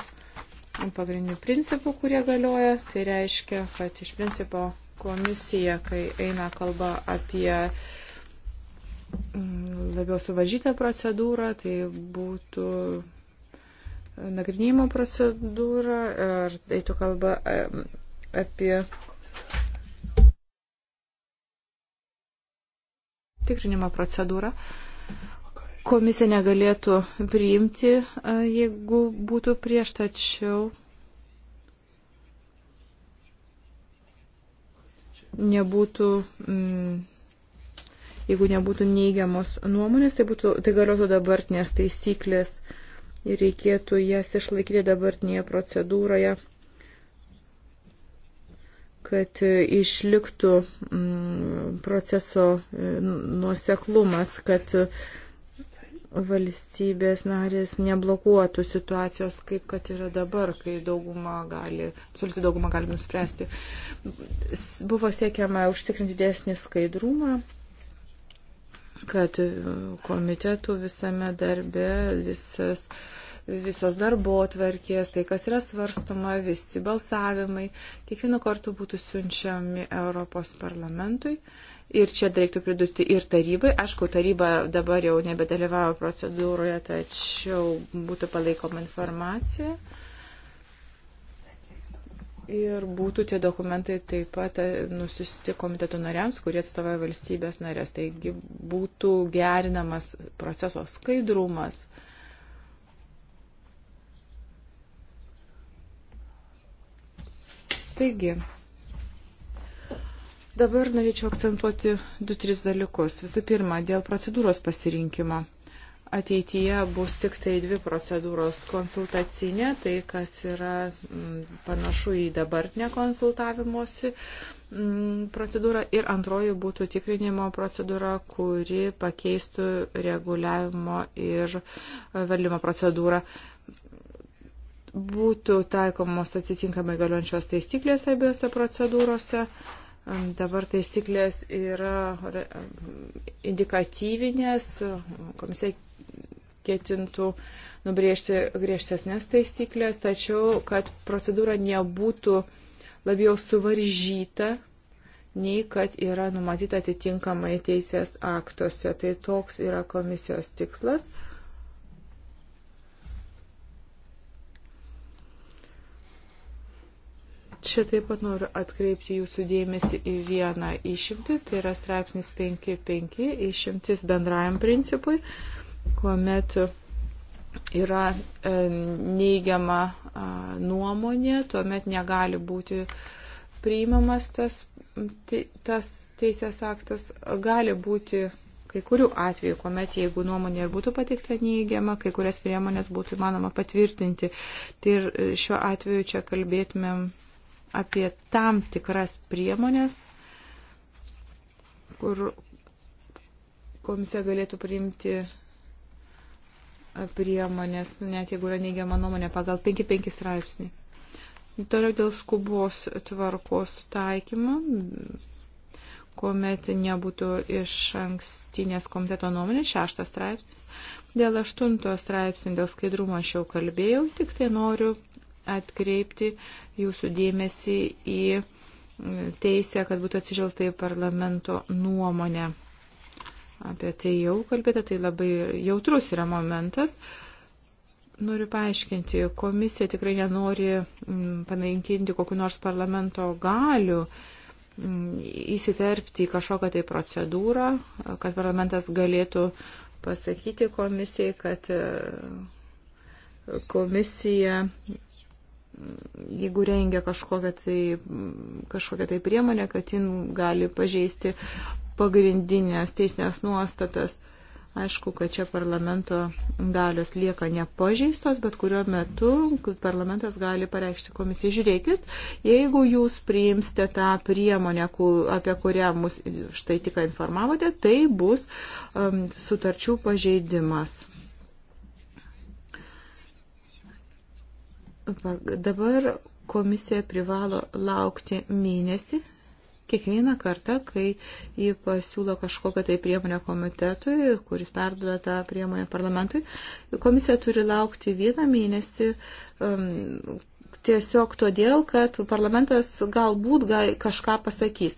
pagrindinių principų, kurie galioja. Tai reiškia, kad iš principo komisija, kai eina kalba apie mm, labiau suvažytą procedūrą, tai būtų nagrinėjimo procedūrą, ar eitų kalba apie tikrinimo procedūrą. Komisija negalėtų priimti, e, jeigu būtų prieš, tačiau nebūtų, mm, jeigu nebūtų neigiamos nuomonės, tai, būtų, tai galėtų dabartinės taisyklės ir reikėtų jas išlaikyti dabartinėje procedūroje, kad išliktų mm, proceso mm, nuoseklumas, kad valstybės narės neblokuotų situacijos, kaip kad yra dabar, kai dauguma gali, absoliuti dauguma gali nuspręsti. Buvo siekiama užtikrinti didesnį skaidrumą kad e, komitetų visame darbe visas visos darbo atvarkės, tai kas yra svarstoma, visi balsavimai, kiekvieną kartą būtų siunčiami Europos parlamentui. Ir čia reiktų pridurti ir tarybai. Aišku, taryba dabar jau nebedalyvavo procedūroje, tačiau būtų palaikoma informacija. Ir būtų tie dokumentai taip pat e, nusisti komiteto nariams, kurie atstovauja valstybės narės. Taigi būtų gerinamas proceso skaidrumas. Taigi, dabar norėčiau akcentuoti du, tris dalykus. Visų pirma, dėl procedūros pasirinkimo ateityje bus tik tai dvi procedūros - konsultacinė, tai kas yra mm, panašu į dabartinę konsultavimosi mm, procedūrą ir antroji būtų tikrinimo procedūra, kuri pakeistų reguliavimo ir e, valdymo procedūrą. Būtų taikomos atitinkamai galiojančios taisyklės abiejose procedūrose. Mm, dabar taisyklės yra indikatyvinės, komisija ketintų nubrėžti griežtesnės taisyklės, tačiau kad procedūra nebūtų labiau suvaržyta, nei kad yra numatyta atitinkamai teisės aktuose. Tai toks yra komisijos tikslas. Čia taip pat noriu atkreipti jūsų dėmesį į vieną išimtį, tai yra straipsnis 5.5, išimtis bendrajam principui. Uh, kuomet yra e, neigiama nuomonė, tuomet negali būti priimamas tas, tas teisės aktas, gali būti kai kurių atvejų, kuomet jeigu nuomonė ir būtų patikta neįgiama, kai kurias priemonės būtų įmanoma patvirtinti. Tai ir e, šiuo atveju čia kalbėtumėm apie tam tikras priemonės, kur komisija galėtų priimti priemonės, net jeigu yra neigiama nuomonė pagal 5-5 straipsnį. Toliau dėl skubos tvarkos taikymą, kuomet nebūtų iš ankstinės komiteto nuomonės, šeštas straipsnis. Dėl aštunto straipsnio, dėl skaidrumo aš jau kalbėjau, tik tai noriu atkreipti jūsų dėmesį į teisę, kad būtų atsižvelgta į parlamento nuomonę apie tai jau kalbėta, tai labai jautrus yra momentas. Noriu paaiškinti, komisija tikrai nenori mm, panaikinti kokiu nors parlamento galių mm, įsiterpti į kažkokią tai procedūrą, kad parlamentas galėtų pasakyti komisijai, kad e, komisija, mm, jeigu rengia kažkokią tai, kažkokią tai priemonę, kad jin gali pažeisti pagrindinės teisinės nuostatas. Aišku, kad čia parlamento galios lieka nepažeistos, bet kuriuo metu parlamentas gali pareikšti komisijai, žiūrėkit, jeigu jūs priimsite tą priemonę, apie kurią mus štai tik informavote, tai bus um, sutarčių pažeidimas. Dabar komisija privalo laukti mėnesį Kiekvieną kartą, kai jį pasiūlo kažkokią tai priemonę komitetui, kuris perduoda tą priemonę parlamentui, komisija turi laukti vieną mėnesį. Um, Tiesiog todėl, kad parlamentas galbūt gal, kažką pasakys.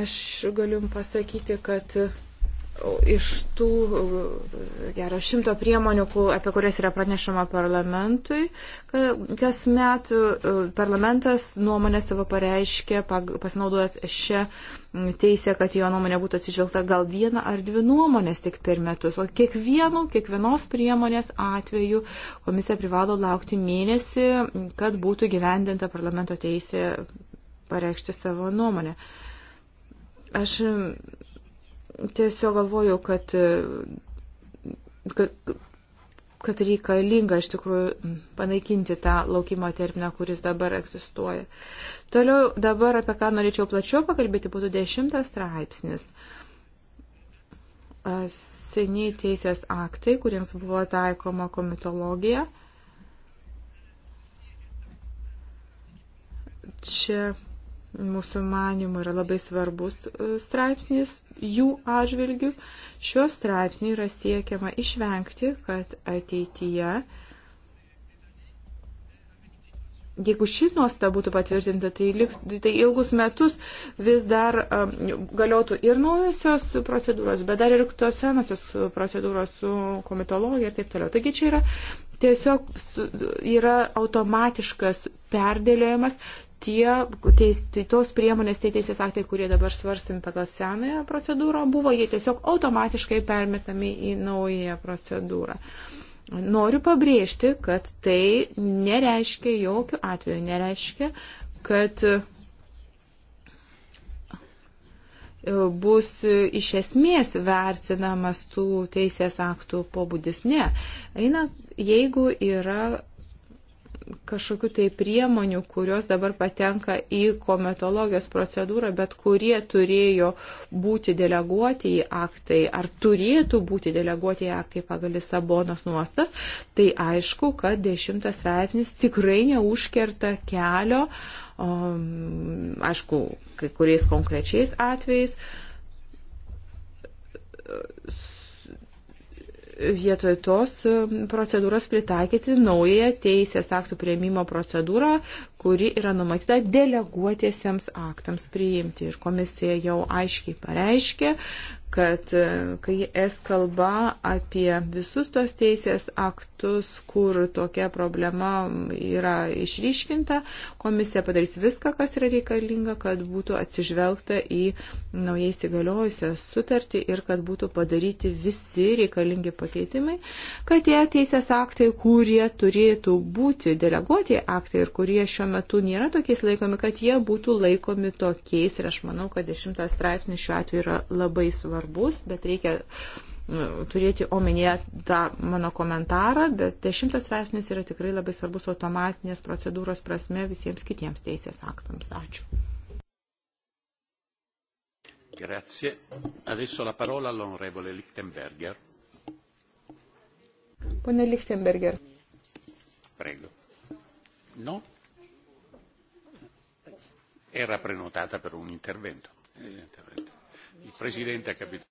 Aš galiu pasakyti, kad iš tų e, gero šimto priemonių, apie kurias yra pranešama parlamentui, kas met e, parlamentas nuomonę savo pareiškė, pasinaudojęs šią teisę, kad jo nuomonė būtų atsižvelgta gal vieną ar dvi nuomonės tik per metus. O kiekvienų, kiekvienos priemonės atveju komisija privalo laukti mėnesį, kad būtų gyvendinta parlamento teisė pareikšti savo nuomonę. Aš tiesiog galvoju, kad, kad, kad reikalinga iš tikrųjų panaikinti tą laukimo terminą, kuris dabar egzistuoja. Toliau dabar apie ką norėčiau plačiau pakalbėti būtų dešimtas straipsnis. Seniai teisės aktai, kuriems buvo taikoma komitologija. Čia mūsų manimų yra labai svarbus e, straipsnis jų atžvilgių. Šiuo straipsniu yra siekiama išvengti, kad ateityje, jeigu ši nuosta būtų patvirtinta, tai, lik, tai ilgus metus vis dar um, galiotų ir naujosios procedūros, bet dar ir tos senosios procedūros su komitologija ir taip toliau. Taigi čia yra tiesiog yra automatiškas perdėliojimas tie, teis, tai tos priemonės, tie teisės aktai, kurie dabar svarstami pagal senąją procedūrą buvo, jie tiesiog automatiškai permetami į naują procedūrą. Noriu pabrėžti, kad tai nereiškia jokių atveju, nereiškia, kad e, bus iš esmės vertinamas tų teisės aktų pobūdis. Ne. Eina, jeigu yra kažkokių tai priemonių, kurios dabar patenka į kometologijos procedūrą, bet kurie turėjo būti deleguoti į aktai ar turėtų būti deleguoti į aktai pagal Lisabonos nuostas, tai aišku, kad dešimtas straipsnis tikrai neužkerta kelio, um, aišku, kai kuriais konkrečiais atvejais vietoj tos um, procedūros pritaikyti naują teisės aktų prieimimo procedūrą, kuri yra numatyta deleguotiesiems aktams priimti. Ir komisija jau aiškiai pareiškė, kad e, kai es kalba apie visus tos teisės aktus, kur tokia problema yra išryškinta, komisija padarys viską, kas yra reikalinga, kad būtų atsižvelgta į naujai įsigaliojusią sutartį ir kad būtų padaryti visi reikalingi pakeitimai, kad tie teisės aktai, kurie turėtų būti deleguoti aktai ir kurie šiuo metu nėra tokiais laikomi, kad jie būtų laikomi tokiais. Ir aš manau, kad dešimtas straipsnis šiuo atveju yra labai svarbus svarbus, bet reikia turėti omenyje tą mano komentarą, bet dešimtas straipsnis yra tikrai labai svarbus automatinės procedūros prasme visiems kitiems teisės aktams. Ačiū. Grazie. Adesso la parola all'onorevole Lichtenberger. Pone Lichtenberger. Prego. No? Era prenotata per un intervento. Eh, intervento il Presidente ha capito.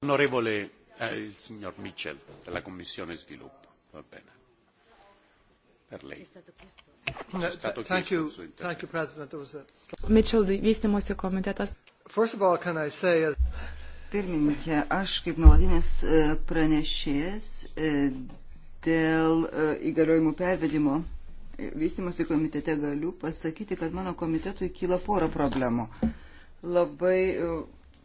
Onorevole eh, il signor Mitchell della Commissione Sviluppo. Va bene. Per lei. Thank you, thank you, President. A... Mitchell vystimosi komitetas. First of all, can I say as Pirmininkė, aš kaip nuolatinis e, pranešėjas e, dėl e, įgaliojimų pervedimo vystimosi komitete galiu pasakyti, kad mano komitetui kyla pora problemų. Labai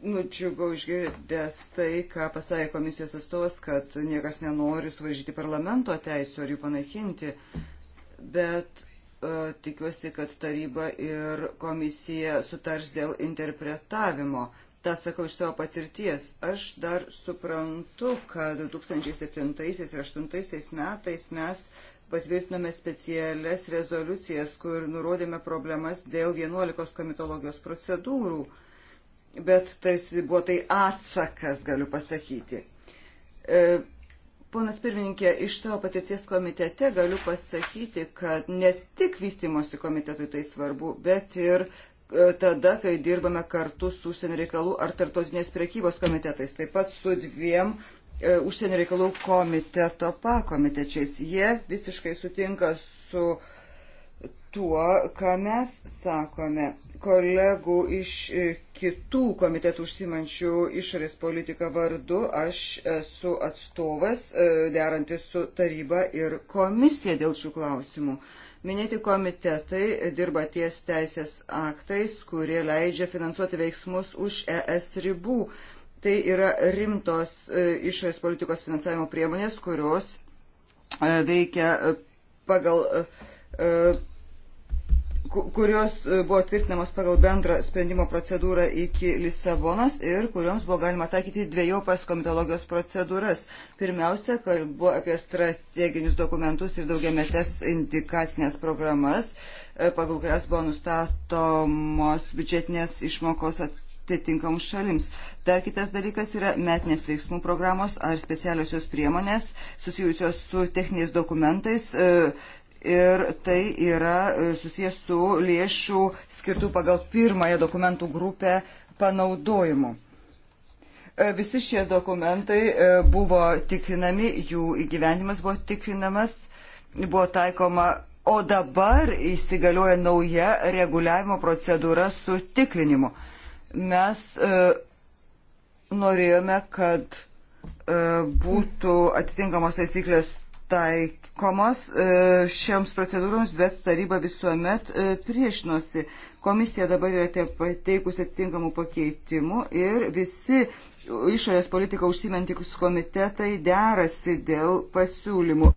Nudžiugau išgirdęs tai, ką pasakė komisijos atstovas, kad niekas nenori suvaržyti parlamento teisų ar jų panaikinti, bet e, tikiuosi, kad taryba ir komisija sutars dėl interpretavimo. Ta sakau iš savo patirties. Aš dar suprantu, kad 2007 ir 2008 metais mes patvirtinome specialias rezoliucijas, kur nurodėme problemas dėl 11 komitologijos procedūrų bet tarsi buvo tai atsakas, galiu pasakyti. E, ponas pirmininkė, iš savo patirties komitete galiu pasakyti, kad ne tik vystimosi komitetui tai svarbu, bet ir e, tada, kai dirbame kartu su užsienio reikalų ar tarptautinės priekybos komitetais, taip pat su dviem e, užsienio reikalų komiteto pakomitečiais. Jie visiškai sutinka su tuo, ką mes sakome kolegų iš e, kitų komitetų užsimančių išorės politiką vardu. Aš esu atstovas e, derantis su taryba ir komisija dėl šių klausimų. Minėti komitetai dirba ties teisės aktais, kurie leidžia finansuoti veiksmus už ES ribų. Tai yra rimtos e, išorės politikos finansavimo priemonės, kurios veikia pagal kurios e, buvo tvirtinamos pagal bendrą sprendimo procedūrą iki Lisabonos ir kurioms buvo galima taikyti dviejopas komitologijos procedūras. Pirmiausia, kalbu apie strateginius dokumentus ir daugiametes indikacinės programas, e, pagal kurias buvo nustatomos biudžetinės išmokos atsitikti atitinkamoms šalims. Dar kitas dalykas yra metinės veiksmų programos ar specialiosios priemonės susijusios su techniniais dokumentais, e, ir tai yra e, susijęs su lėšų skirtų pagal pirmąją dokumentų grupę panaudojimu. E, visi šie dokumentai e, buvo tikrinami, jų įgyvendimas buvo tikrinamas, buvo taikoma, o dabar įsigalioja nauja reguliavimo procedūra su tikrinimu. Mes norėjome, kad būtų atitinkamos taisyklės taikomos e, šioms procedūroms, bet taryba visuomet e, priešinosi. Komisija dabar yra pateikusi atitinkamų pakeitimų ir visi išorės politiką užsimentikus komitetai derasi dėl pasiūlymų.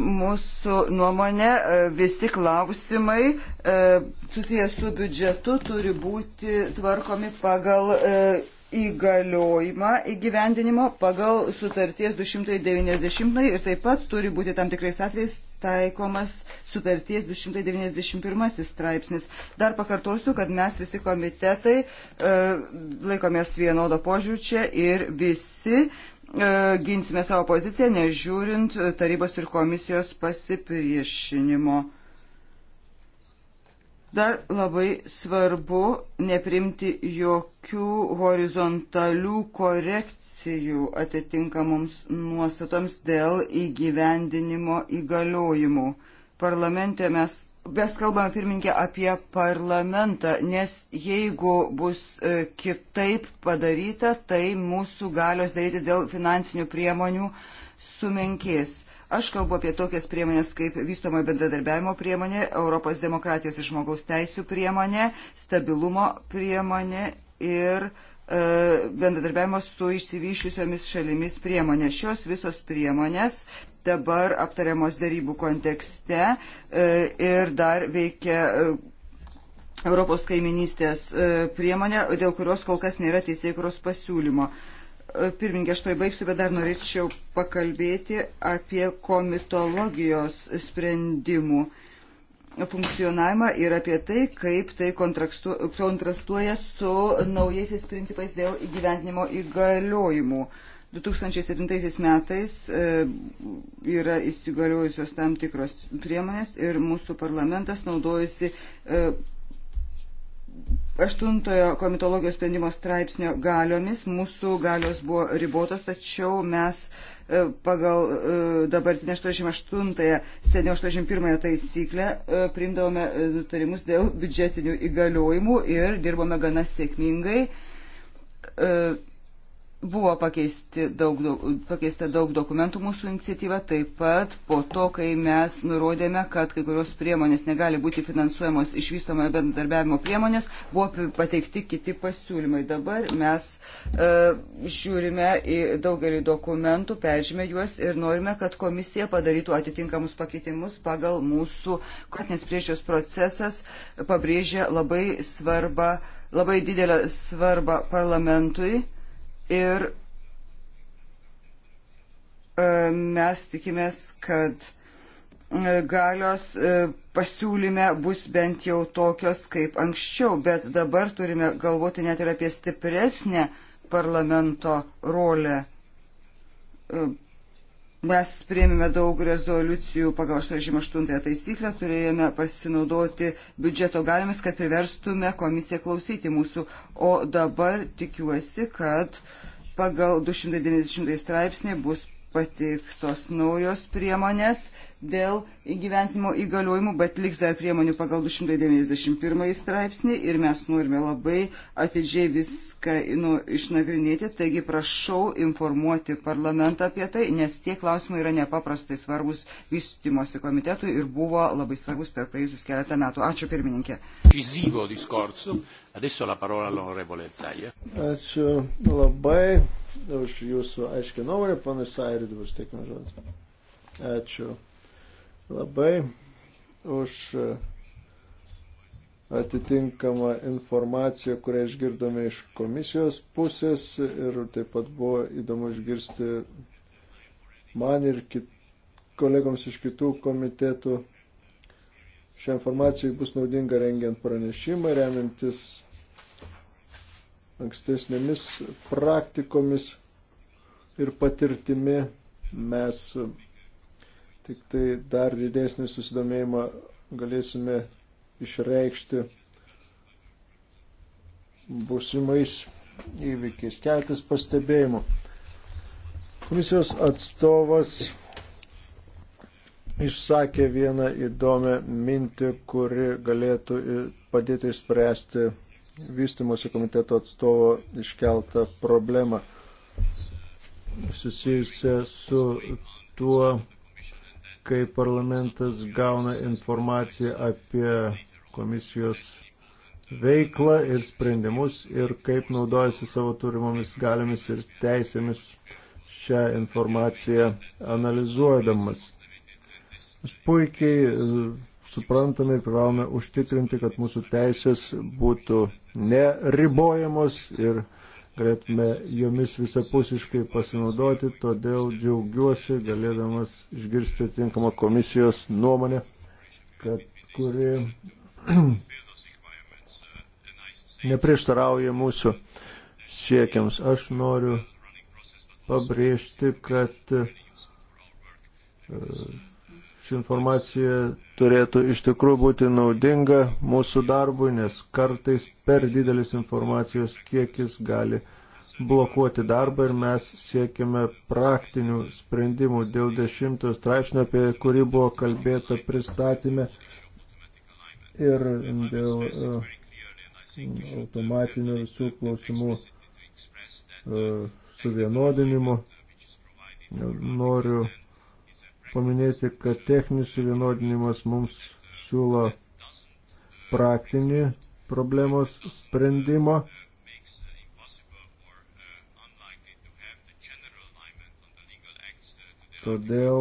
Mūsų nuomonė e, visi klausimai susijęs su biudžetu turi būti tvarkomi pagal įgaliojimą įgyvendinimo pagal sutarties 290 ir taip pat turi būti tam tikrais atvejais taikomas sutarties 291 straipsnis. Dar pakartosiu, kad mes visi komitetai e, laikomės vienodo požiūrį čia ir visi e, ginsime savo poziciją, nežiūrint tarybos ir komisijos pasipriešinimo. Dar labai svarbu neprimti jokių horizontalių korekcijų atitinkamoms nuostatoms dėl įgyvendinimo įgaliojimų. Parlamente mes, mes kalbame pirmininkė apie parlamentą, nes jeigu bus e, kitaip padaryta, tai mūsų galios daryti dėl finansinių priemonių sumenkės. Aš kalbu apie tokias priemonės kaip vystomo bendradarbiavimo priemonė, Europos demokratijos ir žmogaus teisų priemonė, stabilumo priemonė ir e, bendradarbiavimo su išsivyščiusiomis šalimis priemonė. Šios visos priemonės dabar aptariamos darybų kontekste e, ir dar veikia. E, Europos kaiminystės e, priemonė, dėl kurios kol kas nėra teisėkuros pasiūlymo. E, Pirmininkė, aš to įbaigsiu, bet dar norėčiau pakalbėti apie komitologijos sprendimų funkcionavimą ir apie tai, kaip tai kontrastuoja su naujaisiais principais dėl įgyvendinimo įgaliojimų. 2007 metais e, yra įsigaliojusios tam tikros priemonės ir mūsų parlamentas naudojasi e, aštuntojo komitologijos sprendimo straipsnio galiomis. Mūsų galios buvo ribotos, tačiau mes e, pagal e, dabartinę 88-ąją, seniau 81-ąją taisyklę e, priimdavome nutarimus dėl biudžetinių įgaliojimų ir dirbome gana sėkmingai Buvo pakeisti daug, pakeista daug dokumentų mūsų iniciatyva, taip pat po to, kai mes nurodėme, kad kai kurios priemonės negali būti finansuojamos iš vystomojo bendarbiavimo priemonės, buvo pateikti kiti pasiūlymai. Dabar mes e, žiūrime į daugelį dokumentų, peržymė juos ir norime, kad komisija padarytų atitinkamus pakeitimus pagal mūsų, kad nes priešios procesas pabrėžia labai svarbą, labai didelę svarbą parlamentui Ir e, mes tikimės, kad e, galios e, pasiūlyme bus bent jau tokios kaip anksčiau, bet dabar turime galvoti net ir apie stipresnę parlamento rolę Mes priėmėme daug rezoliucijų pagal 88 taisyklę, turėjome pasinaudoti biudžeto galimis, kad priverstume komisiją klausyti mūsų. O dabar tikiuosi, kad pagal 290 straipsnį bus pateiktos naujos priemonės dėl įgyventimo įgaliojimų, bet liks dar priemonių pagal 291 straipsnį ir mes norime labai atidžiai viską nu, išnagrinėti, taigi prašau informuoti parlamentą apie tai, nes tie klausimai yra nepaprastai svarbus vystymosi komitetui ir buvo labai svarbus per praėjusius keletą metų. Ačiū pirmininkė. Ačiū labai už jūsų aiškiai nuomonę, panas Airidus, tiek mažas. Ačiū labai už e, atitinkamą informaciją, kurią išgirdome iš komisijos pusės ir taip pat buvo įdomu išgirsti man ir kit, kolegoms iš kitų komitetų. Šią informaciją bus naudinga rengiant pranešimą, remiantis ankstesnėmis praktikomis ir patirtimi mes tik tai dar didesnį susidomėjimą galėsime išreikšti būsimais įvykiais. Keltis pastebėjimų. Komisijos atstovas išsakė vieną įdomią mintį, kuri galėtų padėti išspręsti vystimosi komiteto atstovo iškeltą problemą susijusią su tuo, kai parlamentas gauna informaciją apie komisijos veiklą ir sprendimus ir kaip naudojasi savo turimomis galimis ir teisėmis šią informaciją analizuodamas. Mes puikiai e, suprantame ir privalome užtikrinti, kad mūsų teisės būtų neribojamos ir galėtume jomis visapusiškai pasinaudoti, todėl džiaugiuosi galėdamas išgirsti tinkamą komisijos nuomonę, kad kuri neprieštarauja mūsų siekiams. Aš noriu pabrėžti, kad e, ši informacija turėtų iš tikrųjų būti naudinga mūsų darbui, nes kartais per didelis informacijos kiekis gali blokuoti darbą ir mes siekime praktinių sprendimų dėl dešimtojo straipsnio, apie kurį buvo kalbėta pristatymė ir dėl uh, automatinių visų klausimų uh, suvienodinimo. Noriu paminėti, kad techninis suvienodinimas mums siūlo praktinį problemos sprendimo. Todėl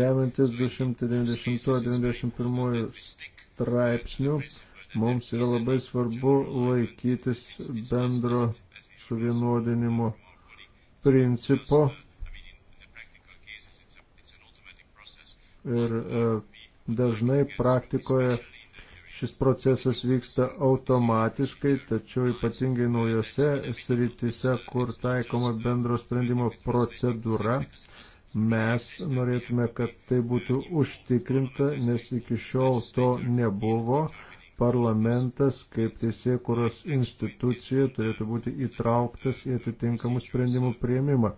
remiantis 290-91 straipsnių mums yra labai svarbu laikytis bendro suvienodinimo principo ir e, dažnai praktikoje šis procesas vyksta automatiškai, tačiau ypatingai naujose srityse, kur taikoma bendro sprendimo procedūra, mes norėtume, kad tai būtų užtikrinta, nes iki šiol to nebuvo parlamentas kaip teisėkuros institucija turėtų būti įtrauktas į atitinkamų sprendimų prieimimą.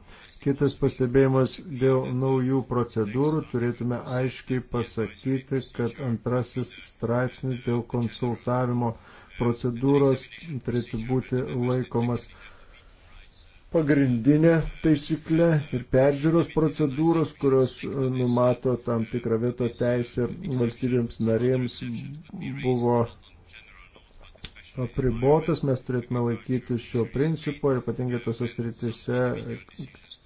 Kitas pastebėjimas dėl naujų procedūrų turėtume aiškiai pasakyti, kad antrasis straipsnis dėl konsultavimo procedūros turėtų būti laikomas pagrindinė taisyklė ir peržiūros procedūros, kurios e, numato tam tikrą veto teisę valstybėms narėms, buvo apribotas. Mes turėtume laikyti šio principo ir ypatingai tose sritise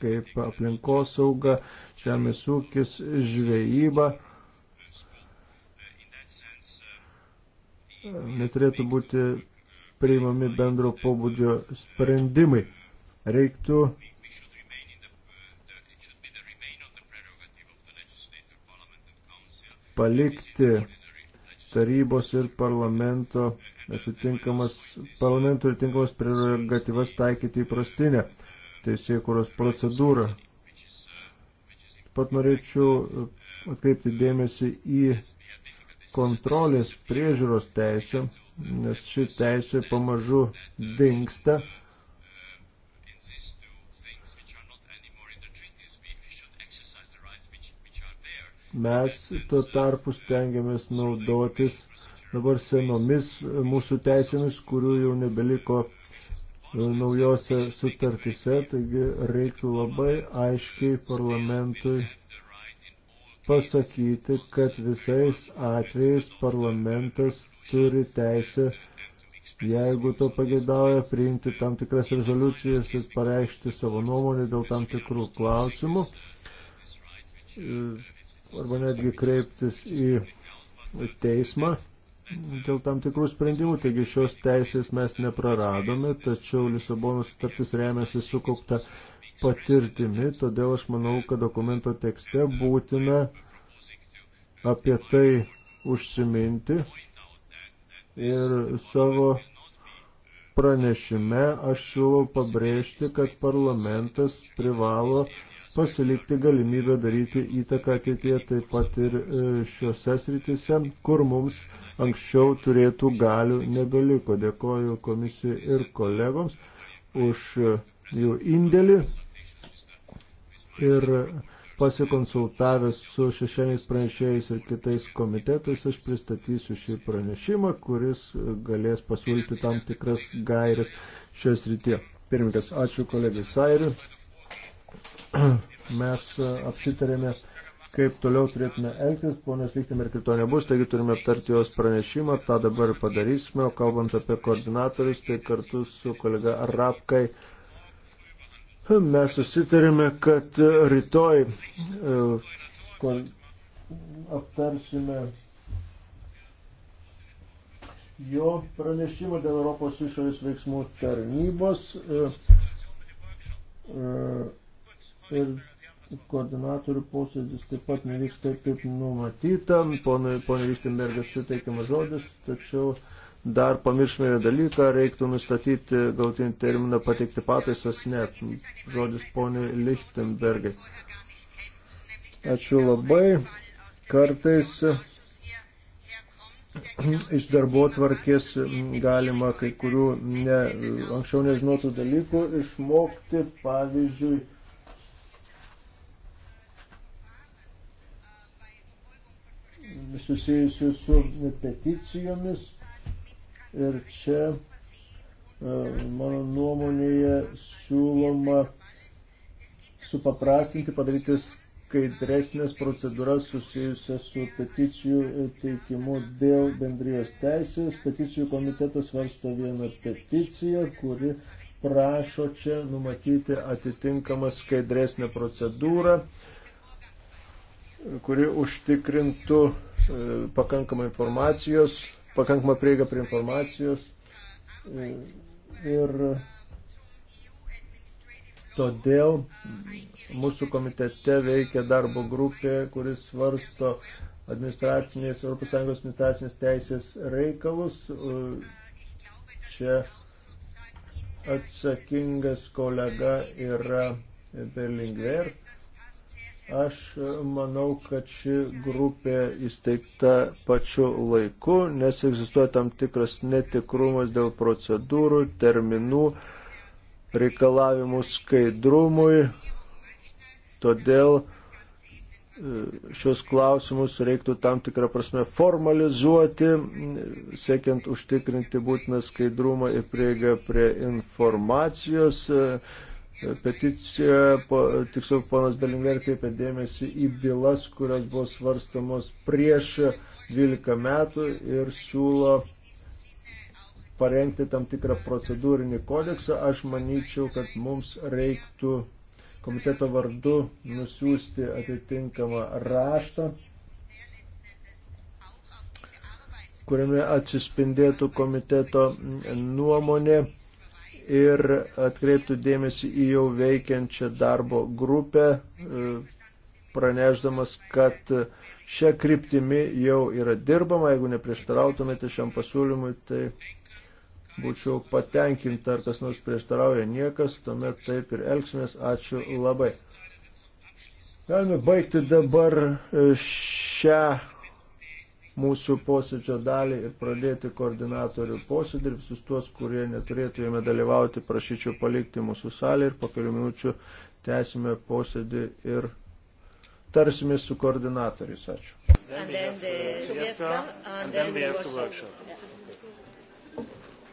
kaip aplinkosauga, žemės ūkis, žvejyba. Neturėtų būti priimami bendro pobūdžio sprendimai reiktų palikti tarybos ir parlamento atitinkamas, parlamento atitinkamas prerogatyvas taikyti įprastinę teisėkuros procedūrą. Pat norėčiau atkreipti dėmesį į kontrolės priežiūros teisę, nes ši teisė pamažu dinksta Mes tuo tarpu stengiamės naudotis dabar senomis mūsų teisėmis, kurių jau nebeliko e, naujose sutartise, taigi reiktų labai aiškiai parlamentui pasakyti, kad visais atvejais parlamentas turi teisę, jeigu to pagėdauja, priimti tam tikras rezoliucijas ir pareikšti savo nuomonę dėl tam tikrų klausimų. E, arba netgi kreiptis į teismą dėl tam tikrų sprendimų. Taigi šios teisės mes nepraradome, tačiau Lisabonos sutartis remiasi sukaupta patirtimi, todėl aš manau, kad dokumento tekste būtina apie tai užsiminti ir savo pranešime aš siūlau pabrėžti, kad parlamentas privalo pasilikti galimybę daryti įtaką ateityje taip pat ir e, šiuose srityse, kur mums anksčiau turėtų galių nebeliko. Dėkoju komisijai ir kolegoms už e, jų indėlį ir pasikonsultavęs su šešėniais pranešėjais ir kitais komitetais, aš pristatysiu šį pranešimą, kuris e, galės pasiūlyti tam tikras gairias šios rytie. Pirmininkas, ačiū kolegai Sairiui. mes e, apsitarėme, kaip toliau turėtume elgtis, ponios Lichtenberg ir to nebus, taigi turime aptarti jos pranešimą, tą dabar padarysime, o kalbant apie koordinatorius, tai kartu su kolega Rapkai mes susitarėme, kad rytoj e, aptarsime jo pranešimą dėl Europos išorės veiksmų tarnybos. Uh, uh, ir koordinatorių posėdis taip pat nevyks taip, kaip numatyta. Ponai, ponai Vyštenbergas suteikiamas žodis, tačiau dar pamiršime vieną dalyką, reiktų nustatyti galtinį terminą pateikti pataisas, ne, žodis poniai Lichtenbergai. Ačiū labai. Kartais iš darbo tvarkės galima kai kurių ne, anksčiau nežinotų dalykų išmokti, pavyzdžiui, susijusių su peticijomis. Ir čia e, mano nuomonėje siūloma supaprastinti, padaryti skaidresnės procedūras susijusias su peticijų teikimu dėl bendrijos teisės. Peticijų komitetas varsto vieną peticiją, kuri prašo čia numatyti atitinkamą skaidresnę procedūrą kuri užtikrintų e, pakankamą informacijos, pakankamą prieigą prie informacijos e, ir todėl mūsų komitete veikia darbo grupė, kuris svarsto administracinės, ES administracinės teisės reikalus. E, čia atsakingas kolega yra Berlingver. Aš manau, kad ši grupė įsteigta pačiu laiku, nes egzistuoja tam tikras netikrumas dėl procedūrų, terminų, reikalavimų skaidrumui. Todėl e, šios klausimus reiktų tam tikrą prasme formalizuoti, siekiant užtikrinti būtiną skaidrumą ir prieigą prie informacijos. E, peticijoje, po, tiksliau ponas Belinger kreipė dėmesį į bylas, kurios buvo svarstamos prieš 12 metų ir siūlo parengti tam tikrą procedūrinį kodeksą. Aš manyčiau, kad mums reiktų komiteto vardu nusiųsti atitinkamą raštą kuriame atsispindėtų komiteto nuomonė ir atkreiptų dėmesį į jau veikiančią darbo grupę, e, pranešdamas, kad šią kryptimį jau yra dirbama, jeigu neprieštarautumėte šiam pasiūlymui, tai būčiau patenkinta, ar kas nors prieštarauja niekas, tuomet taip ir elgsimės. Ačiū labai. Galime baigti dabar e, šią mūsų posėdžio dalį ir pradėti koordinatorių posėdį ir visus tuos, kurie neturėtų jame dalyvauti, prašyčiau palikti mūsų salę ir po kelių minučių tęsime posėdį ir tarsimės su koordinatoriais. Ačiū. And then the Sovietska, and then the workshop.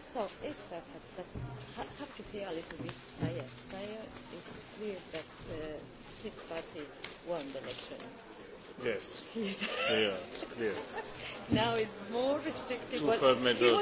So it's perfect, but I have to clear a little bit Sayer. Sayer is clear that uh, his party won the election. Yes. yeah, it's clear. Now it's more restrictive. Two-third majority.